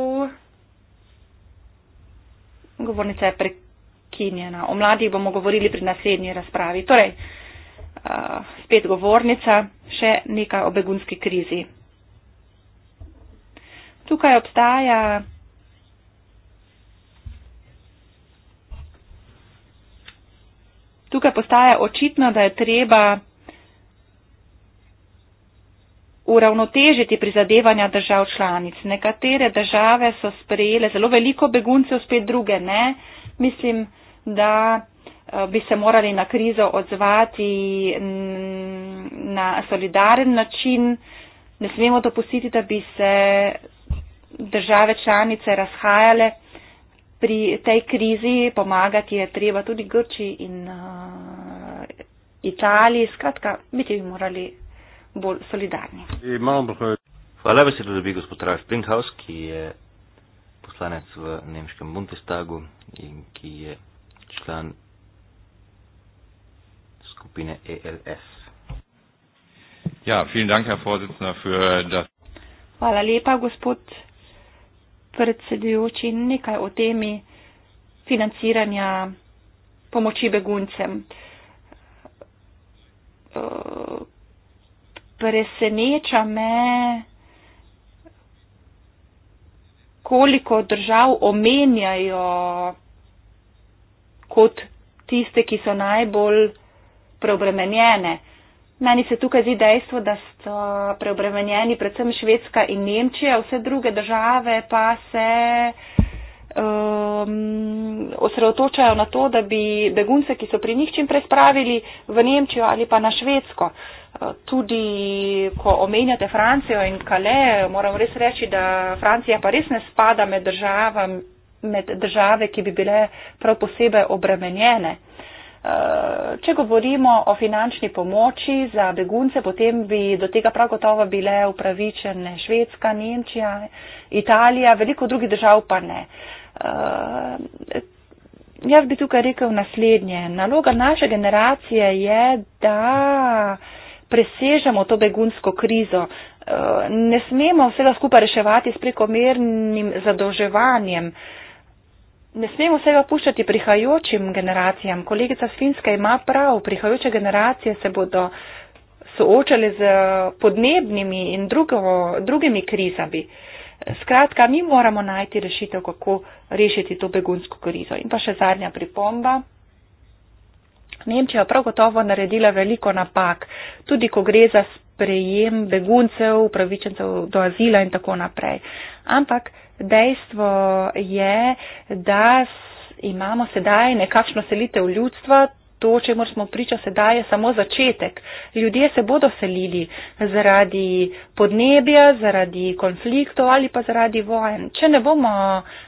Govornica je prekinjena. O mladih bomo govorili pri naslednji razpravi. Torej, eh, spet govornica, še nekaj o begunski krizi. Tukaj obstaja tukaj postaje očitno, da je treba uravnotežiti prizadevanja držav članic. Nekatere države so sprejele zelo veliko beguncev, spet druge ne. Mislim, da eh, bi se morali na krizo odzvati mm, na solidaren način. Ne smemo dopustiti, da bi se države članice razhajale pri tej krizi pomagati je treba tudi Grči in uh, Italiji. Skratka, biti bi morali bolj solidarni. Hvala lepa se dobi gospod Ralf Brinkhaus, ki je poslanec v nemškem Bundestagu in ki je član skupine ELS. Ja, vielen Dank, Herr Vorsitzender, für das. Hvala lepa, gospod predsedujoči nekaj o temi financiranja pomoči beguncem. Preseneča me, koliko držav omenjajo kot tiste, ki so najbolj preobremenjene. Meni se tukaj zdi dejstvo, da preobremenjeni, predvsem Švedska in Nemčija, vse druge države pa se um, osredotočajo na to, da bi begunce, ki so pri njih čim prej spravili v Nemčijo ali pa na Švedsko. Uh, tudi, ko omenjate Francijo in Calais, moram res reči, da Francija pa res ne spada med, državam, med države, ki bi bile prav posebej obremenjene. Eh, če govorimo o finančni pomoči za begunce, potem bi do tega prav gotovo bile upravičene Švedska, Nemčija, Italija, veliko drugih držav pa ne. Eh, jaz bi tukaj rekel naslednje. Naloga naše generacije je, da presežemo to begunsko krizo. Eh, ne smemo vsega skupaj reševati s prekomernim zadolževanjem ne smemo vsega puščati prihajajočim generacijam. Kolegica Finska ima prav, prihajajoče generacije se bodo soočali z podnebnimi in drugo, drugimi krizami. Skratka, mi moramo najti rešitev, kako rešiti to begunsko krizo. In pa še zadnja pripomba. Nemčija prav gotovo naredila veliko napak, tudi ko gre za sprejem beguncev, pravičencev do azila in tako naprej. Ampak Dejstvo je, da imamo sedaj nekakšno selitev ljudstva. To, če mor smo priča sedaj, je samo začetek. Ljudje se bodo selili zaradi podnebja, zaradi konfliktov ali pa zaradi vojen. Če ne bomo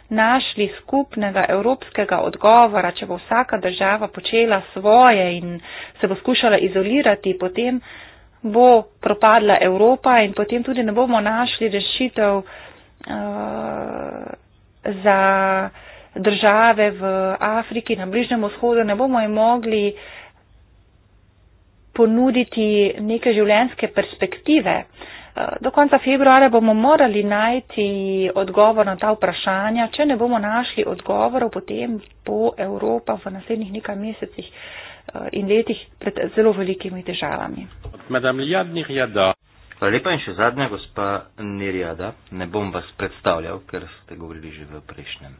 našli skupnega evropskega odgovora, če bo vsaka država počela svoje in se bo skušala izolirati, potem bo propadla Evropa in potem tudi ne bomo našli rešitev uh, uh, za države v Afriki, na Bližnem vzhodu, ne bomo jim mogli ponuditi neke življenjske perspektive. Eh, do konca februarja bomo morali najti odgovor na ta vprašanja. Če ne bomo našli odgovorov, potem bo Evropa v naslednjih nekaj mesecih eh, in letih pred zelo velikimi težavami. Hvala lepa in še zadnja, gospa Nerjada. Ne bom vas predstavljal, ker ste govorili že v prejšnjem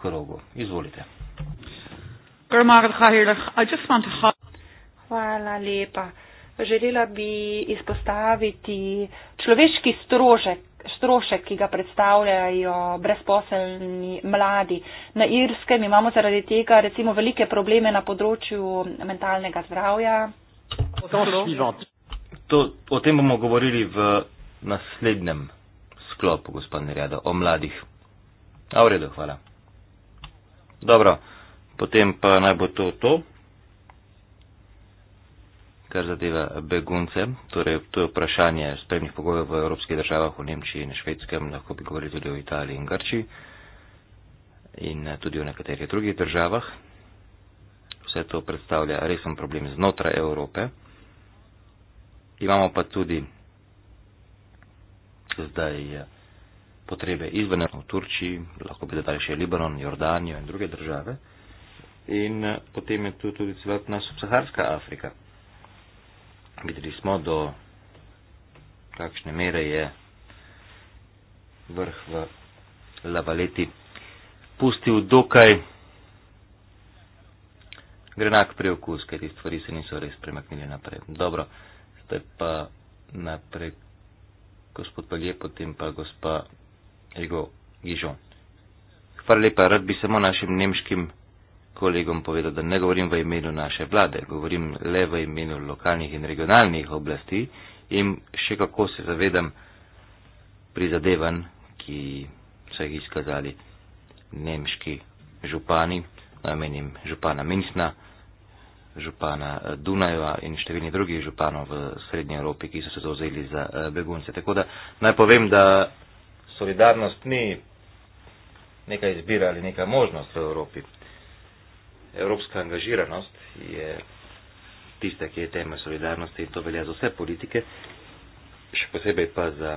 krogu. Izvolite. Hvala lepa. Želela bi izpostaviti človeški strošek, strošek, ki ga predstavljajo brezposelni mladi. Na Irskem imamo zaradi tega recimo velike probleme na področju mentalnega zdravja. Potem, to, o tem bomo govorili v naslednjem sklopu, gospod Nerjado, o mladih. A v redu, hvala. Dobro, potem pa naj bo to to, kar zadeva begunce. Torej, to je vprašanje spremnih pogojev v evropskih državah, v Nemčiji in Švedskem, lahko bi govorili tudi o Italiji in Grčiji in eh, tudi o nekaterih drugih državah. Vse to predstavlja resen problem znotraj Evrope imamo pa tudi zdaj eh, potrebe izven v Turčiji, lahko bi dodali še Libanon, Jordanijo in druge države. In eh, potem je tu tudi celotna subsaharska Afrika. Videli smo, do kakšne mere je vrh v Lavaleti pustil dokaj grenak preokus, kaj te stvari se niso res premaknili naprej. Dobro, zdaj pa naprej gospod Palje, potem pa gospa Ego Gižon. Hvala lepa, rad bi samo našim nemškim kolegom povedal, da ne govorim v imenu naše vlade, govorim le v imenu lokalnih in regionalnih oblasti in še kako se zavedam prizadevan, ki so jih izkazali nemški župani, namenim župana Minsna župana eh, Dunajeva in številni drugih županov v Srednji Evropi, ki so se zauzeli za eh, begunce. Tako da naj povem, da solidarnost ni neka izbira ali neka možnost v Evropi. Evropska angažiranost je tista, ki je tema solidarnosti in to velja za vse politike, še posebej pa za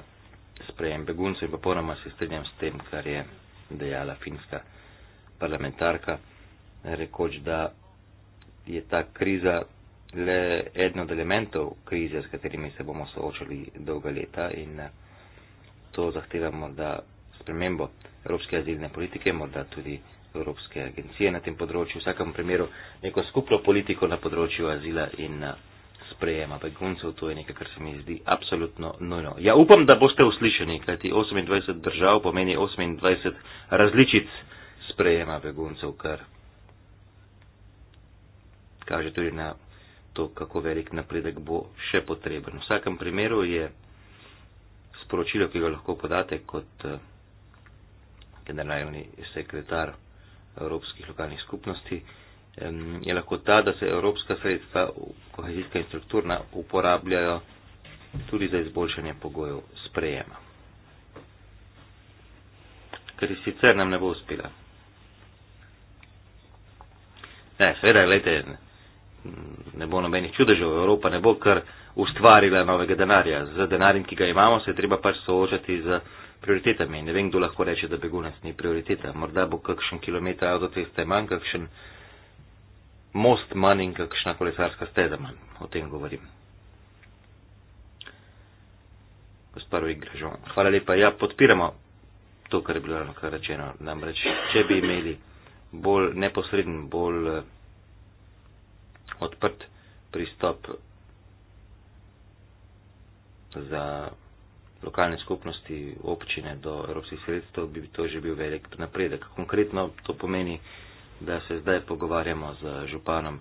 sprejem beguncev in popolnoma se strinjam s tem, kar je dejala finska parlamentarka, rekoč, da je ta kriza le eden od elementov krize, s katerimi se bomo soočali dolga leta in eh, to zahtevamo, da spremembo evropske azilne politike, morda tudi evropske agencije na tem področju, v vsakem primeru neko skupno politiko na področju azila in eh, sprejema beguncev, to je nekaj, kar se mi zdi absolutno nujno. Ja, upam, da boste uslišeni, kajti 28 držav pomeni 28 različic sprejema beguncev, kar kaže tudi na to, kako velik napredek bo še potreben. V vsakem primeru je sporočilo, ki ga lahko podate kot eh, generalni sekretar Evropskih lokalnih skupnosti, je lahko ta, da se evropska sredstva, kohezijska in strukturna, uporabljajo tudi za izboljšanje pogojev sprejema. Ker sicer nam ne bo uspela. Ne, seveda, gledajte, ne bo nobenih čudežev, Evropa ne bo kar ustvarila novega denarja. Z denarjem, ki ga imamo, se je treba pač soočati z prioritetami. Ne vem, kdo lahko reče, da begunec ni prioriteta. Morda bo kakšen kilometr avtoceste manj, kakšen most manj in kakšna kolesarska steza manj. O tem govorim. Hvala lepa. Ja, podpiramo to, kar je bilo rečeno. Namreč, če bi imeli bolj neposreden, bolj. Eh, odprt pristop za lokalne skupnosti občine do evropskih sredstev, bi to že bil velik napredek. Konkretno to pomeni, da se zdaj pogovarjamo z županom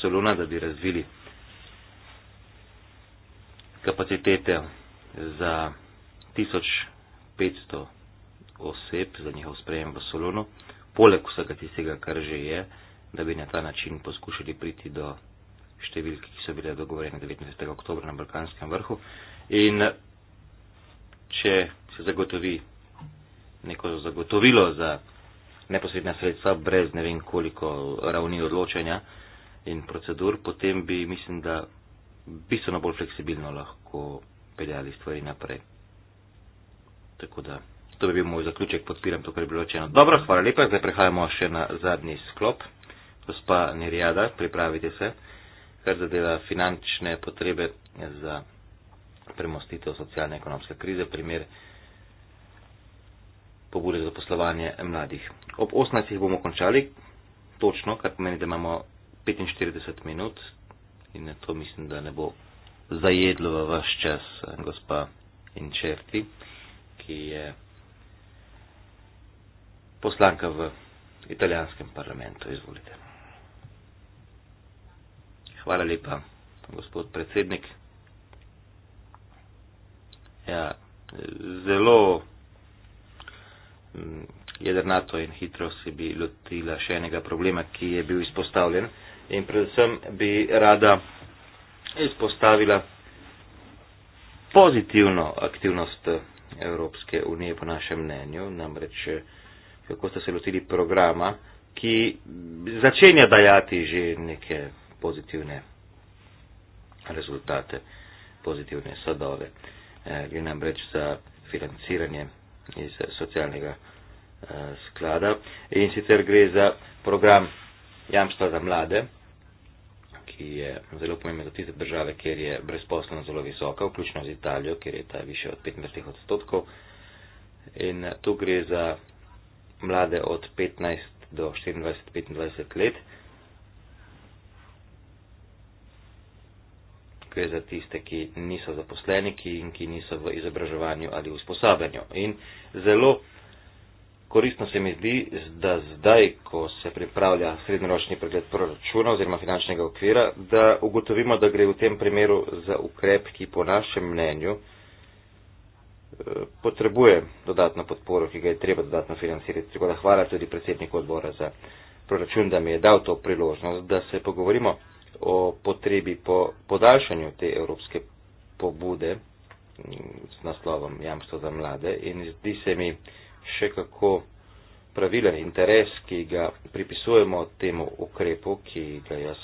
Soluna, da bi razvili kapacitete za 1500 oseb za njihov sprejem v Solunu, poleg vsega tistega, kar že je da bi na ta način poskušali priti do številk, ki so bile dogovorjene 19. oktober na Balkanskem vrhu. In če se zagotovi neko zagotovilo za neposredna sredstva brez ne vem koliko ravni odločanja in procedur, potem bi mislim, da bistveno bolj fleksibilno lahko peljali stvari naprej. Tako da, to bi bil moj zaključek, podpiram to, kar je bilo rečeno. Dobro, hvala lepa, zdaj prehajamo še na zadnji sklop gospa Nerjada, pripravite se, kar zadeva finančne potrebe za premostitev socialne ekonomske krize, primer pobude za poslovanje mladih. Ob 18. bomo končali, točno, kar pomeni, da imamo 45 minut in to mislim, da ne bo zajedlo v vaš čas gospa Inčerti, ki je poslanka v italijanskem parlamentu. Izvolite. Hvala lepa, gospod predsednik. Ja, zelo mm, jedrnato in hitro se bi lotila še enega problema, ki je bil izpostavljen. In predvsem bi rada izpostavila pozitivno aktivnost Evropske unije, po našem mnenju, namreč kako ste se lotili programa, ki začenja dajati že neke pozitivne rezultate, pozitivne sadove. E, gre nam reč za financiranje iz socialnega e, sklada in sicer gre za program jamstva za mlade, ki je zelo pomemben za tiste države, kjer je brezposlenost zelo visoka, vključno z Italijo, kjer je ta više od 25 odstotkov. In tu gre za mlade od 15 do 24-25 let. gre za tiste, ki niso zaposleni in ki niso v izobraževanju ali usposabljanju. In zelo koristno se mi zdi, da zdaj, ko se pripravlja srednjeročni pregled proračuna oziroma finančnega okvira, da ugotovimo, da gre v tem primeru za ukrep, ki po našem mnenju eh, potrebuje dodatno podporo, ki ga je treba dodatno financirati. Tako da hvala tudi predsedniku odbora za proračun, da mi je dal to priložnost, da se pogovorimo o potrebi po podaljšanju te evropske pobude s naslovom Jamstvo za mlade in zdi se mi še kako pravilen interes, ki ga pripisujemo temu ukrepu, ki ga jaz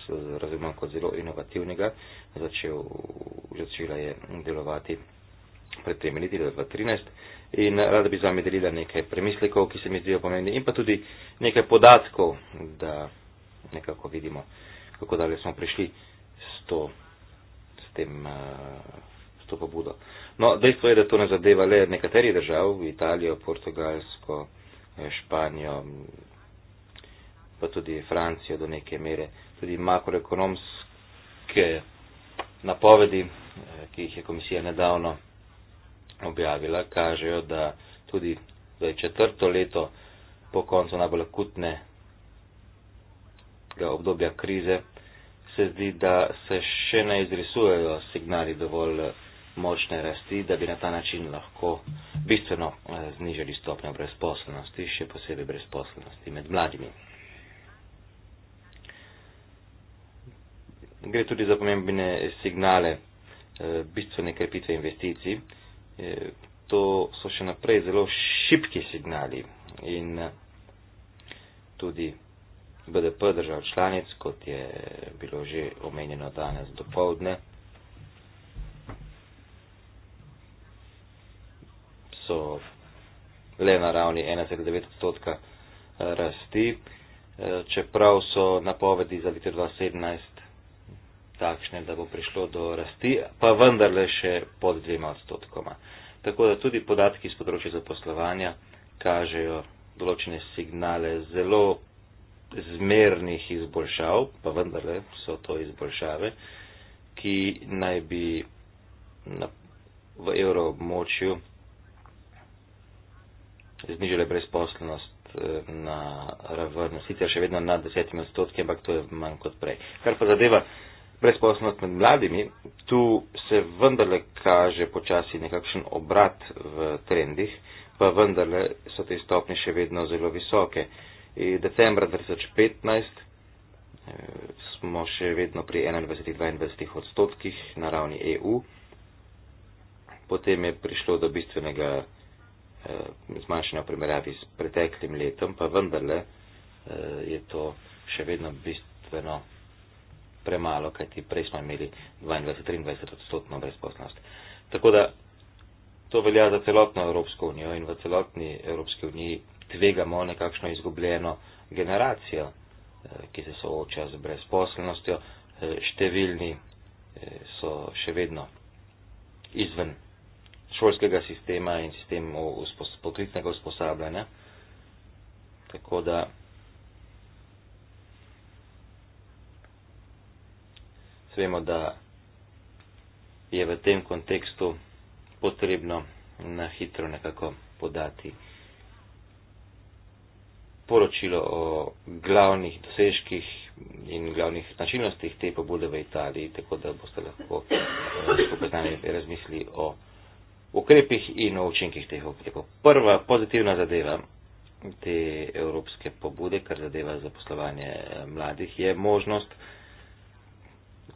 razumem kot zelo inovativnega, začel, začela je delovati pred tremi leti, 2013. In rada bi z vami delila nekaj premislekov, ki se mi zdijo pomembni, in pa tudi nekaj podatkov, da nekako vidimo, kako dalje smo prišli s to, s tem, eh, s to pobudo. No, dejstvo je, da to ne zadeva le nekaterih držav, Italijo, Portugalsko, eh, Španijo, pa tudi Francijo do neke mere. Tudi makroekonomske napovedi, eh, ki jih je komisija nedavno objavila, kažejo, da tudi da je četrto leto po koncu najbolj akutne tega obdobja krize, se zdi, da se še ne izrisujejo signali dovolj eh, močne rasti, da bi na ta način lahko bistveno eh, znižali stopnjo brezposobnosti, še posebej brezposobnosti med mladimi. Gre tudi za pomembne signale eh, bistvene krepitve investicij. To so še naprej zelo šipki signali in tudi BDP držav članic, kot je bilo že omenjeno danes do povdne, so le na ravni 1,9 odstotka eh, rasti, eh, čeprav so napovedi za leto 2017 takšne, da bo prišlo do rasti, pa vendarle še pod dvema odstotkoma. Tako da tudi podatki iz področja zaposlovanja kažejo določene signale zelo zmernih izboljšav, pa vendarle so to izboljšave, ki naj bi na, v evroobmočju znižile brezposlenost eh, na raven, sicer še vedno nad desetimi odstotki, ampak to je manj kot prej. Kar pa zadeva brezposlenost med mladimi, tu se vendarle kaže počasi nekakšen obrat v trendih, pa vendarle so te stopnje še vedno zelo visoke decembra 2015 eh, smo še vedno pri 21-22 odstotkih na ravni EU. Potem je prišlo do bistvenega eh, zmanjšanja v primerjavi s preteklim letom, pa vendarle eh, je to še vedno bistveno premalo, kajti prej smo imeli 22-23 odstotno brezposlenost. Tako da to velja za celotno Evropsko unijo in v celotni Evropski uniji tvegamo nekakšno izgubljeno generacijo, eh, ki se sooča z brezposelnostjo. Eh, številni eh, so še vedno izven šolskega sistema in sistemu uspos poklicnega usposabljanja. Tako da svemo, da je v tem kontekstu potrebno na hitro nekako podati poročilo o glavnih dosežkih in glavnih značilnostih te pobude v Italiji, tako da boste lahko skupaj eh, z nami razmisli o ukrepih in o učinkih teh ukrepov. Prva pozitivna zadeva te evropske pobude, kar zadeva zaposlovanje eh, mladih, je možnost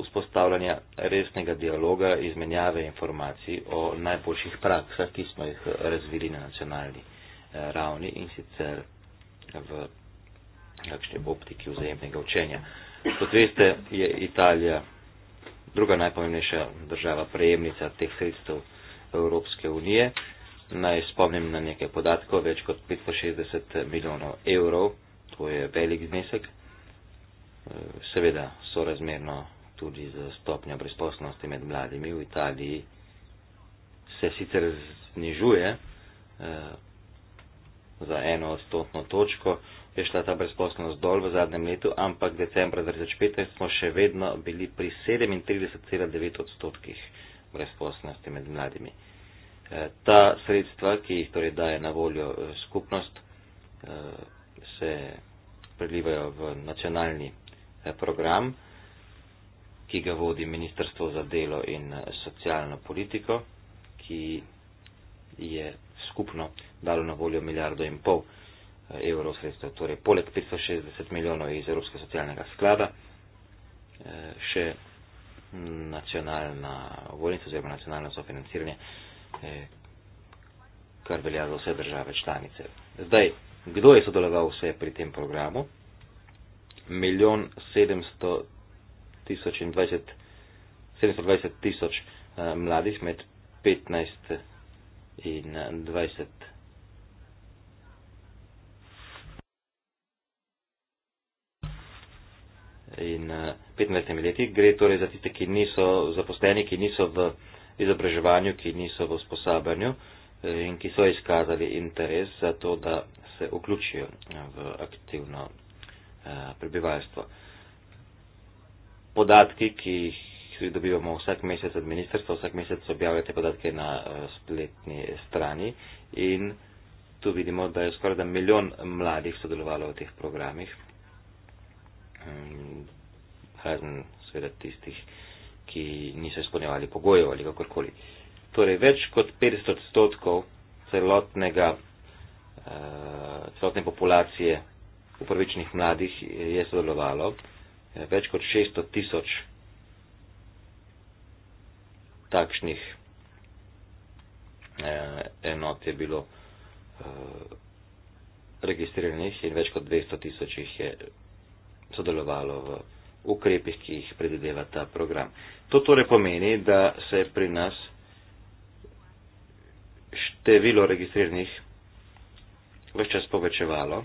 vzpostavljanja resnega dialoga, izmenjave informacij o najboljših praksah, ki smo jih razvili na nacionalni eh, ravni in sicer v kakšni optiki vzajemnega učenja. Kot veste, je Italija druga najpomembnejša država prejemnica teh sredstev Evropske unije. Naj spomnim na nekaj podatkov, več kot 560 milijonov evrov, to je velik znesek, seveda sorazmerno tudi za stopnjo brezposobnosti med mladimi v Italiji se sicer znižuje, eh, za eno odstotno točko, je šla ta brezposobnost dol v zadnjem letu, ampak decembra 2015 smo še vedno bili pri 37,9 odstotkih brezposobnosti med mladimi. Eh, ta sredstva, ki jih torej daje na voljo eh, skupnost, eh, se prelivajo v nacionalni program, ki ga vodi Ministrstvo za delo in socialno politiko, ki je skupno dalo na voljo milijardo in pol eh, evrov sredstev. Torej, poleg 560 milijonov iz Evropskega socialnega sklada, eh, še nacionalna voljnica oziroma nacionalno sofinanciranje, eh, kar velja za vse države članice. Zdaj, kdo je sodeloval vse pri tem programu? Milijon 720 tisoč mladih med 15 in dvajset. In eh, petnajstimi leti gre torej za tiste, ki niso zaposleni, ki niso v izobraževanju, ki niso v usposabljanju eh, in ki so izkazali interes za to, da se vključijo eh, v aktivno prebivalstvo. Podatki, ki jih dobivamo vsak mesec od ministrstva, vsak mesec objavljate podatke na eh, spletni strani in tu vidimo, da je skoraj da milijon mladih sodelovalo v teh programih, mm, razen seveda tistih, ki niso izpolnjevali pogojev ali kakorkoli. Torej, več kot 500 odstotkov celotnega, eh, celotne populacije upravičnih mladih je sodelovalo, več kot 600 tisoč takšnih eh, enot je bilo eh, registriranih in več kot 200 tisoč jih je sodelovalo v ukrepih, ki jih predvideva ta program. To torej pomeni, da se pri nas število registriranih več čas povečevalo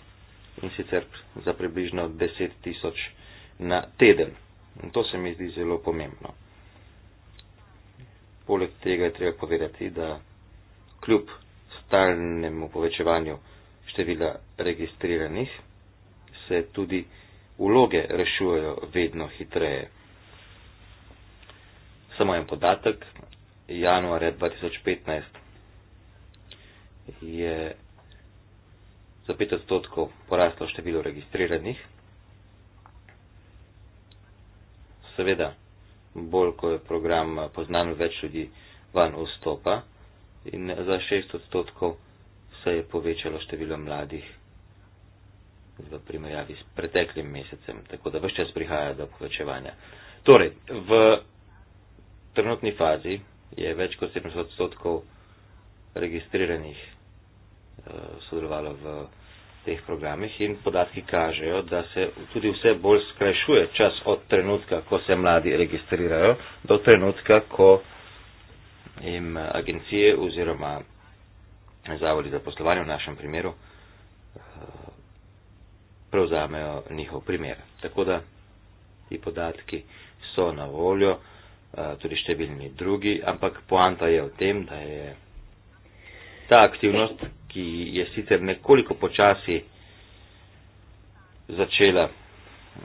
in sicer za približno 10 tisoč na teden. In to se mi zdi zelo pomembno. Poleg tega je treba povedati, da kljub stalnemu povečevanju števila registriranih se tudi vloge rešujejo vedno hitreje. Samo en podatek, januarja 2015 je za 5 odstotkov poraslo število registriranih. Seveda, bolj, ko je program eh, poznan, več ljudi van vstopa in eh, za 6 odstotkov se je povečalo število mladih v primerjavi s preteklim mesecem, tako da vse čas prihaja do povečevanja. Torej, v trenutni fazi je več kot 70 odstotkov registriranih eh, sodelovalo v teh programih in podatki kažejo, da se tudi vse bolj skrajšuje čas od trenutka, ko se mladi registrirajo, do trenutka, ko jim agencije oziroma zavodi za poslovanje v našem primeru eh, prevzamejo njihov primer. Tako da ti podatki so na voljo, eh, tudi številni drugi, ampak poanta je v tem, da je ta aktivnost ki je sicer nekoliko počasi začela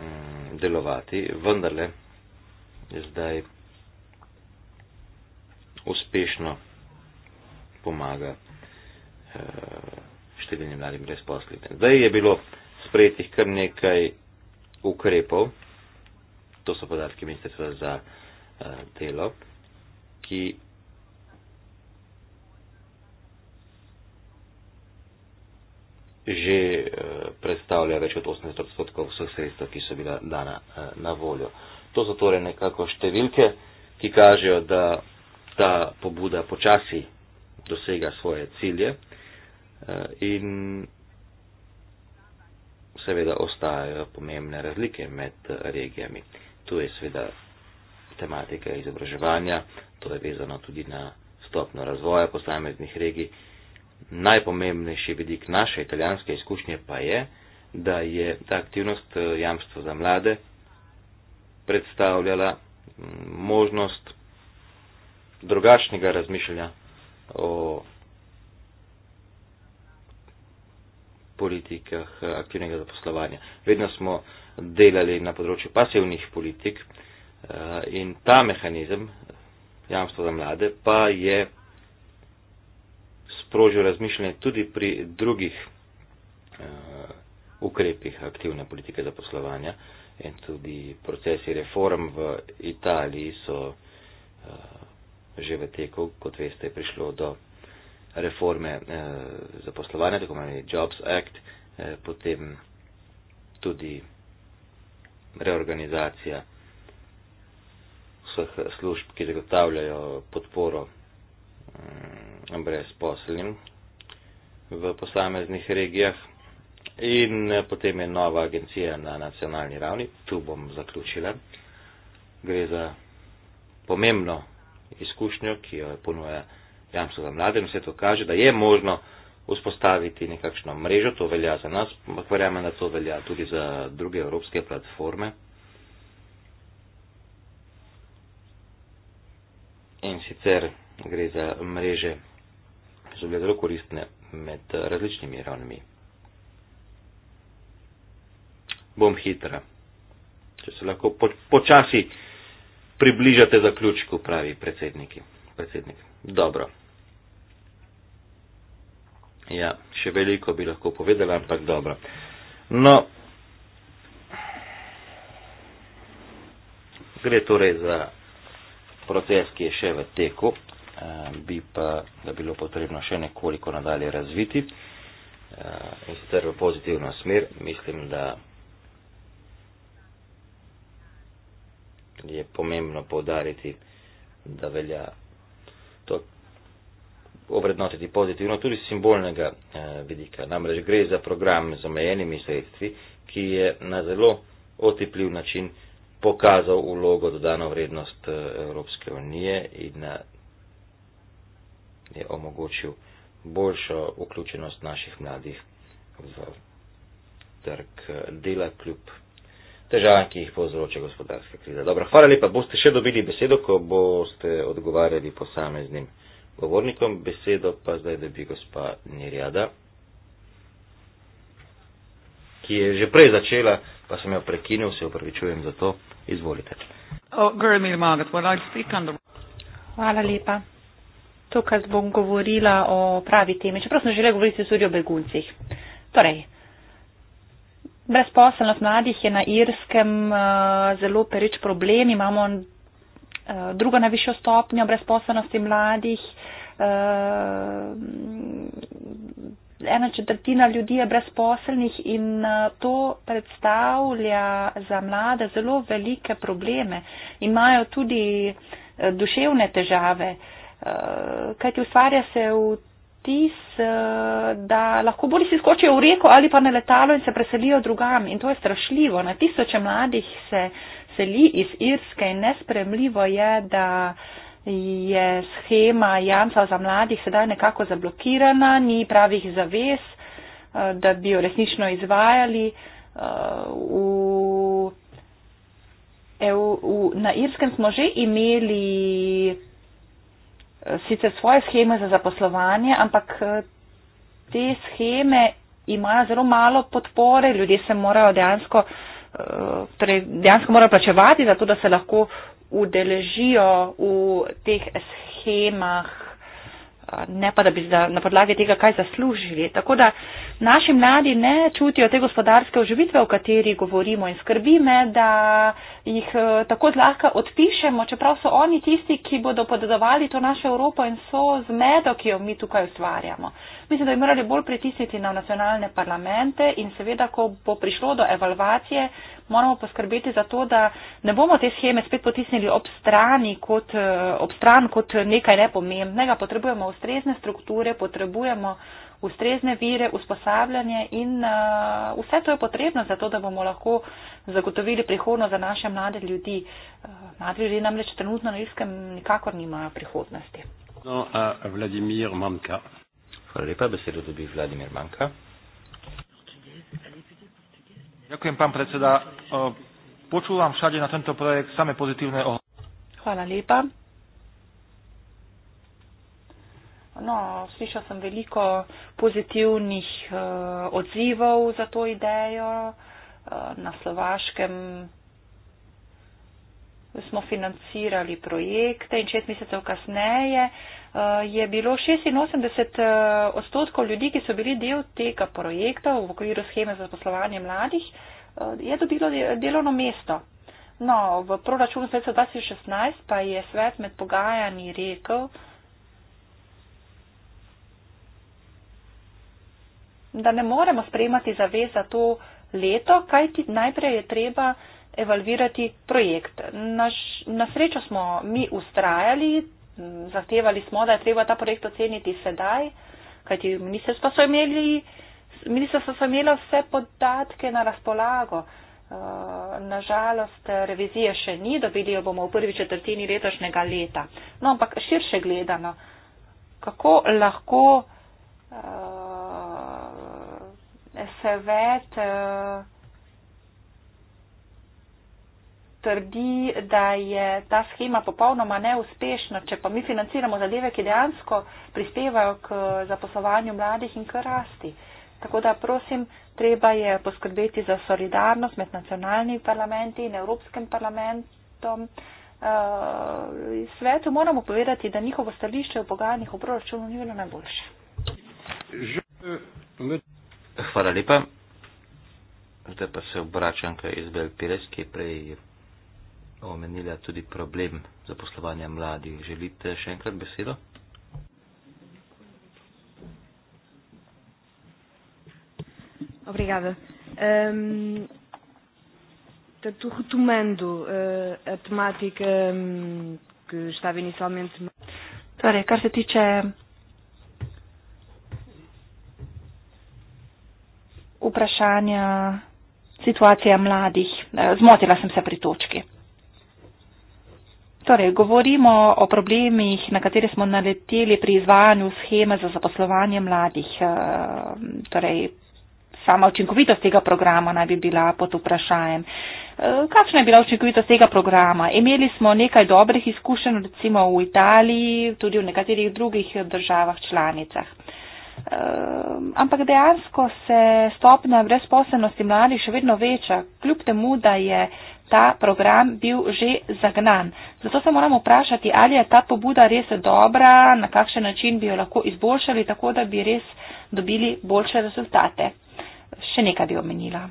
mm, delovati, vendarle je zdaj uspešno pomaga eh, številnim mladim brezposlitem. Zdaj je bilo sprejetih kar nekaj ukrepov, to so podatki ministrstva za eh, delo, ki že eh, predstavlja več kot 18 odstotkov vseh sredstev, ki so bila dana eh, na voljo. To so torej nekako številke, ki kažejo, da ta pobuda počasi dosega svoje cilje eh, in seveda ostajajo pomembne razlike med regijami. Tu je seveda tematika izobraževanja, to je vezano tudi na stopno razvoja posameznih regij najpomembnejši vidik naše italijanske izkušnje pa je, da je ta aktivnost eh, jamstva za mlade predstavljala mm, možnost drugačnega razmišljanja o politikah eh, aktivnega zaposlovanja. Vedno smo delali na področju pasivnih politik eh, in ta mehanizem jamstva za mlade pa je sprožil razmišljanje tudi pri drugih uh, ukrepih aktivne politike zaposlovanja in tudi procesi reform v Italiji so uh, že v teku, kot veste, prišlo do reforme uh, zaposlovanja, tako imenovani Jobs Act, uh, potem tudi reorganizacija vseh služb, ki zagotavljajo podporo brezposlenim v posameznih regijah. In eh, potem je nova agencija na nacionalni ravni, tu bom zaključila. Gre za pomembno izkušnjo, ki jo ponuja jamstvo za mlade in vse to kaže, da je možno vzpostaviti nekakšno mrežo, to velja za nas, ampak verjamem, da to velja tudi za druge evropske platforme. In sicer gre za mreže so bile zelo koristne med različnimi ravnmi. Bom hitra. Če se lahko po, počasi približate zaključku, pravi predsednik. Dobro. Ja, še veliko bi lahko povedala, ampak dobro. No, gre torej za proces, ki je še v teku. Eh, bi pa ga bilo potrebno še nekoliko nadalje razviti eh, in sicer v pozitivno smer. Mislim, da je pomembno povdariti, da velja to obrednotiti pozitivno tudi z simbolnega eh, vidika. Namreč gre za program z omejenimi sredstvi, ki je na zelo otipljiv način pokazal vlogo dodano vrednost Evropske unije in je omogočil boljšo vključenost naših mladih v trg dela kljub težavam, ki jih povzroča gospodarska kriza. Dobro, hvala lepa. Boste še dobili besedo, ko boste odgovarjali posameznim govornikom. Besedo pa zdaj dobi gospa Nirjada, ki je že prej začela, pa sem jo prekinil, se upravičujem za to. Izvolite. Oh, girl, Margaret, well, the... Hvala lepa tokrat bom govorila o pravi temi, čeprav sem želela govoriti tudi o beguncih. Torej, brezposelnost mladih je na Irskem uh, zelo pereč problem. Imamo uh, drugo najvišjo stopnjo brezposelnosti mladih. Uh, Ena četrtina ljudi je brezposelnih in to predstavlja za mlade zelo velike probleme. Imajo tudi duševne težave, uh, kajti ustvarja se vtis, eh, da lahko bolj si skočijo v reko ali pa na letalo in se preselijo drugam. In to je strašljivo. Na tisoče mladih se seli iz Irske in nespremljivo je, da je schema jamca za mladih sedaj nekako zablokirana, ni pravih zavez, eh, da bi jo resnično izvajali. Eh, v EU, na Irskem smo že imeli sicer svoje scheme za zaposlovanje, ampak eh, te scheme imajo zelo malo podpore, ljudje se morajo dejansko, eh, torej dejansko morajo plačevati za to, da se lahko udeležijo v teh schemah, eh, ne pa da bi na podlagi tega kaj zaslužili. Tako da naši mladi ne čutijo te gospodarske oživitve, o kateri govorimo in skrbime, da jih eh, tako zlahka odpišemo, čeprav so oni tisti, ki bodo podedovali to našo Evropo in so zmedo, ki jo mi tukaj ustvarjamo. Mislim, da bi morali bolj pritisniti na nacionalne parlamente in seveda, ko bo prišlo do evalvacije, moramo poskrbeti za to, da ne bomo te scheme spet potisnili ob, kot, eh, ob stran kot nekaj nepomembnega. Potrebujemo ustrezne strukture, potrebujemo ustrezne vire, usposabljanje in uh, vse to je potrebno za to, da bomo lahko zagotovili prihodnost za naše mlade ljudi. Uh, mlade ljudi namreč trenutno na Irskem nikakor nimajo prihodnosti. No, Vladimir Manka. Hvala lepa, besedo dobi Vladimir Manka. Ďakujem, pán predseda. Počúvam všade na tento projekt same pozitívne ohlasy. Hvala lepa. No, slišal sem veliko pozitivnih uh, odzivov za to idejo. Uh, na Slovaškem smo financirali projekte in šest mesecev kasneje uh, je bilo 86 odstotkov ljudi, ki so bili del tega projekta v okviru scheme za poslovanje mladih, uh, je dobilo delovno mesto. No, v proračunu 2016 pa je svet med pogajanji rekel, da ne moremo sprejemati zavez za to leto, kajti najprej je treba evalvirati projekt. Na srečo smo mi ustrajali, zahtevali smo, da je treba ta projekt oceniti sedaj, kajti ministrstva so imeli. Ministrstvo so imela vse podatke na razpolago. Uh, Nažalost, revizije še ni, dobili jo bomo v prvi četrtini letošnjega leta. No, ampak širše gledano, kako lahko uh, svet eh, trdi, da je ta schema popolnoma neuspešna, če pa mi financiramo zadeve, ki dejansko prispevajo k zaposlovanju mladih in k rasti. Tako da prosim, treba je poskrbeti za solidarnost med nacionalnimi parlamenti in Evropskim parlamentom. Uh, svetu moramo povedati, da njihovo stališče v pogajanjih v proračunu ni bilo najboljše. Že, med, Hvala lepa. Zdaj pa se obračam k Izabel Pires, ki je prej omenila tudi problem zaposlovanja mladih. Želite še enkrat besedo? Obrigada. Um, ehm, tanto retomando uh, a temática um, que estava inicialmente. Torre, a carta de vprašanja situacija mladih. E, zmotila sem se pri točki. Torej, govorimo o problemih, na katere smo naleteli pri izvajanju scheme za zaposlovanje mladih. E, torej, sama učinkovitost tega programa naj bi bila pod vprašanjem. E, kakšna je bila učinkovitost tega programa? Imeli smo nekaj dobrih izkušenj, recimo v Italiji, tudi v nekaterih drugih državah članicah. Ehm, ampak dejansko se stopna brezposelnosti mladih še vedno veča, kljub temu, da je ta program bil že zagnan. Zato se moramo vprašati, ali je ta pobuda res dobra, na kakšen način bi jo lahko izboljšali, tako da bi res dobili boljše rezultate. Še nekaj bi omenila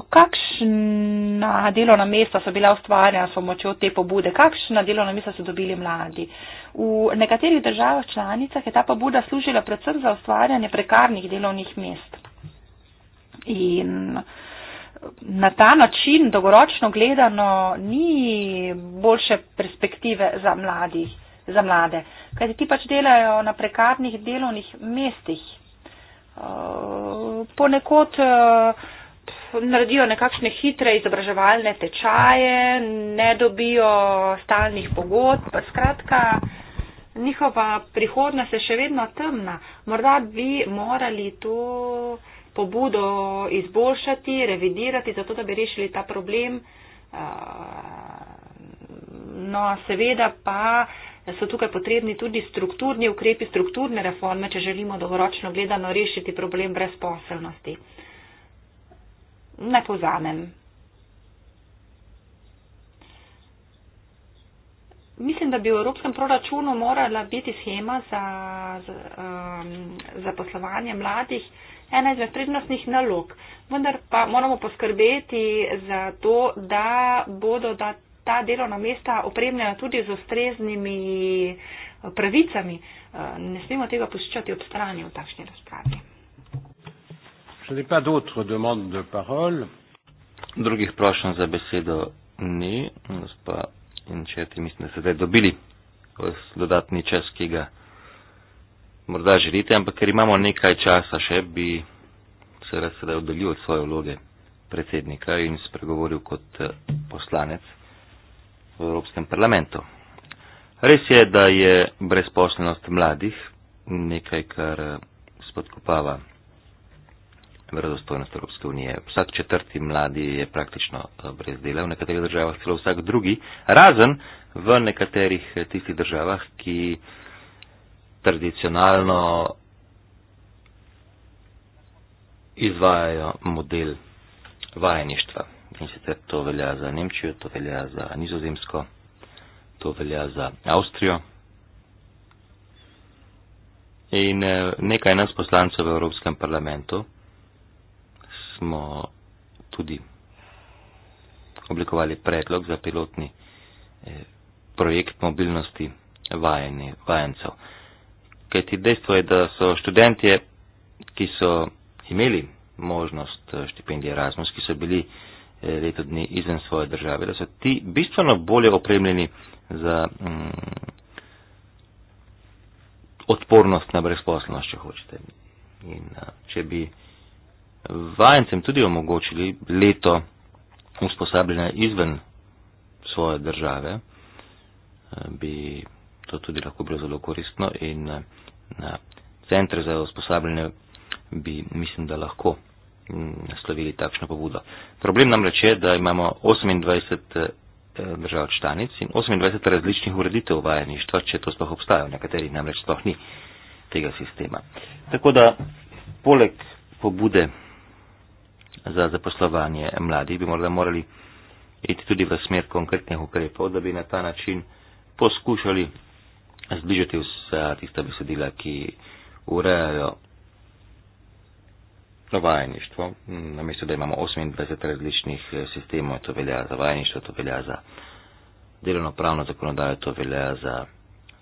kakšna delovna mesta so bila ustvarjena s pomočjo te pobude, kakšna delovna mesta so dobili mladi. V nekaterih državah članicah je ta pobuda služila predvsem za ustvarjanje prekarnih delovnih mest. In na ta način, dolgoročno gledano, ni boljše perspektive za, mladih, za mlade, kaj ti pač delajo na prekarnih delovnih mestih. Ponekod eh, naredijo nekakšne hitre izobraževalne tečaje, ne dobijo stalnih pogodb. Skratka, njihova prihodnost je še vedno temna. Morda bi morali to pobudo izboljšati, revidirati, zato da bi rešili ta problem. Eh, no, seveda pa so tukaj potrebni tudi strukturni ukrepi, strukturne reforme, če želimo dolgoročno gledano rešiti problem brezposelnosti ne povzamem. Mislim, da bi v evropskem proračunu morala biti schema za, za, um, za poslovanje mladih ena izmed prednostnih nalog. Vendar pa moramo poskrbeti za to, da bodo da ta delovna mesta opremljena tudi z ustreznimi uh, pravicami. Uh, ne smemo tega poščati ob strani v takšni razpravi. Če ne pa drugih demand de parole. Drugih prošen za besedo ni, gospa in četi, mislim, da ste zdaj dobili dodatni čas, ki ga morda želite, ampak ker imamo nekaj časa še, bi se rad sedaj oddaljil od svoje vloge predsednika in spregovoril kot eh, poslanec v Evropskem parlamentu. Res je, da je brezposlenost mladih nekaj, kar eh, spodkopava verodostojnost Evropske unije. Vsak četrti mladi je praktično eh, brez dela, v nekaterih državah celo vsak drugi, razen v nekaterih eh, tistih državah, ki tradicionalno izvajajo model vajeništva. In sicer to velja za Nemčijo, to velja za Nizozemsko, to velja za Avstrijo. In eh, nekaj nas poslancev v Evropskem parlamentu smo tudi oblikovali predlog za pilotni eh, projekt mobilnosti vajeni, vajencev. Kaj ti dejstvo je, da so študentje, ki so imeli možnost eh, štipendije Erasmus, ki so bili eh, leto dni izven svoje države, da so ti bistveno bolje opremljeni za mm, odpornost na brezposlenost, če hočete. In, če bi vajencem tudi omogočili leto usposabljanja izven svoje države, eh, bi to tudi lahko bilo zelo koristno in eh, na centre za usposabljanje bi, mislim, da lahko mm, naslovili takšno pobudo. Problem namreč je, da imamo 28 eh, držav članic in 28 različnih ureditev vajeništva, če to sploh obstaja, nekateri namreč sploh ni tega sistema. Tako da, poleg pobude za zaposlovanje mladih, bi morda morali iti tudi v smer konkretnih ukrepov, da bi na ta način poskušali zbližati vsa tista besedila, ki urejajo vajeništvo. Na mesto, da imamo 28 različnih sistemov, to velja za vajeništvo, to velja za delovno pravno zakonodajo, to velja za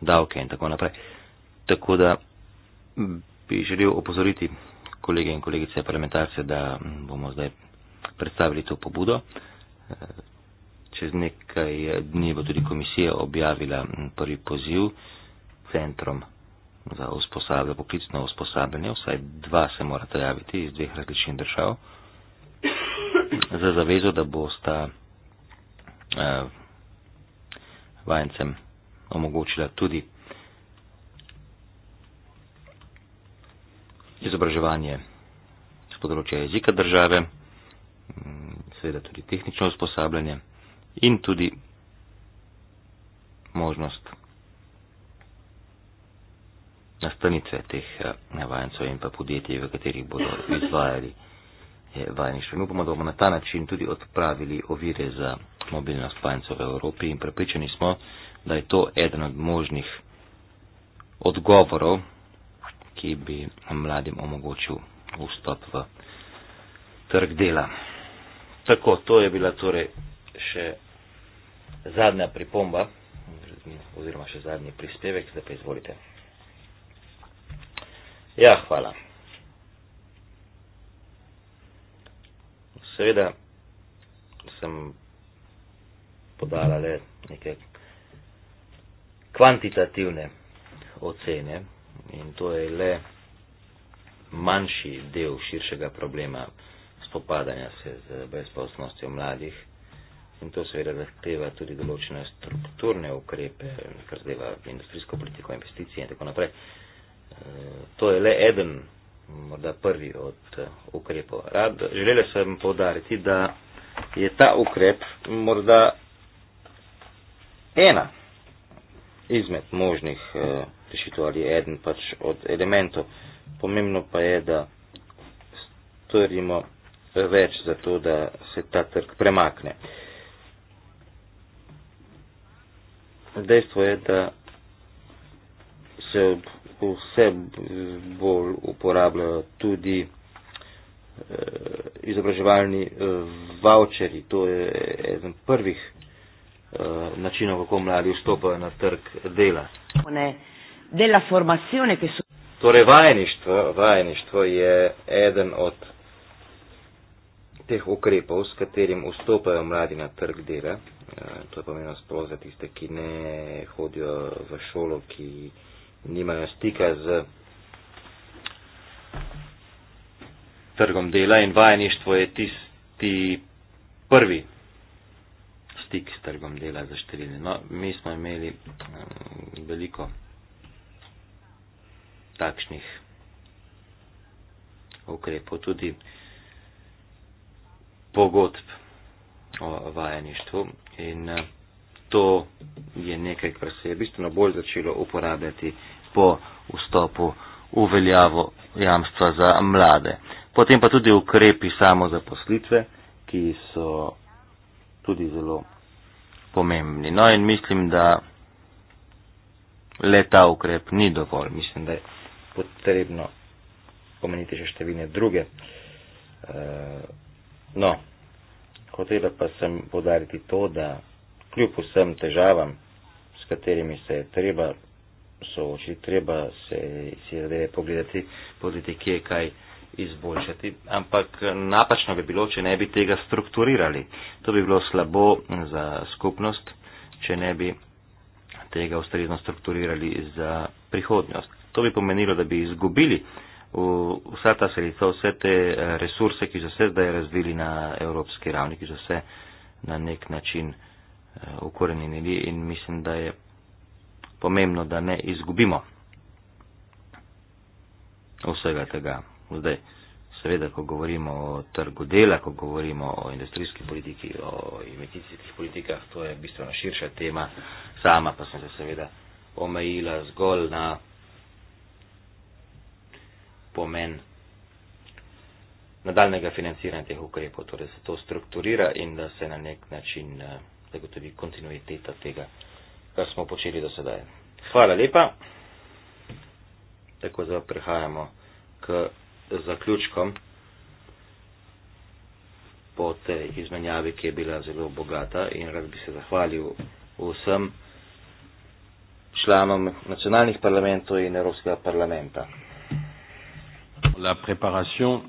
davke in tako naprej. Tako da bi želel opozoriti kolege in kolegice parlamentarce, da mm, bomo zdaj predstavili to pobudo. E, čez nekaj dni bo tudi komisija objavila mm, prvi poziv centrom za usposabljanje, poklicno usposabljanje, vsaj dva se mora javiti iz dveh različnih držav, za zavezo, da bosta uh, vajencem omogočila tudi izobraževanje z področja jezika države, mm, seveda tudi tehnično usposabljanje in tudi možnost nastanitve teh eh, vajencev in pa podjetij, v katerih bodo izvajali eh, vajeništvo. Mi upamo, da bomo na ta način tudi odpravili ovire za mobilnost vajencev v Evropi in prepričani smo, da je to eden od možnih odgovorov ki bi mladim omogočil vstop v trg dela. Tako, to je bila torej še zadnja pripomba oziroma še zadnji prispevek, zdaj pa izvolite. Ja, hvala. Seveda sem podala le neke kvantitativne ocene in to je le manjši del širšega problema spopadanja se z brezposobnostjo mladih in to seveda zahteva tudi določene strukturne ukrepe, kar zadeva industrijsko politiko, investicije in tako naprej. Eh, to je le eden, morda prvi od eh, ukrepov. Rad želeli sem povdariti, da je ta ukrep morda ena izmed možnih. Ja rešitev ali eden pač od elementov. Pomembno pa je, da storimo več za to, da se ta trg premakne. Dejstvo je, da se vse bolj uporabljajo tudi eh, izobraževalni eh, voucheri. To je eden prvih eh, načinov, kako mladi vstopajo na trg dela. Ne della formazione che sono. Torej, vajeništvo, vajeništvo je eden od teh ukrepov, s katerim vstopajo mladi na trg dela. Eh, to je pomembno sploh za tiste, ki ne hodijo v šolo, ki nimajo stika z trgom dela in vajeništvo je tisti prvi stik s trgom dela za številne. No, mi smo imeli eh, veliko. Um, takšnih ukrepov, tudi pogodb o vajeništvu. In eh, to je nekaj, kar se je bistveno bolj začelo uporabljati po vstopu v veljavo jamstva za mlade. Potem pa tudi ukrepi samo za poslitve, ki so tudi zelo pomembni. No in mislim, da le ta ukrep ni dovolj. Mislim, da je potrebno omeniti še številne druge. Eh, no, hotel pa sem podariti to, da kljub vsem težavam, s katerimi se je treba soočiti, treba se si zadeve pogledati, poziti kje kaj izboljšati, ampak napačno bi bilo, če ne bi tega strukturirali. To bi bilo slabo za skupnost, če ne bi tega ustrezno strukturirali za prihodnost. To bi pomenilo, da bi izgubili vsa ta sredstva, vse te eh, resurse, ki so se zdaj razvili na evropski ravni, ki so se na nek način eh, ukorenili in mislim, da je pomembno, da ne izgubimo vsega tega. Zdaj, seveda, ko govorimo o trgu dela, ko govorimo o industrijski politiki, o investicijskih politikah, to je bistveno širša tema. Sama pa sem se seveda omejila zgolj na pomen nadaljnega financiranja teh ukrepov, torej se to strukturira in da se na nek način eh, zagotovi kontinuiteta tega, kar smo počeli do sedaj. Hvala lepa. Tako da prehajamo k zaključkom po tej izmenjavi, ki je bila zelo bogata in rad bi se zahvalil vsem članom nacionalnih parlamentov in Evropskega parlamenta la préparation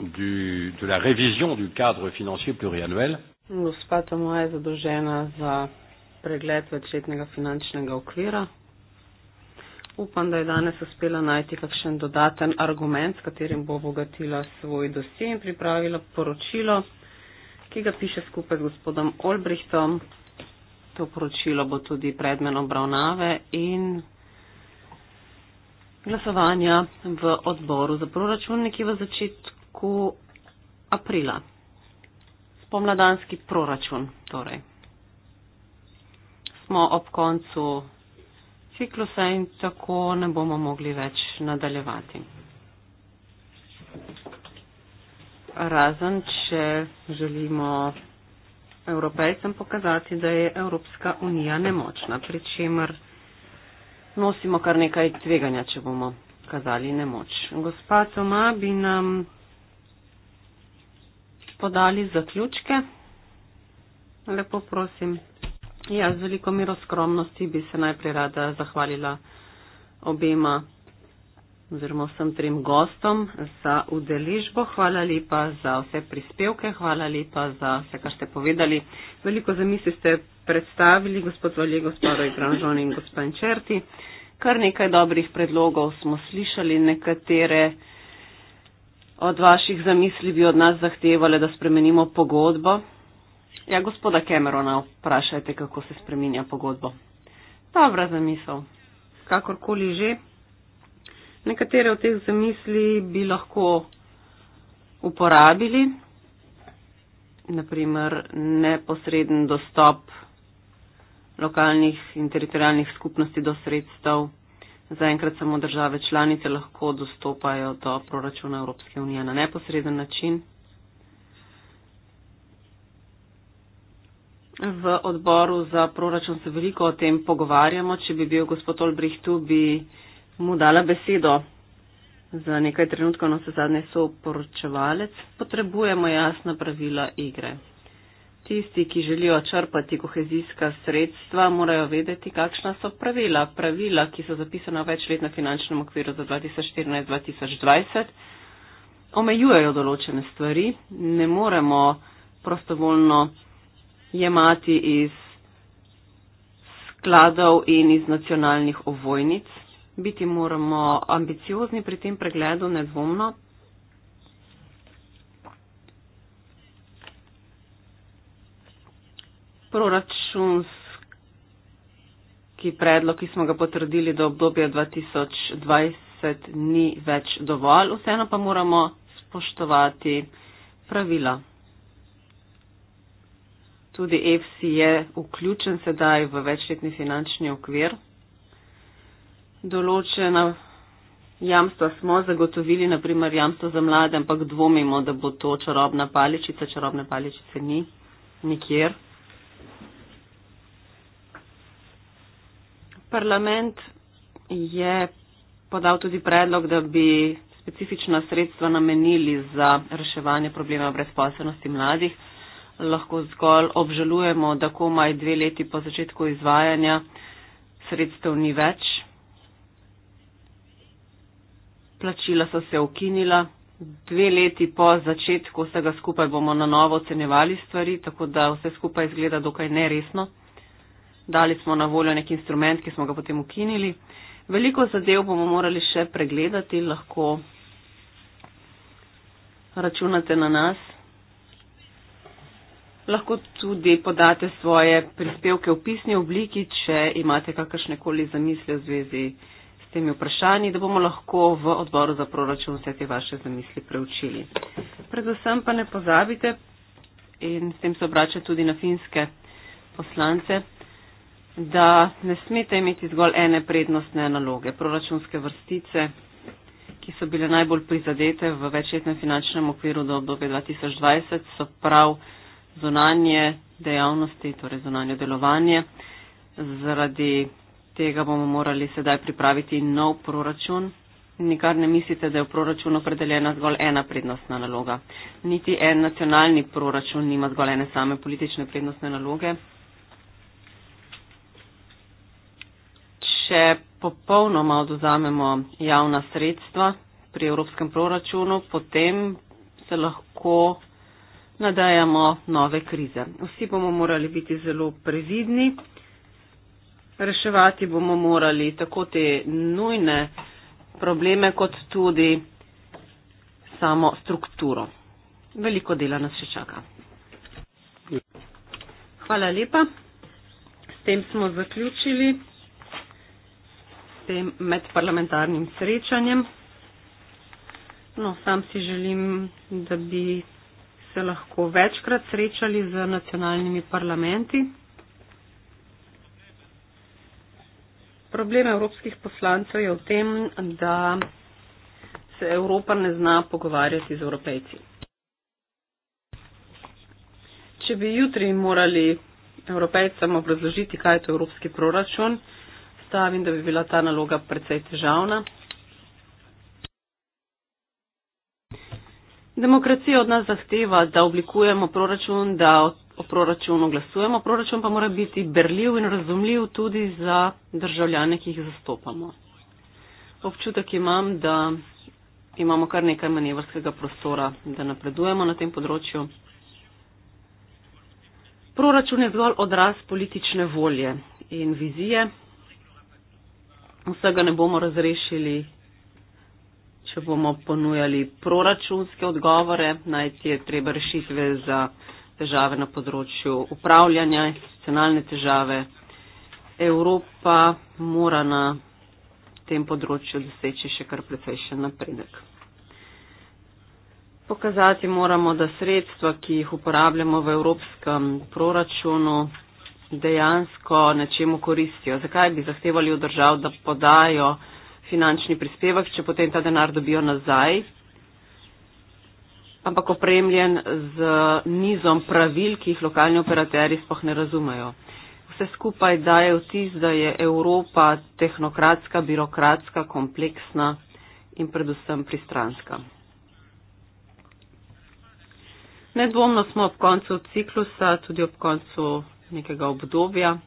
du, de la révision du cadre financier pluriannuel. Gospa Tomo je zadolžena za pregled večletnega finančnega okvira. Upam, da je danes uspela najti kakšen dodaten argument, s katerim bo obogatila svoj dosje in pripravila poročilo, ki ga piše skupaj z gospodom Olbrichtom. To poročilo bo tudi predmen obravnave in glasovanja v odboru za proračun nekje v začetku aprila. Spomladanski proračun torej. Smo ob koncu ciklusa in tako ne bomo mogli več nadaljevati. Razen, če želimo evropejcem pokazati, da je Evropska unija nemočna, pri čemer nosimo kar nekaj tveganja, če bomo kazali nemoč. Gospa Toma bi nam podali zaključke. Lepo prosim. Ja, z veliko miro skromnosti bi se najprej rada zahvalila obema oziroma vsem trim gostom za udeležbo. Hvala lepa za vse prispevke, hvala lepa za vse, kar ste povedali. Veliko zamisli ste predstavili, gospod Valje, gospodoj Granžon in gospod Črti. Kar nekaj dobrih predlogov smo slišali, nekatere od vaših zamisli bi od nas zahtevali, da spremenimo pogodbo. Ja, gospoda Camerona vprašajte, kako se spreminja pogodbo. Dobra zamisel. Kakorkoli že, nekatere od teh zamisli bi lahko uporabili. Naprimer, neposreden dostop lokalnih in teritorijalnih skupnosti do sredstev. Zaenkrat samo države članice lahko dostopajo do proračuna Evropske unije na neposreden način. V odboru za proračun se veliko o tem pogovarjamo. Če bi bil gospod Olbricht tu, bi mu dala besedo za nekaj trenutkov, no se zadnje so poročevalec. Potrebujemo jasna pravila igre. Tisti, ki želijo črpati kohezijska sredstva, morajo vedeti, kakšna so pravila. Pravila, ki so zapisana večletno finančnem okviru za 2014-2020, omejujejo določene stvari. Ne moremo prostovoljno jemati iz skladov in iz nacionalnih ovojnic. Biti moramo ambiciozni pri tem pregledu, nedvomno, proračunski predlog, ki smo ga potrdili do obdobja 2020, ni več dovolj. Vseeno pa moramo spoštovati pravila. Tudi EFSI je vključen sedaj v večletni finančni okvir. Določena jamstva smo zagotovili, naprimer jamstvo za mlade, ampak dvomimo, da bo to čarobna paličica. Čarobne paličice ni nikjer. parlament je podal tudi predlog, da bi specifična sredstva namenili za reševanje problema brezposobnosti mladih. Lahko zgolj obžalujemo, da komaj dve leti po začetku izvajanja sredstev ni več. Plačila so se ukinila. Dve leti po začetku vsega skupaj bomo na novo ocenjevali stvari, tako da vse skupaj izgleda dokaj neresno dali smo na voljo nek instrument, ki smo ga potem ukinili. Veliko zadev bomo morali še pregledati, lahko računate na nas. Lahko tudi podate svoje prispevke v pisni obliki, če imate kakršne koli zamisle v zvezi s temi vprašanji, da bomo lahko v odboru za proračun vse te vaše zamisli preučili. Predvsem pa ne pozabite in s tem se obrača tudi na finske poslance da ne smete imeti zgolj ene prednostne naloge, proračunske vrstice, ki so bile najbolj prizadete v večletnem finančnem okviru do obdobja 2020, so prav zunanje dejavnosti, torej zunanje delovanje. Zaradi tega bomo morali sedaj pripraviti nov proračun. Nikar ne mislite, da je v proračunu opredeljena zgolj ena prednostna naloga. Niti en nacionalni proračun nima zgolj ene same politične prednostne naloge. če popolnoma oduzamemo javna sredstva pri evropskem proračunu, potem se lahko nadajamo nove krize. Vsi bomo morali biti zelo previdni, reševati bomo morali tako te nujne probleme, kot tudi samo strukturo. Veliko dela nas še čaka. Hvala lepa. S tem smo zaključili tem medparlamentarnim srečanjem. No, sam si želim, da bi se lahko večkrat srečali z nacionalnimi parlamenti. Problem evropskih poslancev je v tem, da se Evropa ne zna pogovarjati z evropejci. Če bi jutri morali evropejcem obrazložiti, kaj je to evropski proračun, predstavim, da bi bila ta naloga precej težavna. Demokracija od nas zahteva, da oblikujemo proračun, da o proračunu glasujemo. Proračun pa mora biti berljiv in razumljiv tudi za državljane, ki jih zastopamo. Občutek imam, da imamo kar nekaj manevrskega prostora, da napredujemo na tem področju. Proračun je zgolj odraz politične volje in vizije, vsega ne bomo razrešili, če bomo ponujali proračunske odgovore, najti je treba rešitve za težave na področju upravljanja, institucionalne težave. Evropa mora na tem področju doseči še kar precejšen napredek. Pokazati moramo, da sredstva, ki jih uporabljamo v evropskem proračunu, dejansko nečemu koristijo. Zakaj bi zahtevali od držav, da podajo finančni prispevek, če potem ta denar dobijo nazaj, ampak opremljen z nizom pravil, ki jih lokalni operaterji spoh ne razumejo. Vse skupaj daje vtis, da je Evropa tehnokratska, birokratska, kompleksna in predvsem pristranska. Nedvomno smo ob koncu ciklusa, tudi ob koncu nekega obdobja.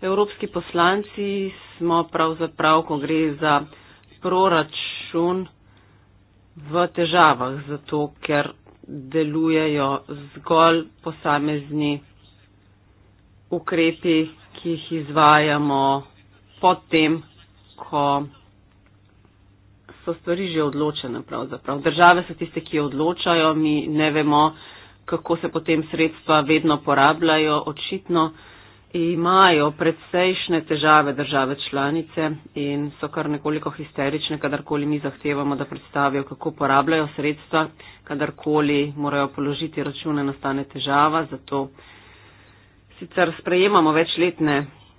Evropski poslanci smo pravzaprav, ko gre za proračun, v težavah, zato ker delujejo zgolj posamezni ukrepi, ki jih izvajamo potem, ko so stvari že odločene. Pravzaprav. Države so tiste, ki odločajo, mi ne vemo, kako se potem sredstva vedno porabljajo, očitno imajo predsejšne težave države članice in so kar nekoliko histerične, kadarkoli mi zahtevamo, da predstavijo, kako porabljajo sredstva, kadarkoli morajo položiti račune, nastane težava. Zato sicer sprejemamo večletne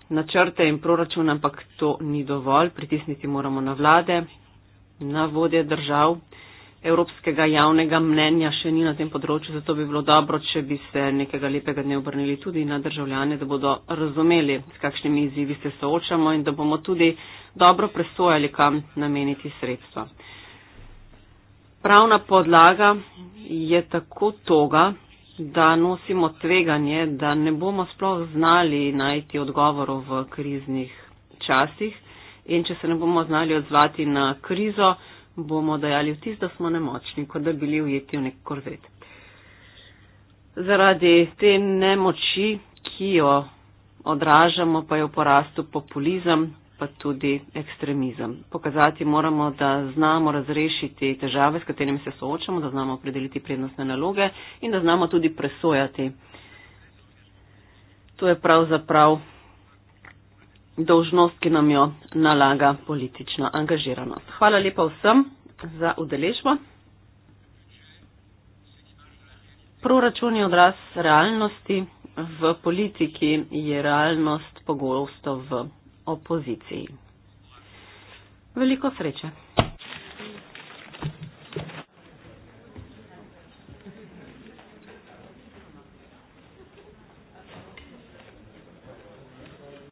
načrte in proračun, ampak to ni dovolj, pritisniti moramo na vlade, na vodje držav evropskega javnega mnenja še ni na tem področju, zato bi bilo dobro, če bi se nekega lepega dne obrnili tudi na državljane, da bodo razumeli, s kakšnimi izzivi se soočamo in da bomo tudi dobro presojali, kam nameniti sredstva. Pravna podlaga je tako toga, da nosimo tveganje, da ne bomo sploh znali najti odgovorov v kriznih časih in če se ne bomo znali odzvati na krizo, bomo dajali vtis, da smo nemočni, kot da bili ujeti v nek korvet. Zaradi te nemoči, ki jo odražamo, pa je v porastu populizem, pa tudi ekstremizem. Pokazati moramo, da znamo razrešiti težave, s katerimi se soočamo, da znamo predeliti prednostne naloge in da znamo tudi presojati. To je pravzaprav. Prav dožnost, ki nam jo nalaga politična angažiranost. Hvala lepa vsem za udeležbo. Proračun je odraz realnosti v politiki, je realnost pogosto v opoziciji. Veliko sreče.